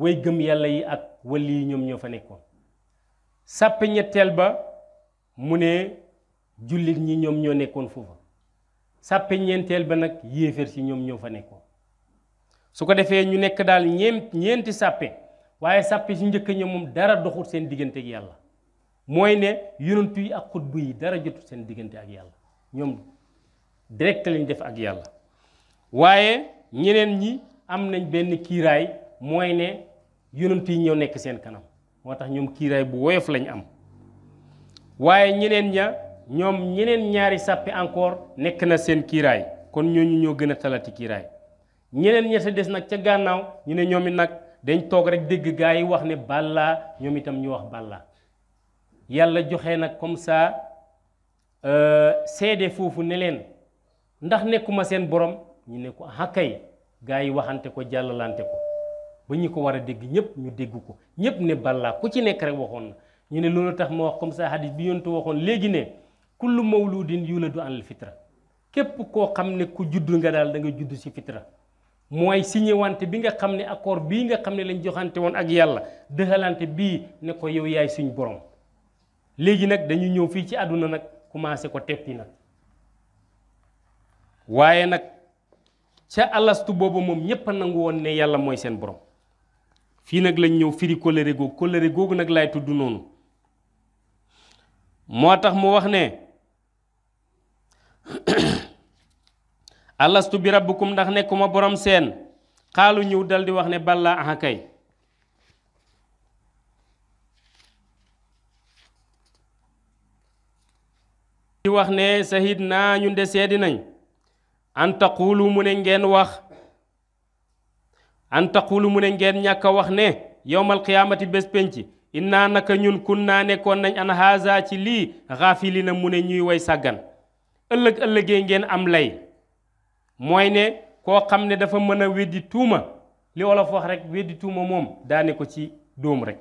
way gëm yàlla yi ak wali yi ñoom ñoo fa nekkoon sàppe ñetteel ba mu ne jullit ñi ñoom ñoo nekkoon foofa sàppe ñeenteel ba nag yéeféer si ñoom ñoo fa nekkoon su ko defee ñu nekk daal ñeent ñeenti sàppe waaye sàppe si njëkk ñoom moom dara doxut seen diggante ak yàlla mooy ne yonent yi ak xutbu yi dara jotul seen diggante ak yàlla ñoom direct lañ def ak yàlla waaye ñeneen ñi am nañ benn kiiraay mooy ne yonent yi ñoo nekk seen kanam moo tax ñoom kiiraay bu woyof lañ am waaye ñeneen ña ñoom ñeneen ñaari sàppi encore nekk na seen kiiraay kon ñooñu ñoo gën a talati kiiraay ñeneen ña des nag ca gànnaaw ñu ne ñoom it nag dañ toog rek dégg gaa yi wax ne bàllaa ñoom itam ñu wax bàllaa yàlla joxe nag comme ça euh, seede foofu ne leen ndax nekkuma seen borom ñu ne ko xàkkay gaa yi waxante ko jàllalante ko ba ñu ko war a dégg ñëpp ñu dégg ko ñëpp ne bàllaa ku ci nekk rek waxoon na ñu ne loolu tax ma wax comme ça hadis bi yoontu waxoon léegi ne kullu mawludin yuladu alal fitra képp koo xam ne ku judd nga daal dangay nga judd ci fitra mooy signé wante bi nga xam ne accord bii nga xam ne lañ joxante woon ak yàlla dëxalante bii ne ko yow yaay suñ borom léegi nag dañu ñëw fii ci àdduna nag commencé ko teppi na waaye nag ca alastu boobu moom ñépp a nangu woon ne yàlla mooy seen borom fii nag lañ ñëw fii kóllëre googu kóllëre googu nag laay tudd noonu moo tax mu wax ne alastu bi rabbukum ndax nekkuma borom seen xaalu ñëw daldi wax ne balla aha kay di wax ne sahid naa ñun de seedi mu ne ngeen wax ñàkk wax ne yowmal qiyaamati bés penc innaa naka ñun kun naa nekkoon nañ an haza ci lii xaafilina mu ne ñuy woy sàggan ëllëg ëllëgee ngeen am lay mooy ne koo xam ne dafa mën a weddi tuuma li wolof wax rek weddi tuuma moom daane ko ci doom rek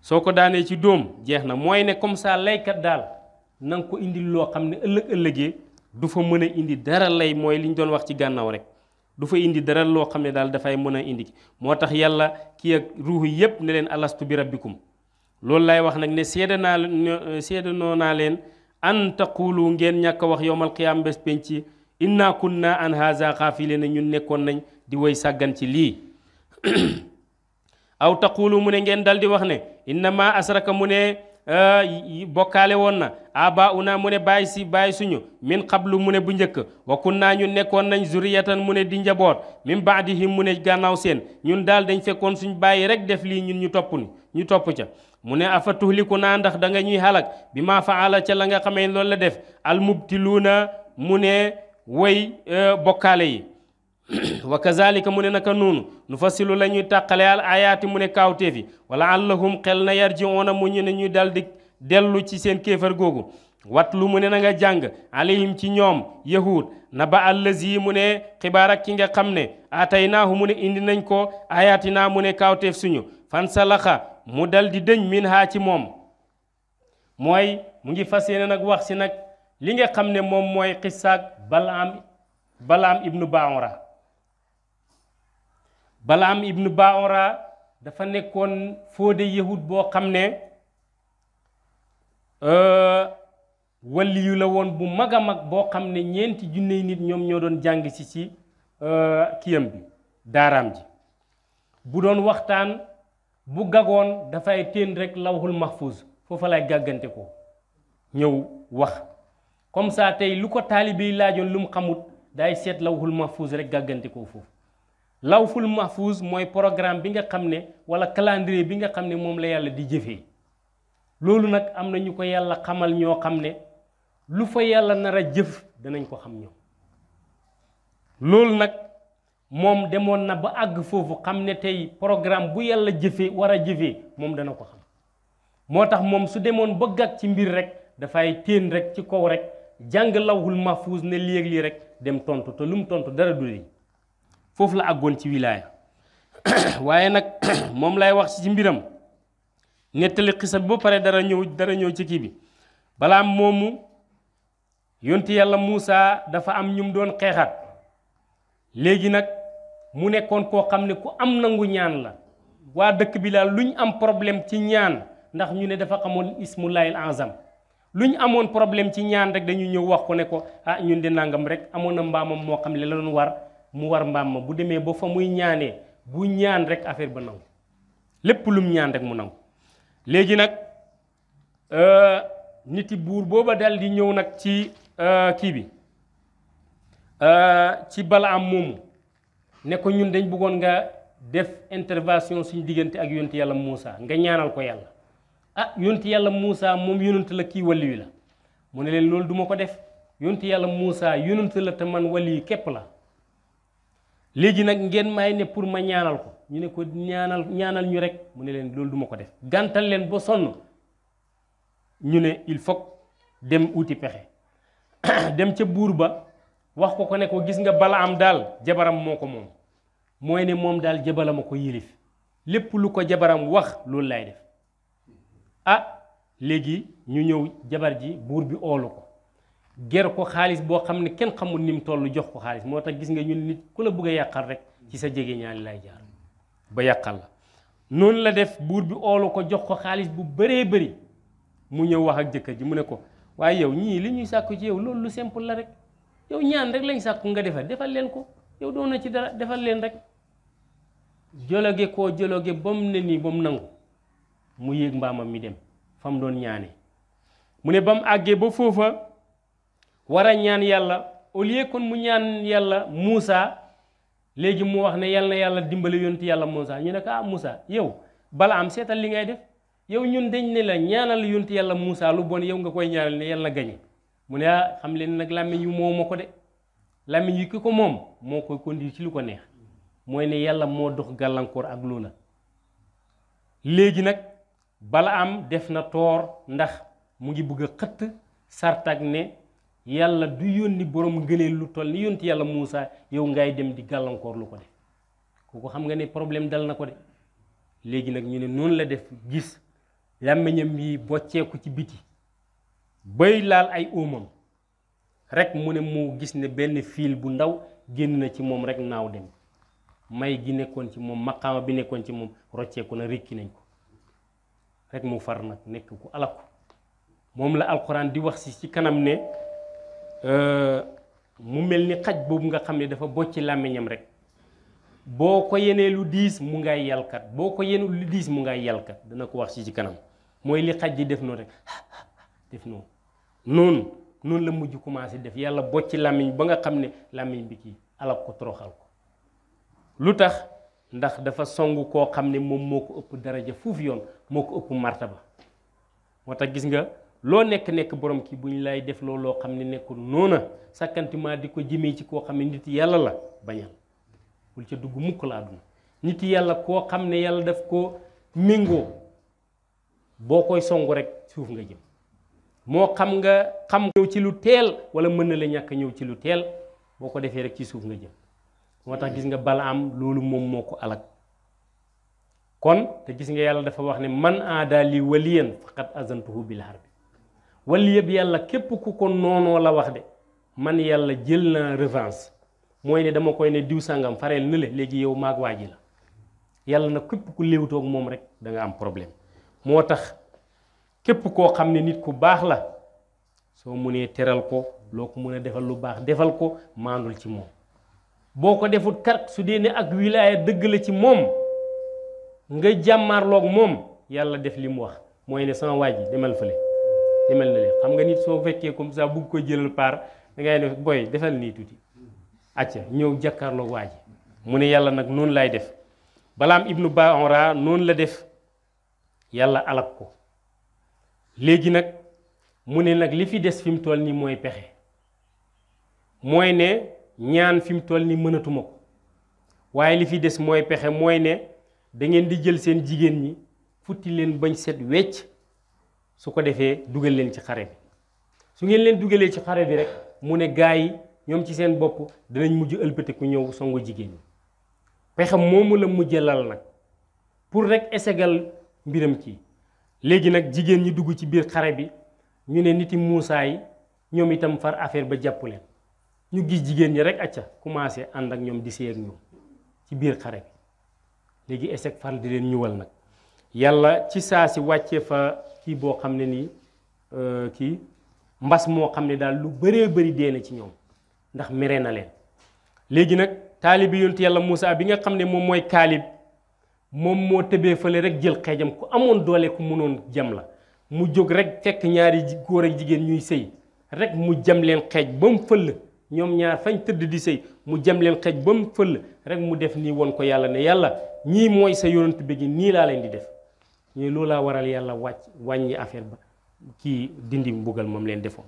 soo ko daanee ci doom jeex na mooy ne comme ça laykat daal na ko indil loo xam ne ëllëg ëllëgee du fa mën a indi dara lay mooy li ñu doon wax ci gànnaaw rek du fa indi dara loo xam ne daal dafay mën a indi moo tax yàlla kii ak ruux yépp ne leen alastu bi rabbikum loolu lay wax nag ne seede naa leen an taqulu ngeen ñàkk a wax yowmal qiyaam bés penc inna naa an haza xaafilina ñun nekkoon nañ di woy sàggan ci lii aw taqulu mu ne ngeen dal di wax ne innama asraka mu ne eh, bokkaale woon na aba una mu ne bàyyi si bàyyi suñu min xablu mu ne bu njëkk wa naa ñun nekkoon nañ zuriyatan mu ne di njaboot min baadihim mu ne gànnaaw seen ñun daal dañ fekkoon suñu bàyyi rek def lii ñun ñu topp ñu topp ca mu ne afa tuhliku naa ndax da nga ñuy xalak bi maa faala ca la nga xamee loolu la def na mu ne way e, bokkaale yi wa kazalika mu ne naka noonu nu fasilu la ñuy tàqale al ayaati mu ne kaawteef yi wala allahum xel na yarjiuuna mu ñu ne ñuy dal di dellu ci seen kéefar googu wat lu mu ne na nga jàng alayhim ci ñoom yahud na ba yi mu ne xibaar ki nga xam ne ataynaahu mu ne indi nañ ko ayaati naa mu ne kaawteef suñu fansalaxa mu dal di dëñ min haa ci moom mooy mu ngi fas yéene nag wax si nag li nga xam ne moom mooy xissaag balaam balaam ibnu baora balaam ibnu baora dafa nekkoon fóode yahud boo xam ne euh, walliyu la woon bu mag a mag boo xam ne ñeenti junney nit ñoom ñoo doon jàng si ci euh, kiyam bi daaraam ji bu doon waxtaan bu gagoon dafay téen rek lawhul mahfuz foofa lay gàggante ko ñëw wax comme ça tey lu ko taalibe yi laajoon lu mu xamut day seet lawhul mahfuz rek gàggante ko foofu lawhul mahfuz mooy programme bi nga xam ne wala calendrier bi nga xam ne moom la yàlla di jëfee loolu nag am na ñu ko yàlla xamal ñoo xam ne lu fa yàlla nar a jëf danañ ko xam ñoom loolu nag moom demoon na ba àgg foofu xam ne tey programme bu yàlla jëfee war a jëfee moom dana ko xam moo tax moom su demoon ba gàgg ci mbir rek dafay téen rek ci kaw rek jàng lawhul mahfuus ne lii ak lii rek dem tontu te lu mu tontu dara du lii foofu la àggoon ci wilaaya waaye nag moom lay wax ci mbiram nettali xisa bi ba pare dara ñëw dara ñëw ci kii bi balaa moomu yonti yàlla Muusa dafa am ñum doon xeexaat léegi nag mu nekkoon koo xam ne ku am nangu ñaan la waa dëkk bi daal lu ñu am problème ci ñaan ndax ñu ne dafa xamoon ismullahil azam lu ñu amoon problème ci ñaan rek dañuy ñëw wax ko ne ko ah ñun de nangam rek amoon na mbaamam moo xam ne la doon war mu war mbaam ma bu demee ba fa muy ñaanee bu ñaan rek affaire ba nangu lépp lum ñaan rek mu nangu léegi nag euh, niti buur booba dal di ñëw nag ci euh, kii bi euh, ci bala am moomu ne ko ñun dañ bëggoon nga def intervention suñu diggante ak yonent yàlla Moussa nga ñaanal ko yàlla ah yonent yàlla muusa moom yonent la kii waliyu la mu ne leen loolu duma ko def yonent yàlla Moussa yonent la te man waliyu képp la léegi nag ngeen may ne pour ma ñaanal ko ñu ne ko ñaanal ñaanal ñu rek mu ne leen loolu duma ko def gàntal leen ba sonn ñu ne il faut dem uti pexe dem ca buur ba wax ko ko ne ko gis nga bala am daal jabaram moo ko moom mooy ne moom daal jabalama ko yilif lépp lu ko jabaram wax loolu lay def a ah, léegi ñu ñëw jabar ji buur bi oolu ko ger ko xaalis boo xam ne kenn xamul ni mu toll jox ko xaalis moo tax gis nga ñun nit ku la bugg yàqal rek ci sa jege ñaari lay jaar ba yàqal la noonu la def buur bi oolu ko jox ko xaalis bu bëree bëri mu ñëw wax ak jëkkër ji mu ne ko waaye yow ñii li ñuy sàkku ci yow loolu lu simple la rek yow ñaan rek lañ sàkku nga defal defal leen ko yow doon na ci dara defal leen rek jologe koo jologe ba mu ne nii ba mu nangu mu yéeg mbaamam mi dem fa mu doon ñaane mu ne ba mu àggee ba foofa war a ñaan yàlla au lieu kon mu ñaan yàlla Moussa léegi mu wax ne yàlla na yàlla dimbale yonent yàlla Moussa ñu ne ko ah Moussa yow bala am seetal li ngay def yow ñun dañ ne la ñaanal yonent yàlla Moussa lu bon yow nga koy ñaanal ne yàlla gañe mu ne ah xam leen nag làmmiñ yi moo ma ko de làmmiñ yi ki ko moom moo koy conduire ci lu ko neex mooy ne yàlla moo dox gàllankoor ak loola léegi nag bala am def na toor ndax mu ngi bëgg a xëtt sartak ne yàlla du yónni borom ngëneel lu toll ni yónti yàlla Moussa yow ngay dem di gàllankoor lu ko def kooku xam nga ne problème dal na ko de léegi nag ñu ne noonu la def gis làmmiñam yi bocceeku ci biti bay laal ay óomam rek mu ne mu gis ne benn fiil bu ndaw génn na ci moom rek naaw dem may gi nekkoon ci moom maqaama bi nekkoon ci moom rocceeku na rékki nañ ko rek mu far nag nekk ku alaku moom la alxuraan di wax si ci kanam ne euh, mu mel ni xaj boobu nga xam ne dafa bocci làmmiñam rek boo ko yenee lu diis mu ngay yalkat boo ko yenu lu diis mu ngay yalkat dana ko wax si ci kanam mooy li xaj di def noonu rek def noonu noonu noonu la mujj commencé def yàlla boo ci làmmiñ ba nga xam ne làmmiñ bi kii alak ko toroxal ko lu tax ndax dafa songu koo xam ne moom moo ko ëpp daraja fuuf yoon moo ko ëpp martaba moo tax gis nga loo nekk-nekk borom kii bu ñu lay def loo xam ne nekkul noona sakkantiment di ko jëmee ci koo xam ne nit yàlla la bañal bul ca dugg mukk la àdduna nit yàlla koo xam ne yàlla daf ko méngoo boo koy songu rek suuf nga jëm moo xam nga xam ñëw ci lu teel wala mën na la ñàkk ñëw ci lu teel boo ko defee rek ci suuf nga jëm moo tax gis nga Balaam loolu moom moo ko alag kon te gis nga yàlla dafa wax ne man aada li waliyan faqat azantuhu bil harbi wali yëpp yàlla képp ku ko noonoo la wax de man yàlla jël na revanche mooy ne dama koy ne diw sàngam fareel na le léegi yow maag waa ji la yàlla na képp ku léewtoog moom rek danga am problème moo tax képp koo xam ne nit ku baax la soo mënee teral ko loo ko mën a defal lu baax defal ko maandul ci moom boo ko defut kat su dee ne ak wilaaya dëgg la ci moom nga jàmmaarloog moom yàlla def li mu wax mooy ne sama waa ji demal fële demal na leen xam nga nit soo fekkee comme ça bugg ko jëlal paar da ngay def boy defal nii tuuti acca ñëw jàkkaarloog waa mu ne yàlla nag noonu laay def balaam ibnu Baora noonu la def yàlla alak ko léegi nag mu ne nag li fi des fi mu toll nii mooy pexe mooy ne ñaan fi mu toll nii mënatuma ko waaye li fi des mooy pexe mooy ne dangeen di jël seen jigéen ñi futti leen bañ set wecc su ko defee dugal leen ci xare bi su ngeen leen dugalee ci xare bi rek mu ne gaa yi ñoom ci seen bopp danañ mujj ëlbati ku ñëw songu jigéen ñi pexe moomu la mujjee lal nag pour rek esegal mbiram ci léegi nag jigéen ñi dugg ci biir xare bi ñu ne niti muusaay ñoom itam far affaire ba jàpp leen ñu gis jigéen ñi rek acca commencé ànd ak ñoom di séy ak ñoom ci biir xare bi léegi échec far di leen ñuwal nag yàlla ci saa si wàccee fa kii boo xam ne nii euh, kii mbas moo xam ne daal lu baree bari dee ci ñoom ndax mere na leen léegi nag taalibi yontu yàlla Muusaa bi nga xam ne moom mooy kaalib moom moo tëbee fële rek jël xeejam ku amoon doole ku mënoon jam la mu jóg rek fekk ñaari góor ak jigéen ñuy sëy rek mu jam leen xeej ba mu fëll ñoom ñaar fañ tëdd di sëy mu jam leen xeej ba mu fëll rek mu def nii won ko yàlla ne yàlla ñii mooy sa yonent bi gi nii laa leen di def ñuy loolaa waral yàlla wàcc wàññi affaire ba kii dindi mbugal moom leen defoon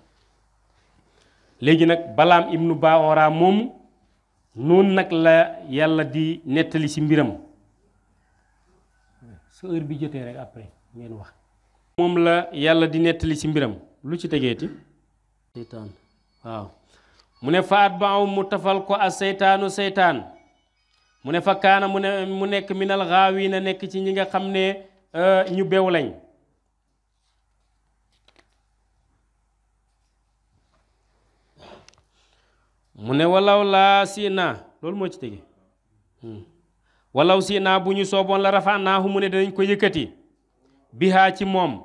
léegi nag balaam ibnu baora moom noonu nag la yàlla di nettali ci mbiram su heure bi jotee rek après ngeen wax moom la yàlla di nettali ci mbiram lu ci tegeeti seytaan waaw mu ne fa at baaw mu tafal ko as seytaanu seytaan mu ne fa kaana mu ne mu nekk minal xaawiina nekk ci ñi nga xam ne euh, ñu beew mu ne walaw laa si naa loolu moo ci tege hmm. walaw si naa bu ñu sooboon la rafaa naahu mu ne danañ ko yëkkati bihaa ci moom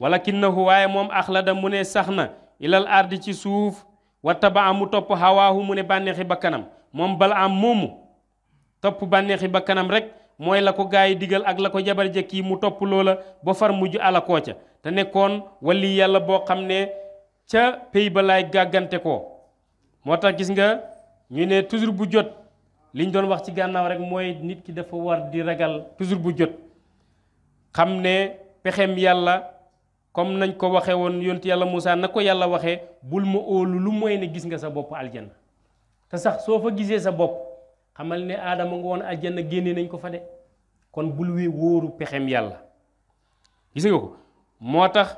walakinnahu waaye moom axlada mu ne sax na ilal ardi ci suuf wa tabaa mu topp hawaahu mu ne bànneexi bakkanam moom bala am moomu topp bànneexi bakkanam rek mooy la ko gaa yi digal ak la ko jabar jëkk yi mu topp loola ba far mujj alakoo ca te nekkoon wali yàlla boo xam ne ca pey ba laay gàggante ko moo tax gis nga ñu ne toujours bu jot liñ doon wax ci gànnaaw rek mooy nit ki dafa war di ragal toujours bu jot xam ne pexem yàlla comme nañ ko waxee woon yontu yàlla Moussa na ko yàlla waxee bul ma óolu lu mooy ne gis nga sa bopp aljanna te sax soo fa gisee sa bopp xamal ne aadama nga woon aljanna génne nañ ko fa de kon bul wee wóoru pexem yàlla gis nga ko moo tax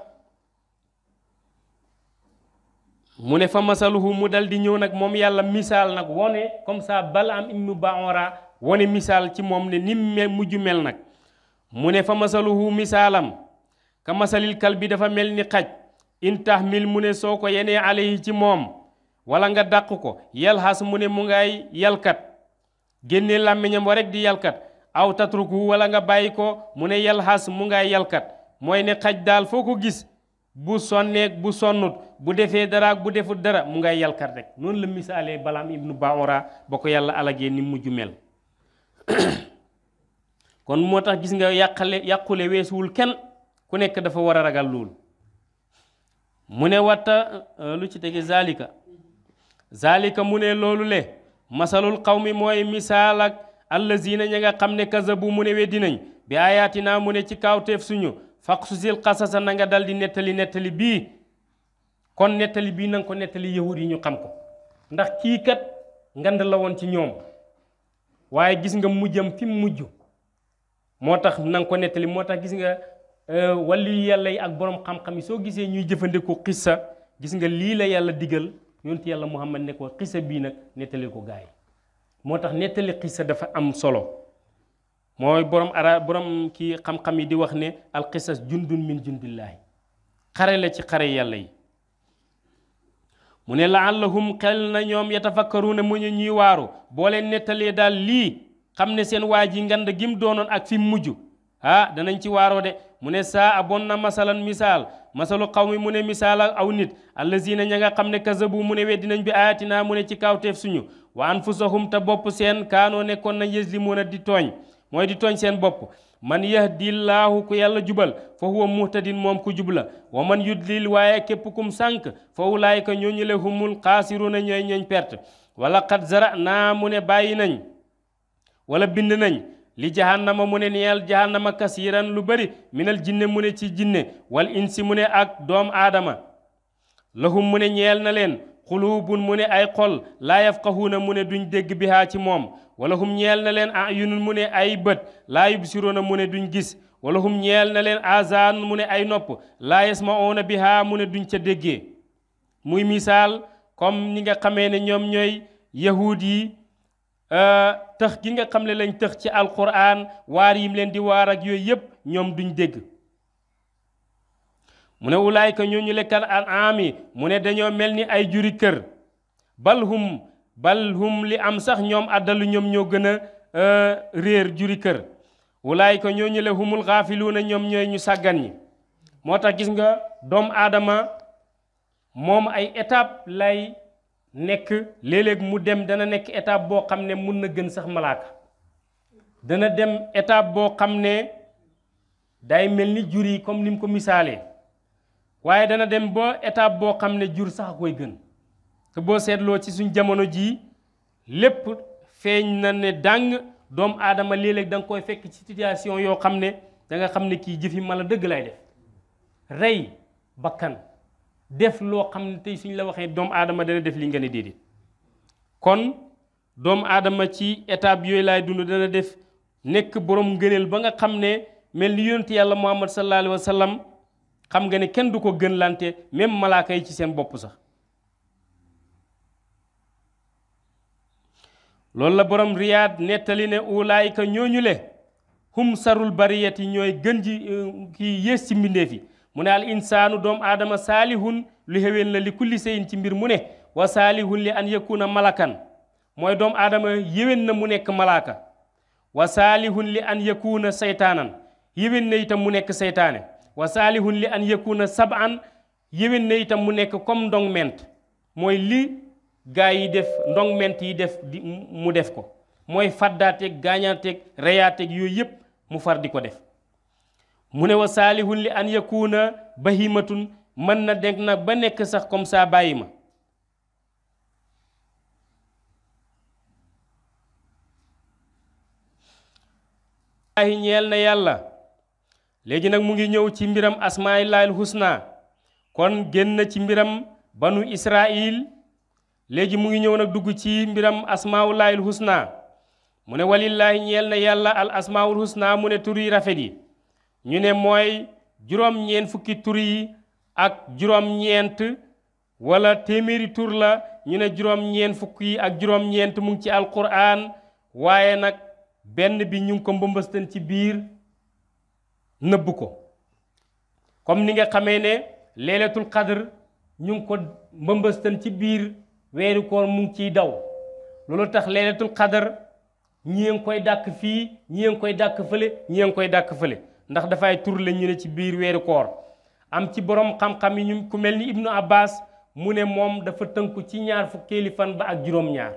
mu ne fa masaluhu mu dal di ñëw nag moom yàlla misaal nag wone comme ça Balaam ibnu Baora wone misaal ci moom ne nim me mujj mel nag mu ne fa masaluhu misaalam ka masalil kal bi dafa mel ni xaj in tahmil mu ne soo ko yenee yi ci moom wala nga dàq ko yalxas mu ne mu ngay yalkat génne làmmiñam wa rek di yalkat aw tatruku wala nga bàyyi ko mu ne yalxas mu ngay yalkat mooy ne xaj daal foo ko gis bu sonneeg bu sonnut bu defee dara ak bu defut dara mu ngay yalkar rek noonu la misaalee balaam ibnu baora ba ko yàlla alagee ni mujj mel kon moo tax gis nga yàqale yàqule weesuwul kenn ku nekk dafa war a ragal loolu mu ne watta euh, lu ci tege zalika zalika mu ne loolu le masalul mi mooy misaal ak allazina ña nga xam ne kazabu mu ne weddi nañ bi ayatina mu ne ci kaawteef suñu faqsusil qasasa na nga dal di nettali nettali bii kon nettali bii na ko nettali yahud yi ñu xam ko ndax kii kat ngand la woon ci ñoom waaye gis nga mujjam fi mu mujj moo tax na ko nettali moo tax gis nga euh, wàllu yàlla yi ak boroom xam-xam yi soo gisee ñuy jëfandikoo xissa gis nga lii la yàlla digal yonti yàlla muhammad ne ko xissa bii nag nettali ko gaay moo tax nettali xissa dafa am solo mooy borom ara borom kii xam-xam yi di wax ne alqisas jundun min jundillahi xare la ci xare yàlla yi mu ne laallahum xel na ñoom ne mu ñu ñuy waaru boo leen nettalee daal lii xam ne seen waa ji ngande gim doonoon ak fi mujj ah danañ ci waaroo de mu ne saa abon na masalan misaal masalu xawmi mu ne misaal ak aw nit na ña nga xam ne kazabu mu ne weddinañ bi ayatina mu ne ci kawteef suñu wa anfusahum te bopp seen kaanoo nekkoon na yëslimuuna di tooñ mooy di tooñ seen bopp man yahdillaahu ku yàlla jubal fa huwa muhtadin moom ku jub wa man yudlil waaye képp kum sànk fa ka ñooñu le humul xaasiruuna ñooy ñooñ perte wala xat zara naa mu ne bàyyi nañ wala bind nañ li jahannama mu ne neel jahannama kasiiran lu bari minal jinne mu ne ci jinne wal insi mu ne ak doom aadama lahum mu ne ñeel na leen xuluubun mu ne ay xol laa yafqahuuna mu ne duñ dégg bihaa ci moom wala hum ñeel na leen ayunun mu ne ay bët laa yubsiruuna mu ne duñ gis wala hum ñeel na leen azaan mu ne ay nopp laa yasmaoona bihaa mu ne duñ ca déggee muy misaal comme ñi nga xamee ne ñoom ñooy yahuud yi euh, tëx gi nga xam ne lañ tëx ci alquran waar yim leen di waar ak yooyu yépp ñoom duñ dégg mu ne wulaayka ñooñu lekkal al aami mu ne dañoo mel ni ay juri kër bal hum bal hum li am sax ñoom àddalu ñoom ñoo gën a euh, réer juri kër wulaayka ñooñu le humul xaafiluuna ñoom ñooy ñu sàggan ñi moo tax gis nga doomu aadama moom ay étape lay nekk léeléeg mu dem dana nekk étape boo xam ne mun na gën sax malaaka dana dem étape boo xam ne daay mel ni jur yi comme ni ko misaalee waaye dana dem ba étape boo xam ne jur sax a koy gën te boo seetloo ci suñ jamono jii lépp feeñ na ne dàng doomu aadama léeg danga koy fekk ci situation yoo xam ne da nga xam ne kii jëfi mala dëgg lay def rey bakkan def loo xam ne tey suñ la waxee doomu aadama dana def li nga ne déedéet kon doomu aadama ci étape yooyu laay dund dana def nekk boroom ngëneel ba nga xam ne mel ni yonent yàlla muhammad sallallahu alayhi wa sallam xam nga ne kenn du ko gën lante même ci seen bopp sax loolu la borom riyaad nettali ne ulaayika ñooñu le hum sarul bariyati ñooy gën ji euh, kii yées ci mbindeef mu ne al insaanu doomu aadama saalihun lu xeween la li kulli seyin ci mbir mu ne wa saalihun li an yakuna malakan mooy doom aadama yéwén na mu nekk malaaka wa saalihun li an yakuna saytaanan yéwén na itam mu nekk seytaane wa saalihun li an yakuna sab'an yéwén na itam mu nekk comme ndong ment mooy li gaa yi def ndong ment yi def mu def ko mooy faddaateeg gaañaateeg reyaateeg yooyu yépp mu far di ko def mu ne wa saalihun li an ba bahimatun mën na denk na ba nekk sax comme ça bàyyi ma yàlla léegi nag mu ngi ñëw ci mbiram asmailaahil husna kon génn na ci mbiram banu israil léegi mu ngi ñëw nag dugg ci mbiram asmaullaahil husna mu ne walillaahi ñeel na yàlla al asmaul husna mu ne tur yi rafet yi ñu ne mooy juróom-ñeent fukki tur yi ak juróom-ñeent wala téeméeri tur la ñu ne juróom-ñeent fukk yi ak juróom-ñeent mu ci ci alquran waaye nag benn bi ñu ngi ko mbëmbëstan ci biir nëbb ko comme ni nga xamee ne leelatul xadr ñu ngi ko mbëmbëstan ci biir weeru koor mu ngi ciy daw loolu tax leelatul xadar ñi ngi koy dàkk fii ñi ngi koy dàkk fële ñi ngi koy dàkk fële ndax dafay tur la ñu ne ci biir weeru koor am ci borom xam-xam yi ñu ku mel ni ibnu abbas mu ne moom dafa tënku ci ñaar fukkeeli fan ba ak juróom-ñaar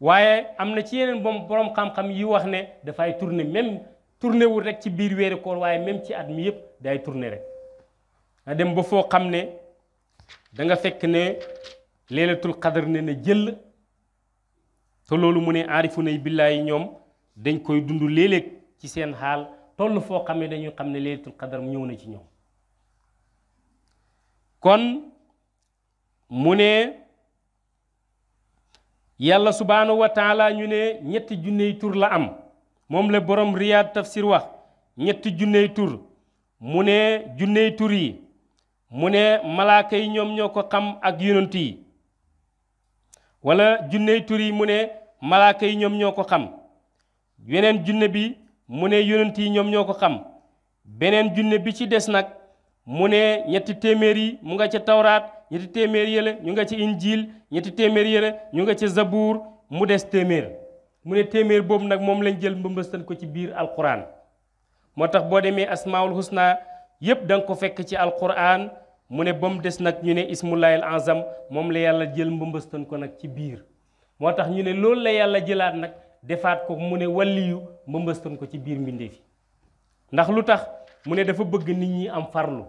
waaye am na ci yeneen borom xam-xam yi wax ne dafay tourner même tourné wul rek ci biir weeri waaye même ci at mi yëpp day tourné rek nga dem ba foo xam ne danga fekk ne leelatul xadar ne na jël te loolu mu ne aarifu nay billaahi ñoom dañ koy dund léeg ci seen xaal toll foo xam ne dañuy xam ne leelatul xadar ñëw na ci ñoom kon mu ne yàlla subhaanahu wa taala ñu ne ñetti junney tur la am moom la borom riyaad tafsir wax ñetti junney tur mu ne junney tur yi mu ne malaaka yi ñoom ñoo ko xam ak yonent yi wala junney tur yi mu ne malaaka yi ñoom ñoo ko xam yeneen junne bi mu ne yonent yi ñoom ñoo ko xam beneen junne bi ci des nag mu ne ñetti téeméer yi mu nga ca tawraat ñetti téeméer yële ñu nga ci injiil ñetti téeméer yële ñu nga ca zabuur mu des téeméer mu ne téeméer boobu nag moom lañ jël mbëmbëstan ko ci biir alquran moo tax boo demee asmaul husna yépp danga ko fekk ci alquran mu ne ba mu des nag ñu ne ismullahil azam moom la yàlla jël mbëmbëstan ko nag ci biir moo tax ñu ne loolu la yàlla jëlaat nag defaat ko mu ne wàlliyu mbëmbëstan ko ci biir mbindeef yi ndax lu tax mu ne dafa bëgg nit ñi am farlu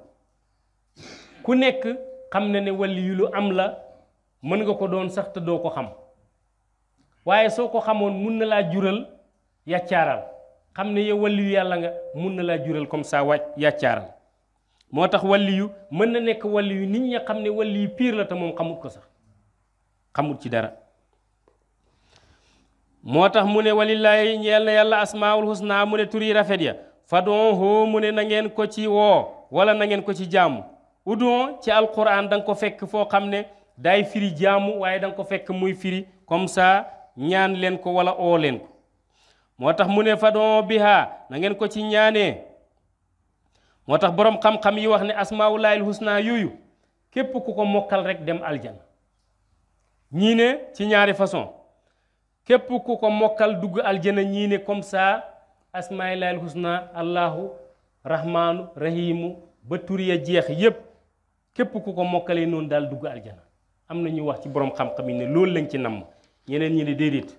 ku nekk xam na ne wàlliyu lu am la mën nga ko doon sax te doo ko xam waaye soo ko xamoon mun na laa jural yàccaaral xam ne yow waliyu yàlla nga mun na laa jural comme saa wa yàccaaral moo tax waliyu mën na nekk yu nit ña xam ne waliyu piir la te moom xamut ko sax xamut ci dara moo tax mu ne walillaahi ñeel na yàlla asmaul husna mu ne tur yi rafet ya fadonhu mu ne na ngeen ko ci woo wala na ngeen ko ci jaamu udon ci alquran da nga ko fekk foo xam ne daay firi jaamu waaye da ko fekk muy firi comme ça ñaan leen ko wala oo leen ko moo tax mu ne fadon biha na ngeen ko ci ñaanee moo tax boroom xam-xam yi wax ne asmaawulaayil husna yooyu képp ku ko mokkal rek dem aljana ñii ne ci ñaari façon képp ku ko mokkal dugg aljana ñii ne comme ça asmaawulaayil husna allahu rahmaanu rahimu ba tur jeex yépp képp ku ko mokkalee noonu daal dugg aljana am na ñuy wax ci boroom xam-xam yi ne loolu lañ ci namm ñeneen ñi ne déedéet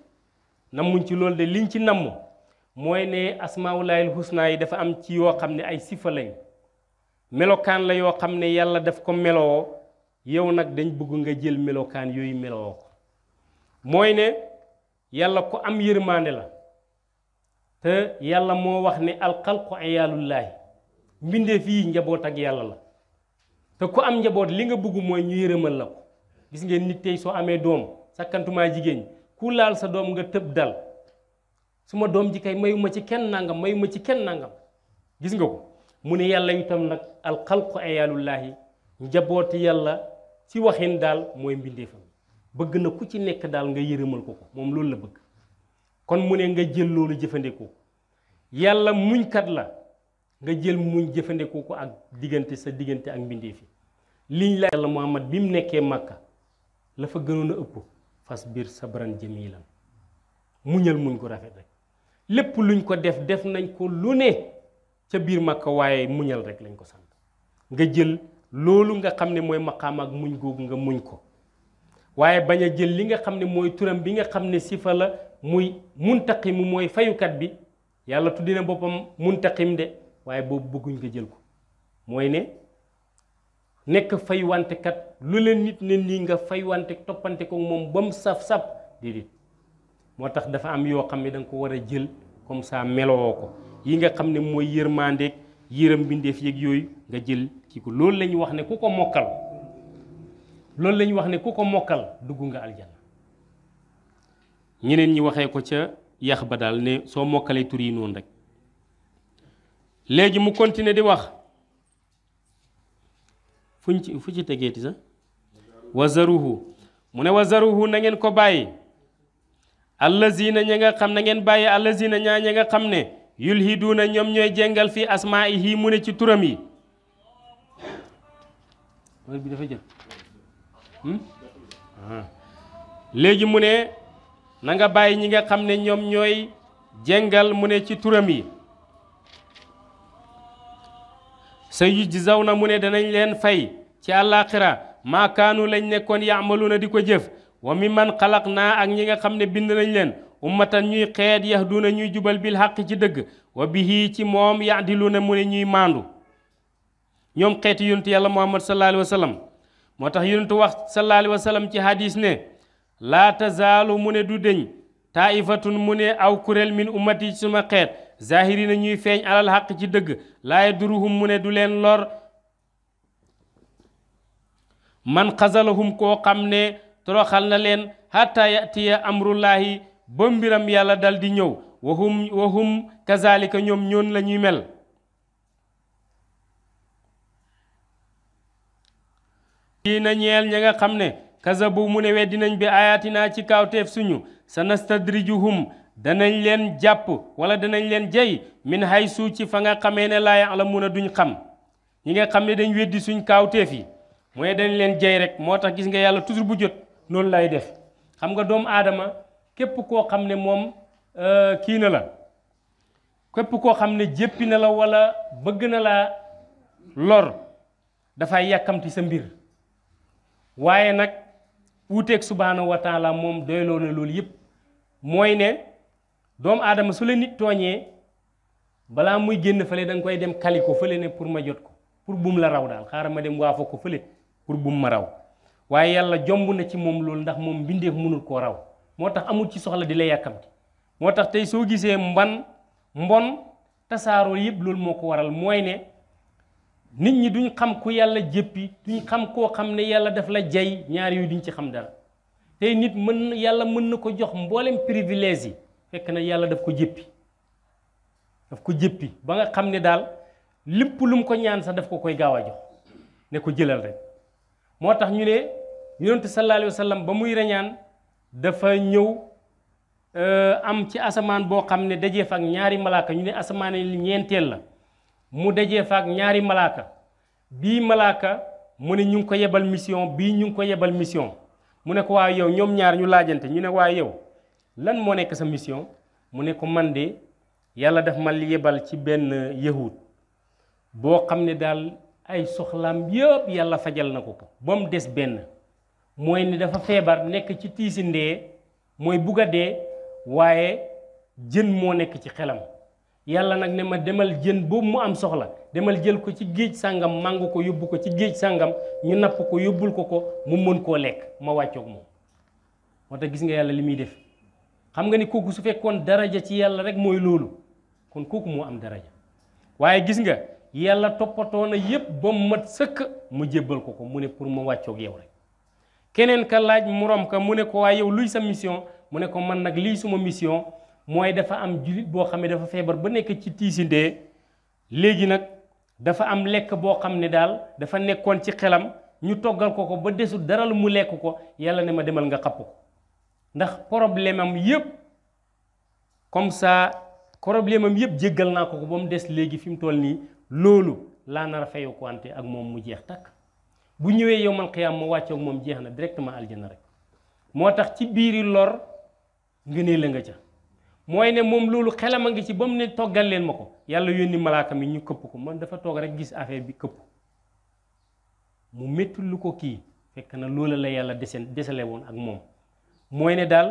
nammuñ ci loolu de liñ ci namm mooy ne asmaawulaayil husnaa yi dafa am ci yoo xam ne ay sifa lañ melokaan la yoo xam ne yàlla daf ko meloo yow nag dañ bëgg nga jël melokaan yooyu meloo ko mooy ne yàlla ku am yërmaande la te yàlla moo wax ne alxalqu ayaalullaahi mbindeef yi njaboot ak yàlla la te ku am njaboot li nga bëgg mooy ñu yërëmal la ko gis ngeen nit tey soo amee doom sàkkantumaa jigéen ñi ku laal sa doom nga tëb dal suma doom ji kay mayuma ci kenn nangam mayuma ci kenn nangam gis nga ko mu ne yàlla itam nag alxalqu ayaalullaahi njabooti yàlla ci waxin daal mooy mbindeefam bëgg na ku ci nekk daal nga yërëmal ko ko moom loolu la bëgg kon mu ne nga jël loolu jëfandikoo yàlla muñkat la nga jël muñ jëfandikoo ko ak diggante sa diggante ak mbindeef yi liñ la yàlla Muhammad bi mu nekkee Màkka la fa gënoon a ëpp fas biir sa sabran jamiilan muñal muñ ko rafet rek lépp luñ ko def def nañ ko lu ne ca biir Makka waaye muñal rek lañ ko sant nga jël loolu nga xam ne mooy maqaam ak muñ googu nga muñ ko waaye bañ a jël li nga xam ne mooy turam bi nga xam ne sifa la muy mu mooy fayukat bi yàlla tuddi na boppam muntaqim de waaye boobu bëgguñ nga jël ko mooy ne nekk fay wante kat lu leen nit ne nii nga fay wante toppante ko moom ba mu saf-saf déedéet moo tax dafa am yoo xam ne danga ko war a jël comme ça meloo ko yi nga xam ne mooy yërmandeeg yërëm bindeef yeeg yooyu nga jël kii ko loolu la ñu wax ne ku ko mokkal loolu lañuy wax ne ku ko mokkal dugg nga aljana ñeneen ñi waxee ko ca yax ba daal ne soo mokkalee tur yi noonu rek léegi mu continuer di wax fuñ ci fu ci tegeeti sax wazaruhu mu ne wazaruhu na ngeen ko bàyyi allazina ña nga xam na ngeen bàyyi allazina ñaa ña nga xam ne yulhiduuna ñoom ñooy jëngal fii asmaa yi mu ne ci turam yi bi dafa jël hmm? léegi mu ne nanga bàyyi ñi nga xam ne ñoom ñooy jéngal mu ne ci turam yi sa yujzaw na mu ne danañ leen fay ci àllaaxira maa kaanu lañ nekkoon yaamaluuna di ko jëf wa mi man xalaq naa ak ñi nga xam ne bind nañ leen ummatan ñuy xeet yax du yahduuna ñuy jubal bil xaq ci dëgg wa bihi ci moom di ya'diluuna mu ne ñuy maandu ñoom xeeti yonentu yàlla muhammad sallallahu alayhi wa sallam moo tax yonentu wax sallallahu alayhi wa sallam ci hadis ne laa tazaalu mu ne du deñ taa'ifatun mu ne aw kuréel min ummati suma xeet zahiri na ñuy feeñ alal xaq ci dëgg laaye duruhum mu ne du leen lor man xasalahum koo xam ne toroxal na leen xatta yatiya amrullaahi ba mbiram yàlla dal di ñëw wahum wahum kazalika ñoom ñoon la ñuy mel di na ñeel ña nga xam ne kasa kazabu mu ne weddi bi ayatina ci kawteef suñu sanastadrijuhum danañ leen jàpp wala danañ leen jey min hay suu ci fa nga xamee ne laa ya'lamuuna duñ xam ñi nga xam ne dañ weddi suñ kaawteef yi mooy dañ leen jey rek moo tax gis nga yàlla toujours bu jot noonu lay def xam nga doomu aadama képp koo xam ne moom euh, kii na la képp koo xam ne jéppi na la wala bëgg na laa lor dafay yàkkamti sa mbir waaye nag wuuteeg subhaanahu wa taala moom doyloo na loolu yëpp mooy ne doomu aadama su la nit tooñee balaa muy génn fële danga koy dem kali ko fële ne pour ma jot ko pour bum la raw daal xaaral ma dem waafoo ko fële pour bum ma raw waaye yàlla jomb na ci moom loolu ndax moom mbindeef mënul koo raw moo tax amul ci soxla di la yàkkamti moo tax tey soo gisee mban mbon tasaaroo yëpp loolu moo ko waral mooy ne nit ñi duñ xam ku yàlla jëppi duñ xam koo xam ne yàlla daf la jay ñaar yooyu duñ ci xam dara tey nit mën yàlla mën na ko jox mboolem privilège yi fekk na yàlla daf ko jéppi daf ko jéppi ba nga xam ne daal lépp lum ko ñaan sax daf ko koy gaaw a jox ne ko jëlal rek moo tax ñu ne yonent sallallahu alayhi wa sallam ba muy reñaan dafa ñëw euh, am ci asamaan boo xam ne dajee fa ak ñaari malaaka ñu ne asamaan yi ñeenteel la mu dajee fa ak ñaari malaaka bii malaaka mu ne ñu ngi ko yebal mission bii ñu ngi ko yebal mission mu ne ko waaye yow ñoom ñaar ñu laajante ñu ne waaye yow lan moo nekk sa mission mu ne ko man de yàlla daf ma yebal ci benn yahud boo xam ne daal ay soxlaam yëpp yàlla fajal na ko ko ba mu des benn mooy ne dafa feebar nekk ci tiisi ndee mooy bugg dee waaye jën moo nekk ci xelam yàlla nag ne ma demal jën boobu mu am soxla demal jël ko ci géej sàngam màng ko yóbbu ko ci géej sàngam ñu napp ko yóbbul ko ko mu mën koo lekk ma wàccoog moom moo gis nga yàlla li muy def xam nga ni kooku su fekkoon daraja ci yàlla rek mooy loolu kon kooku moo am daraja waaye gis nga yàlla toppatoo na yépp ba mu mat sëkk mu jébbal ko ko mu ne pour ma wàccoog yow rek keneen ka laaj moroom ka mu ne ko waaye yow luy sa mission mu ne ko man nag lii suma mission mooy dafa am julit boo xam ne dafa feebar ba nekk ci tiisindee léegi nag dafa am lekk boo xam ne daal dafa nekkoon ci xelam ñu toggal ko ko ba desul dara lu mu lekk ko yàlla ne ma demal nga xapp ndax problème am yëpp comme sa problème am yëpp jéggal naa ko ko ba mu des léegi fi mu toll nii loolu laa nar a fayoo ko ante ak moom mu jeex takk bu ñëwee yow man xiyaam ma wàccoog moom jeex na directement aljana rek moo tax ci biiri lor nga la nga ca mooy ne moom loolu xelam a ngi ci ba mu ne toggal leen ma ko yàlla yónni malaakam mi ñu këpp ko man dafa toog rek gis affaire bi këpp mu méttul lu ko kii fekk na loola la yàlla dese desale woon ak moom mooy ne daal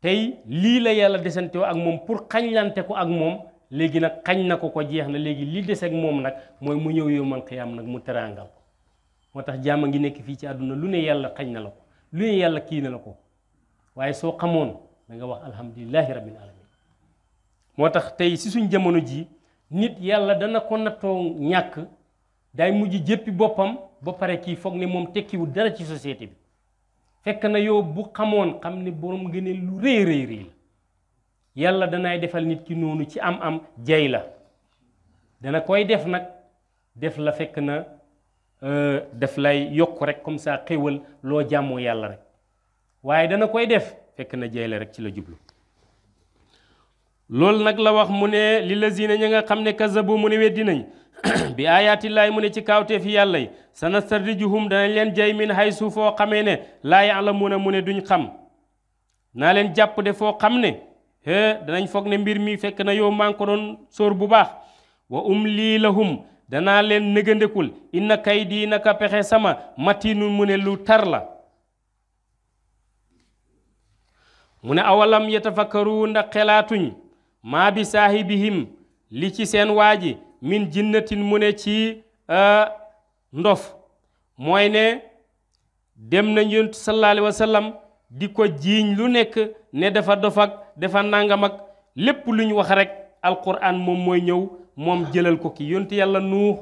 tey lii la yàlla desante ak moom pour xañlante ko ak moom léegi nag xañ na ko ko jeex na léegi li des ak moom nag mooy mu ñëw yow man xiyaam nag mu teraangal ko moo tax jaam ngi nekk fii ci àdduna lu ne yàlla xañ na la ko lu ne yàlla kii na la ko waaye soo xamoon da nga wax alhamdulilahi rabbil alamin moo tax tey si suñ jamono ji nit yàlla dana ko nattoo ñàkk day mujj jéppi boppam ba pare kii foog ne moom tekkiwul dara ci société bi fekk na yow bu xamoon xam ne borom ngëneel lu rëy rëy rëy yàlla danaay defal nit ki noonu ci am-am jay la dana koy def nag def la fekk na euh, def lay yokk rek comme ça xéwal loo jàmmoo yàlla rek waaye dana koy def fekk na jay la rek ci la jublu loolu nag la wax mu ne li la lazina ña nga xam ne kazabu mu ne weddi nañ bi ayaatillaahi mu ne ci kaawtee fi yàlla yi sanastardijuhum danañ leen jay min haysu foo xamee ne laa yaalamuuna mu ne ne duñ xam naa leen jàpp de foo xam ne hee danañ foog ne mbir mi fekk na yow maa ko doon sóor bu baax wa umlii lahum dana leen nëgandekul inna kay dii naka pexe sama mattinu mu ne lu tar la mu ne awalam yatafakkaru ndax xelaatuñ maa bi saahibihim li ci seen waa min jinnatin mu ne ci euh, ndof mooy ne dem nañ yontu sallallahu alayhi wa sallam di ko jiiñ lu nekk ne dafa dof ak dafa nangam ak lépp lu ñu wax rek alquran moom mooy ñëw moom jëlal ko ki yontu yàlla nuux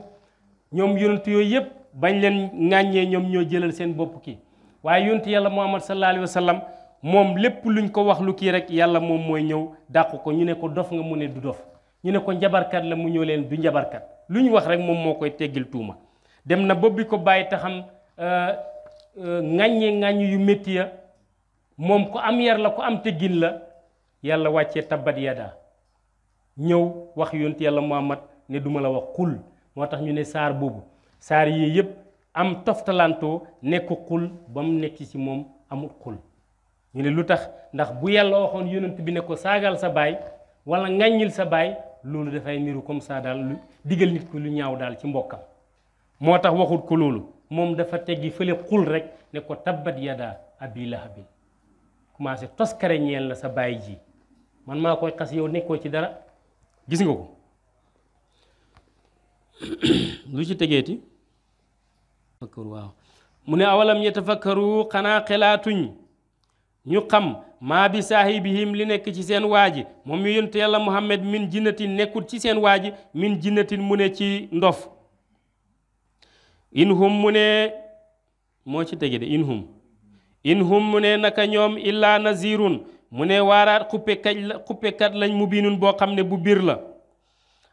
ñoom yontu yooyu yëpp bañ leen ŋàññee ñoom ñoo jëlal seen bopp ki waaye yontu yàlla muhammad sallallahu alayhi wa sallam moom lépp luñ ko wax lu kii rek yàlla moom mooy ñëw dàq ko ñu ne ko dof nga mu ne du dof ñu ne ko njabarkat la mu ñëw leen du njabarkat lu ñu wax rek moom moo koy teggil tuuma dem na ba boobu ko bàyyi taxam euh, euh, ŋàññe ŋàññ yu métti ya moom ko am yar la ko am teggin la yàlla wàccee tabbat yada ñëw wax yonent yàlla Muhammad ne duma la wax xul moo tax ñu ne saar boobu saar yii yëpp am toftalantoo nekk xul ba mu nekk ci moom amul xul ñu ne lu tax ndax bu yàlla waxoon yonent bi ne ko saagal sa baay wala ŋàññil sa baay loolu dafay niru comme ça daal lu digal nit ko lu ñaaw daal ci mbokkam moo tax waxut ko loolu moom dafa teggi fële xul rek ne ko tabbat yada abi lahabin commencé toskare ñeel na sa baay ji man maa koy xas yow nekkoo ci dara gis nga ko lu ci tegeeti waaw mu ne awalam yatafakkaru xanaa xelaatuñ ñu xam maa bi saahibihim li nekk ci seen waa ji moom yu yonent yàlla muhammad min jinnatin nekkul ci seen waa ji min jinnatin mu ne ci ndof in hum mu ne moo ci tege de in hum in hum mu ne naka ñoom illaa nazirun mu ne waaraat xuppekat la xuppekat lañ mu biinun boo xam ne bu biir la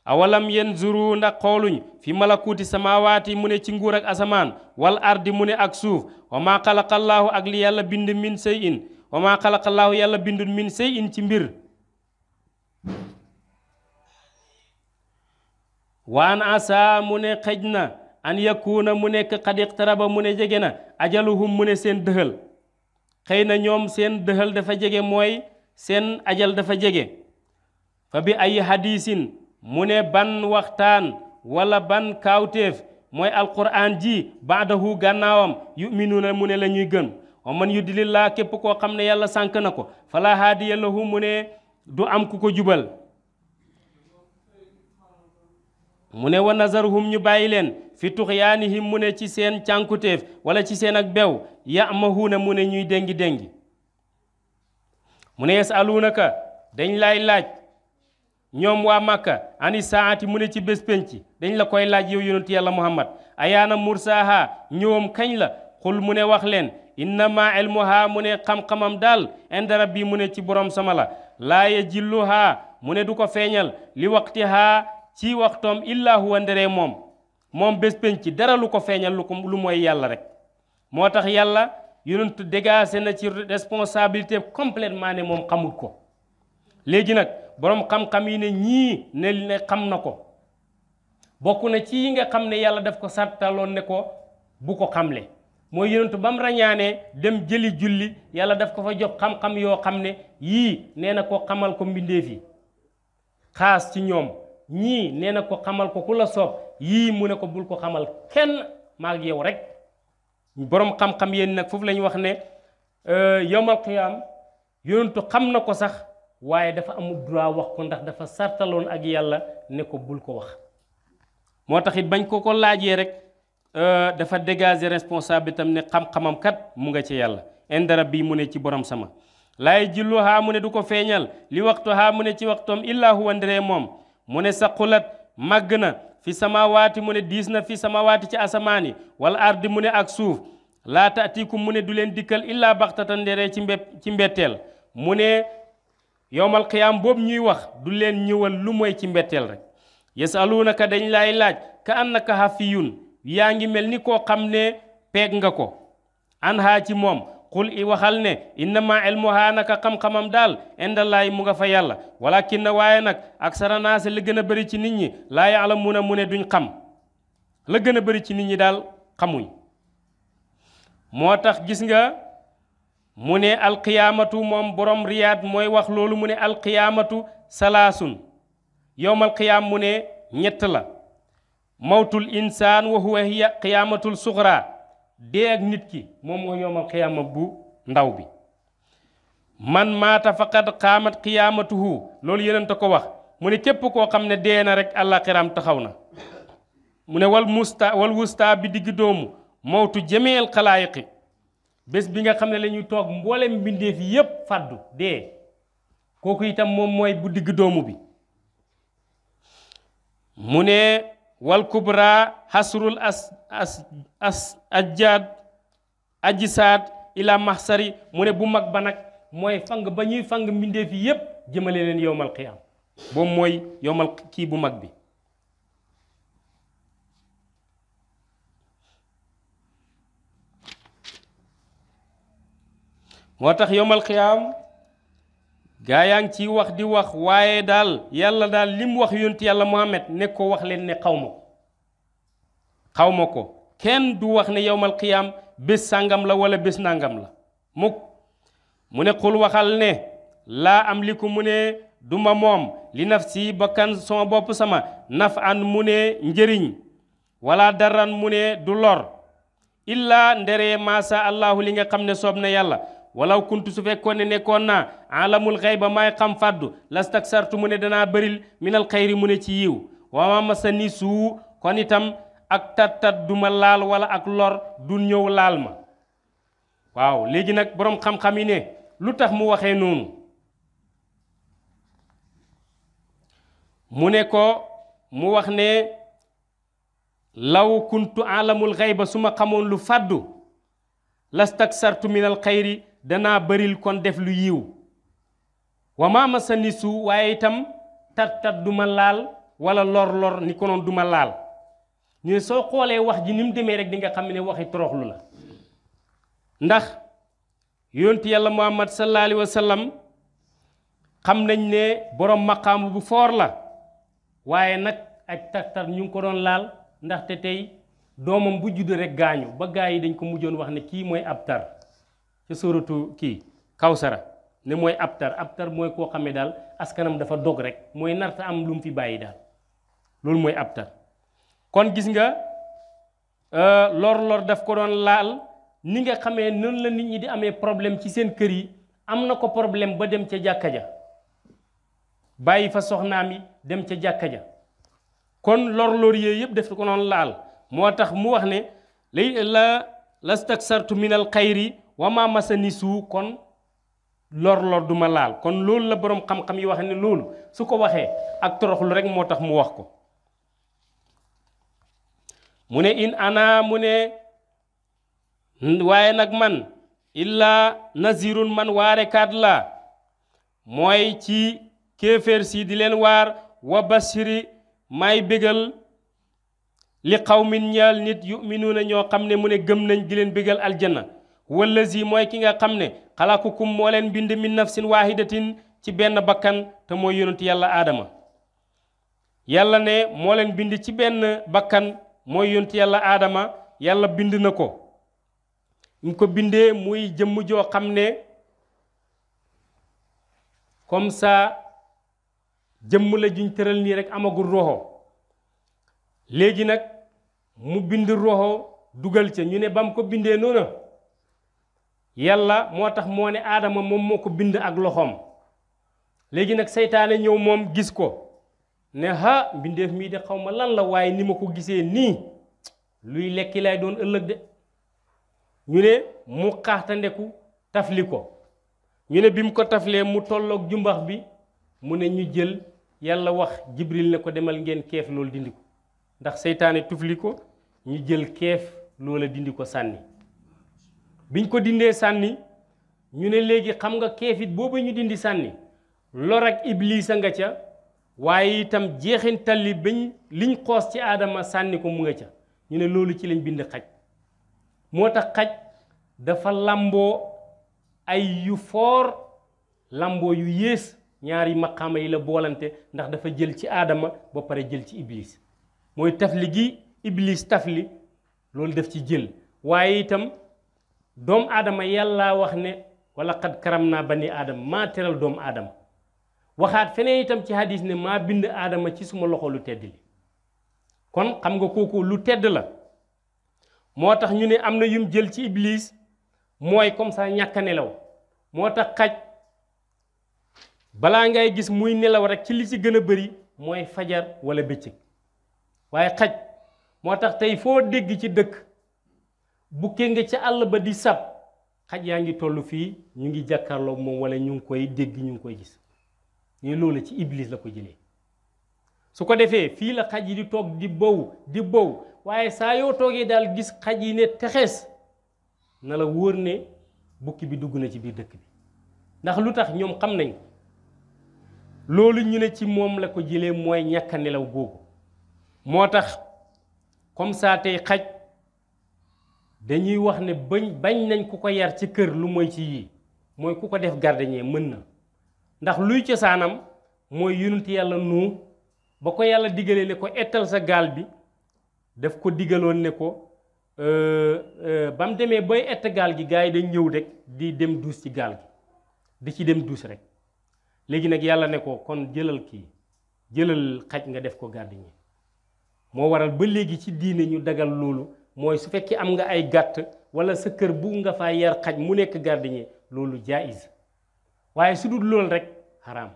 awalam yen zuru ndax xooluñ fi malakuuti samaawaati mu ne ci nguur ak asamaan wal ardi mu ne ak suuf wa maa xalaqallaahu ak li yàlla bind min say in wa maa xalaqallaahu yàlla bindul min sey ci mbir waan asa mu ne xëj na an yakuuna mu nekk xad iqtaraba mu ne jege na ajaluhum mu ne seen dëxal xëy na ñoom seen dëxal dafa jege mooy seen ajal dafa jege fa bi ay hadisin mu ne ban waxtaan wala ban kaawteef mooy alquran ji baadahu gànnaawam yuminuuna mu ne la ñuy gën wa man yu laa képp koo xam ne yàlla sànk na ko fala haadiya lahu mu ne du am ku ko jubal mu ne wa nazaruhum ñu bàyyi leen fi tuxyaanihim mu ne ci seen cànkutéef wala ci seen ak bew ya yamahuuna mu ne ñuy déngi déngi mu ne yasaluunaka dañ lay laaj ñoom waa Makka ani saati mu ne ci bés penc dañ la koy laaj yow yonentu yàlla Muhammad ayaana mursaha ñëwam kañ la xul mu ne wax leen innama ilmuha mu ne xam-xamam daal inda bii mu ne ci borom sama la laa yajilluha mu ne du ko feeñal li waqtiha ci waxtoom illa huwa nderee moom moom bés penc ci dara lu ko feeñal lu mooy yàlla rek moo tax yàlla yonent dégagé na ci responsabilité complètement ne moom xamul ko léegi nag borom xam-xam yi ne ñii ne xam na ko bokk na ci yi nga xam ne yàlla daf ko sàttaloon ne ko bu ko xamle mooy yonentu ba mu rañaanee dem jëli julli yàlla daf ko fa jox xam-xam yoo xam ne yii nee na ko xamal ko mbindeef yi xaas ci ñoom ñii nee na ko xamal ko ku la soob yii mu ne ko bul ko xamal kenn maa ak yow rek boroom xam-xam yéen nag foofu la wax ne euh, yowmal qiyaam yonentu xam na ko sax waaye dafa amul droit wax ko ndax dafa sartaloon ak yàlla ne ko bul ko wax moo tax bañ ko ko laajee rek Euh, dafa dégager responsable itam ne xam-xamam kat mu nga ci yàlla inda bii mu ne ci borom sama laay jilluhaa mu ne du ko feeñal li waxtuhaa mu ne ci waxtoom illaa huwa nderee moom mu ne saqulat màgg na fi samawaati mu ne diis na fi samawaati ci asamaan yi wala ardi mu ne ak suuf laa taatikum mu ne du leen dikkal illaa baxtata nderee ci mbé ci mbetteel mu ne yowmal qiyaam boobu ñuy wax du leen ñëwal lu moy ci mbetteel rek yasaluunaka dañ laay laaj ka annaka xafiyun yaa ngi mel ni koo xam ne peeg nga ko an haa ci moom xul i waxal ne innama ilmuhaa naka xam-xamam daal indallaahi mu nga fa yàlla walakin na waaye nag ak sara naase la gën a bëri ci nit ñi laa yaalamuuna mu ne duñ xam la gën a bëri ci nit ñi daal xamuñ moo tax gis nga mu ne alqiyaamatu moom borom riyaat mooy wax loolu mu ne alqiyaamatu salaasun yowmal qiyaam mu ne ñett la mawtul insaan wa huwa hiya qiyaamatul suxra dee ak nit ki moom mooy yoomal bu ndaw bi man maata faqad qaamat qiyaamatuhu loolu yeneen ko wax mu ne képp koo xam ne dee na rek àllaaxiraam taxaw na mu ne wal musta wal wusta bi digg doomu mawtu jameel xalaayiqi bés bi nga xam ne la ñuy toog mboolem mbindeef yépp fàddu dee kooku itam moom mooy bu digg doomu bi mu ne wal kubra hasrul as as as ajjaad ajjisaat ila mahsari mu ne bu mag ba nag mooy fang ba ñuy fang mbindeef yépp jëmale leen yowmal qiyaam boobu mooy yowmal kii bu mag bi moo tax yowmal qiyaam gaa yaa ngi ciy wax di wax waaye daal yàlla daal li mu wax yonent yàlla Muhammad ne ko wax leen ne xawma ma ko xaw ko kenn du wax ne yowmal qiyaam bés sàngam la wala bés nàngam la mukk mu ne xul waxal ne laa am li ko mu ne du ma moom li si bakkan sama bopp sama naf an mu ne njëriñ wala daran mu ne du lor illaa ndere maasa allahu li nga xam ne soob na yàlla walaw kuntu su fekkoon ne nekkoon naa alamul xayba maay xam fàddu lastaksartu mu ne danaa bëril minal xayri mu ne ci yiw wama masa ni suu kon itam ak tat-tat du ma laal wala ak lor du ñëw laal ma waaw léegi nag boroom xam-xam yi ne lu tax mu waxee noonu mu ne ko mu wax ne law kuntu alamul xayba su ma xamoon lu fàddu lastaksartu minal xayri danaa baril kon def lu yiw wa maa masani waaye itam tat tat du laal wala lor-lor ni ko noon du laal ñu ne soo xoolee wax ji ni mu demee rek di nga xam ne waxi toroxlu la ndax yonti yàlla muhammad sallallahu alayhi wa sallam xam nañ ne borom maqaamu bu foor la waaye nag ak tar-tar ñu ngi ko doon laal ndaxte tey doomam bu judd rek gaañu ba gaa yi dañ ko mujjoon wax ne kii mooy ab tar ci suuratu kii kawsara ne mooy abtar abtar mooy koo xam daal askanam dafa dog rek mooy narta am lu mu fi bàyyi daal loolu mooy abtar kon gis nga euh, lor-lor daf ko doon laal ni nga xamee noonu la nit ñi di amee problème ci seen kër yi am na ko problème ba dem ca jàkka ja bàyyi fa soxnaam yi dem ca jàkka ja kon lor-lor yooyu yëpp daf ko doon laal moo tax mu wax ne lay la lastaksartu min al xayri wama masani suu kon lor-lor du ma laal kon loolu la boroom xam-xam yi wax ne loolu su ko waxee ak toroxlu rek moo tax mu wax ko mu ne in ana mu ne waaye nag man illa nazirun man waare waarekat la mooy ci kéeféer sii di leen waar wa basiri may bégal li xaw min ñaal nit yuminuuna ñoo xam ne mu ne gëm nañ di leen bégal aljanna wallazi mooy ki nga xam ne xalakukum moo leen bind min nafsin waahidatin ci benn bakkan te mooy yonent yàlla aadama yàlla ne moo leen bind ci benn bakkan mooy yonent yàlla aadama yàlla bind na ko mu ko bindee muy jëmm joo xam ne comme ça jëmm la juñ tëral nii rek amagul roxo léegi nag mu bind roxo dugal ca ñu ne ba mu ko bindee noona yàlla moo tax moo ne aadama moom moo ko bind ak loxoom léegi nag seytaane ñëw moom gis ko ne ha mbindeef mii de xaw ma lan la waaye ni ma ko gisee nii luy lekki lay doon ëllëg de ñu ne mu xaaxtandeku tafli ko ñu ne bi mu ko taflee mu tollook jumbax bi mu ne ñu jël yàlla wax jibril ne ko demal ngeen keef loolu dindi ko ndax seytaane tufli ko ñu jël keef loola dindi ko sànni biñ ko dindee sànni ñu ne léegi xam nga keefit boobu ñu dindi sànni lor ak iblisa nga ca waaye itam jeexintal li bañ liñ xoos ci aadama sànni ko mu nga ca ñu ne loolu ci lañ bind xaj moo tax xaj dafa làmboo ay yu foor làmboo yu yées ñaari maqaama yi la boolante ndax dafa jël ci aadama ba pare jël ci iblis mooy tafli gi iblis tafli loolu daf ci jël waaye itam doomu aadama yàlla wax ne wala xad karam naa bani aadama maa teral doomu aadama waxaat feneen itam ci hadis ne maa bind aadama ci suma loxo lu tedd li kon xam nga kooku lu tedd la moo tax ñu ne am na yum jël ci iblis mooy comme ça ñàkk a nelaw moo tax xaj balaa ngay gis muy nelaw rek ci li ci gën a bari mooy fajar wala bëccëg waaye xaj moo tax tey foo dégg ci dëkk bukkee nga ca àll ba di sab xaj yaa ngi toll fii ñu ngi jàkkaarloo moom wala ñu ngi koy dégg ñu ngi koy gis ñu loolu ci iblis la ko jëlee su ko defee fii la xaj yi di toog di bow di bow waaye saa yoo toogee daal gis xaj yi ne texees na la wóor ne bukki bi dugg na ci biir dëkk bi ndax lu tax ñoom xam nañ loolu ñu ne ci moom la ko jëlee mooy ñàkk a nelaw googu moo tax comme ça tey xaj dañuy wax ne bañ bañ nañ ku ko yar ci kër lu mooy ci yii mooy ku ko def gardien mën na ndax luy cosaanam mooy yonent yàlla nuu ba ko yàlla digalee ne ko ettal sa gaal bi daf ko digaloon ne ko euh, euh, ba mu demee bay ett gaal gi gars yi dañ ñëw rek di dem duus ci gaal gi di ci dem duus rek léegi nag yàlla ne ko kon jëlal kii jëlal xaj nga def ko gardien moo waral ba léegi ci diine ñu dagal loolu mooy su fekkee am nga ay gàtt wala sa kër bu nga faa yar xaj mu nekk gardien loolu jaayis waaye su dul loolu rek xaraam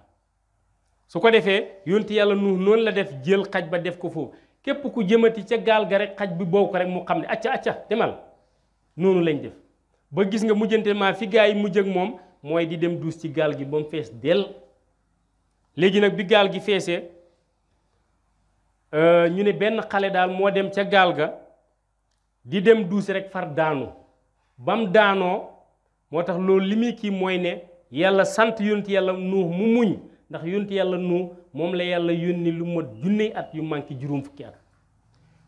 su ko defee yonti yàlla nu noonu la def jël xaj ba def ko foofu képp ku jëmati ca gaal ga rek xaj bi boobu ko rek mu xam ne acca acca demal noonu lañ def ba gis nga mujjante maa fi gaa yi mujj ak moom mooy di dem duus ci gaal gi ba mu fees del léegi nag bi gaal gi feesee euh, ñu ne benn xale daal moo dem ca gaal ga di dem duusi rek far daanu bam daanoo moo tax loolu li muy kii mooy ne yàlla sant yonent yàlla nuux mu muñ ndax yonent yàlla nuux moom la yàlla yónni lu mat junney at yu manqué juróom fukki at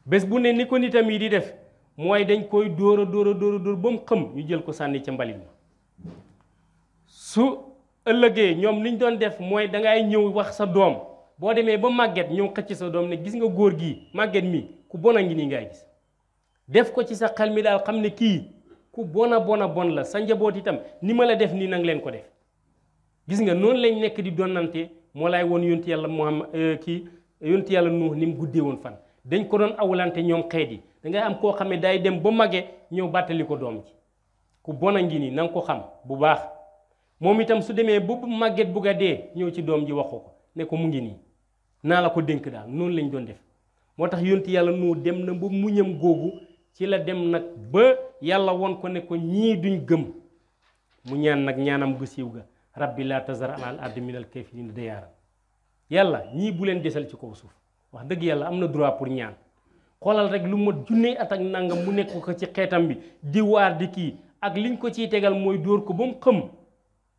bés bu ne ni ko nitam yi di def mooy dañ koy dóor a dóor a dóor a ba mu xëm ñu jël ko sànni ca mbalit ma su ëllëgee ñoom li ñu doon def mooy dangay ñëw wax sa doom boo demee ba màgget ñëw xëcc sa doom ne gis nga góor gii màgget mi ku bon a ngi nii ngay gis def ko ci sa xel mi daal xam ne kii ku bona a bon la sa njaboot itam ni ma la def nii nang leen ko def gis nga noonu lañ nekk di donnante moo lay woon yonti yàlla Muhammad euh, kii yonti yàlla Nuux ni guddee woon fan dañ ko doon awlante ñoom xeet yi da ngay am xam ne day dem ba mage ñëw bàttali ko doom ji ku bona ngi nii na ko xam bu baax moom itam su demee ba màgget bugg a ñëw ci doom ji waxu ko ne ko mu ngi nii naa la ko dénk daal noonu lañ doon def moo tax yonti yàlla Nuux dem na ba muñam googu ci la dem nag ba yàlla won ko ne ko ñii duñ gëm mu ñaan nag ñaanam gu siiw ga rabbi laa tazar alal ardi minal kaafiriina dayyaaran yàlla ñii bu leen desal ci kaw suuf wax dëgg yàlla am na droit pour ñaan xoolal rek lu ma junnee at ak nangam mu nekk ko ci xeetam bi di waar di kii ak liñ ko ciy tegal mooy dóor ko ba mu xëm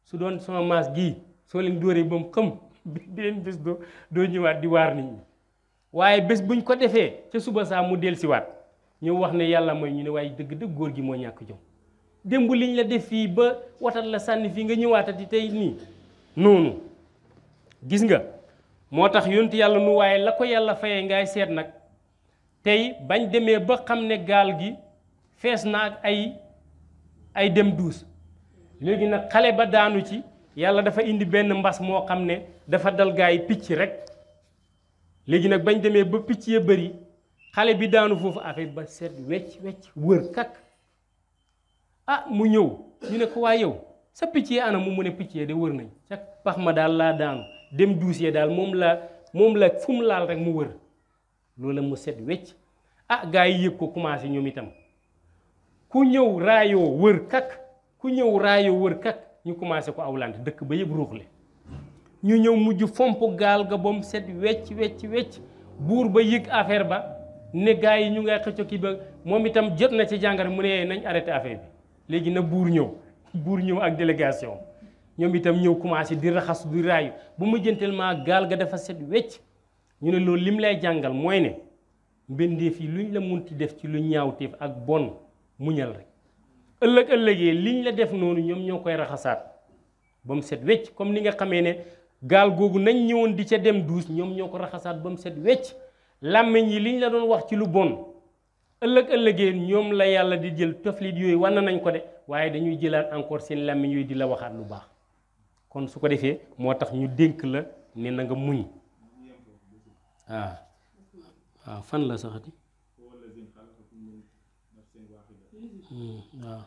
su doon sama maas gii soo leen dóoree ba mu xëm beneen bés doo doo ñëwaat di waar nit ñi waaye bés buñ ko defee ca suba saa mu dellusiwaat ñëw wax ne yàlla mooy ñu ne waaye dëgg-dëgg góor gi moo ñàkk jom démb liñ la def fii ba watal la sànni fii nga ñëwaatati tey nii noonu gis nga moo tax yontu yàlla nu waaye la ko yàlla fayee ngay seet nag tey bañ demee ba xam ne gaal gi fees na ak ay ay dem duus léegi nag xale ba daanu ci yàlla dafa indi benn mbas moo xam ne dafa dal gaa yi picc rekk léegi nag bañ demee ba picc ya bëri xale bi daanu foofu affaire ba seet wecc wecc wër kak a ah, mu ñëw ñu ne ko waa yow sa picc yi ana mu mu ne picc yi de wër nañ ca pax ma daal laa daanu dem duus daal moom la moom la fu laal rek mu wër loolu la mu set wecc a ah, gars yi yëg ko commencé ñoom itam ku ñëw raayoo wër kak ku ñëw raayoo wër kak ñu commencé ko awlante dëkk ba yëpp ruuxle ñu ñëw mujj fomp gaal ga ba mu set wecc wecc wecc buur ba yëg affaire ba ne gars yi ñu ngay xëcco kii ba moom itam jot na ci jàngat mu ne nañ arrêté affaire bi léegi na buur ñëw buur ñëw ak délégation ñoom itam ñëw commencé di raxas du raayu bu mujjanteel maa gaal ga dafa set wecc ñu ne loolu lim lay jàngal mooy ne mbindeef yi luñ la mun munti def ci lu ñaawteef ak bon muñal rek ëllëg ëllëgee liñ la def noonu ñoom ñoo koy raxasaat ba mu set wecc comme ni nga xamee ne gaal googu nañ ñëwoon di ca dem duus ñoom ñoo ko raxasaat ba mu set wecc làmmiñ yi liñ la doon wax ci lu bon ëllëg ëllëgee ñoom la yàlla di jël toflit yooyu wan nañ ko de waaye dañuy jëlaat encore seen làmmiñ yooyu di la waxaat lu baax kon su ko defee moo tax ñu dénk la ne na nga muñ waaw ah. ah, waaw fan la saxati hmm, waaw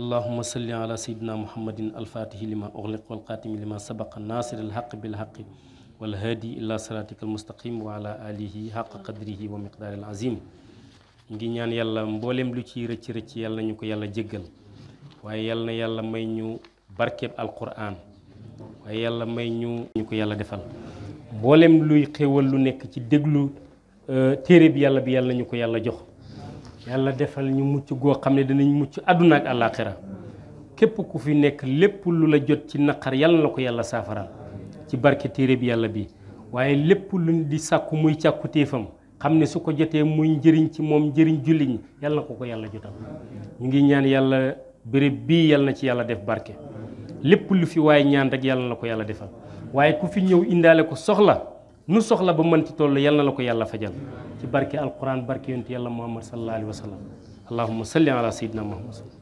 allahuma salli ala sayidina muhammadin alfaatihi lima uxliq walxaatimi lima sabaqa naasir alxaq bilxaqi walhaadi ila siraatika almustaqim wa ala alihi xaq qadrihi wa miqdaari alazim ngi ñaan yàlla mbooleem lu ci rëcc rëcc yàlla nañu ko yàlla jéggal waaye yàlla na yàlla may ñu barkeeb alquran waaye may ñu ñu ko yàlla defal mbooleem luy xéwal lu nekk ci déglu euh, téere bi yàlla bi yàlla na ñu ko yàlla jox yàlla defal ñu mucc goo xam ne dinañ mucc àdduna ak àllaaxira képp ku fi nekk lépp lu la jot ci naqar yàlla na ko yàlla saafaral ci barke téere bi yàlla bi waaye lépp luñ di sàkk muy càkku téefam xam ne su ko jotee muy njëriñ ci moom njëriñ julli ñi yàlla na ko ko yàlla jotal mu ngi ñaan yàlla béréb bii yàlla na ci yàlla def barke lépp lu fi waaye ñaan rek yàlla na ko yàlla defal waaye ku fi ñëw indaale ko soxla nu soxla ba mënti toll yàlla na la ko yàlla fajal ci barke alquran barke yonent yàlla muhammad sallallahu alayhi wa sallam allahumma salli ala sayyidina muhammad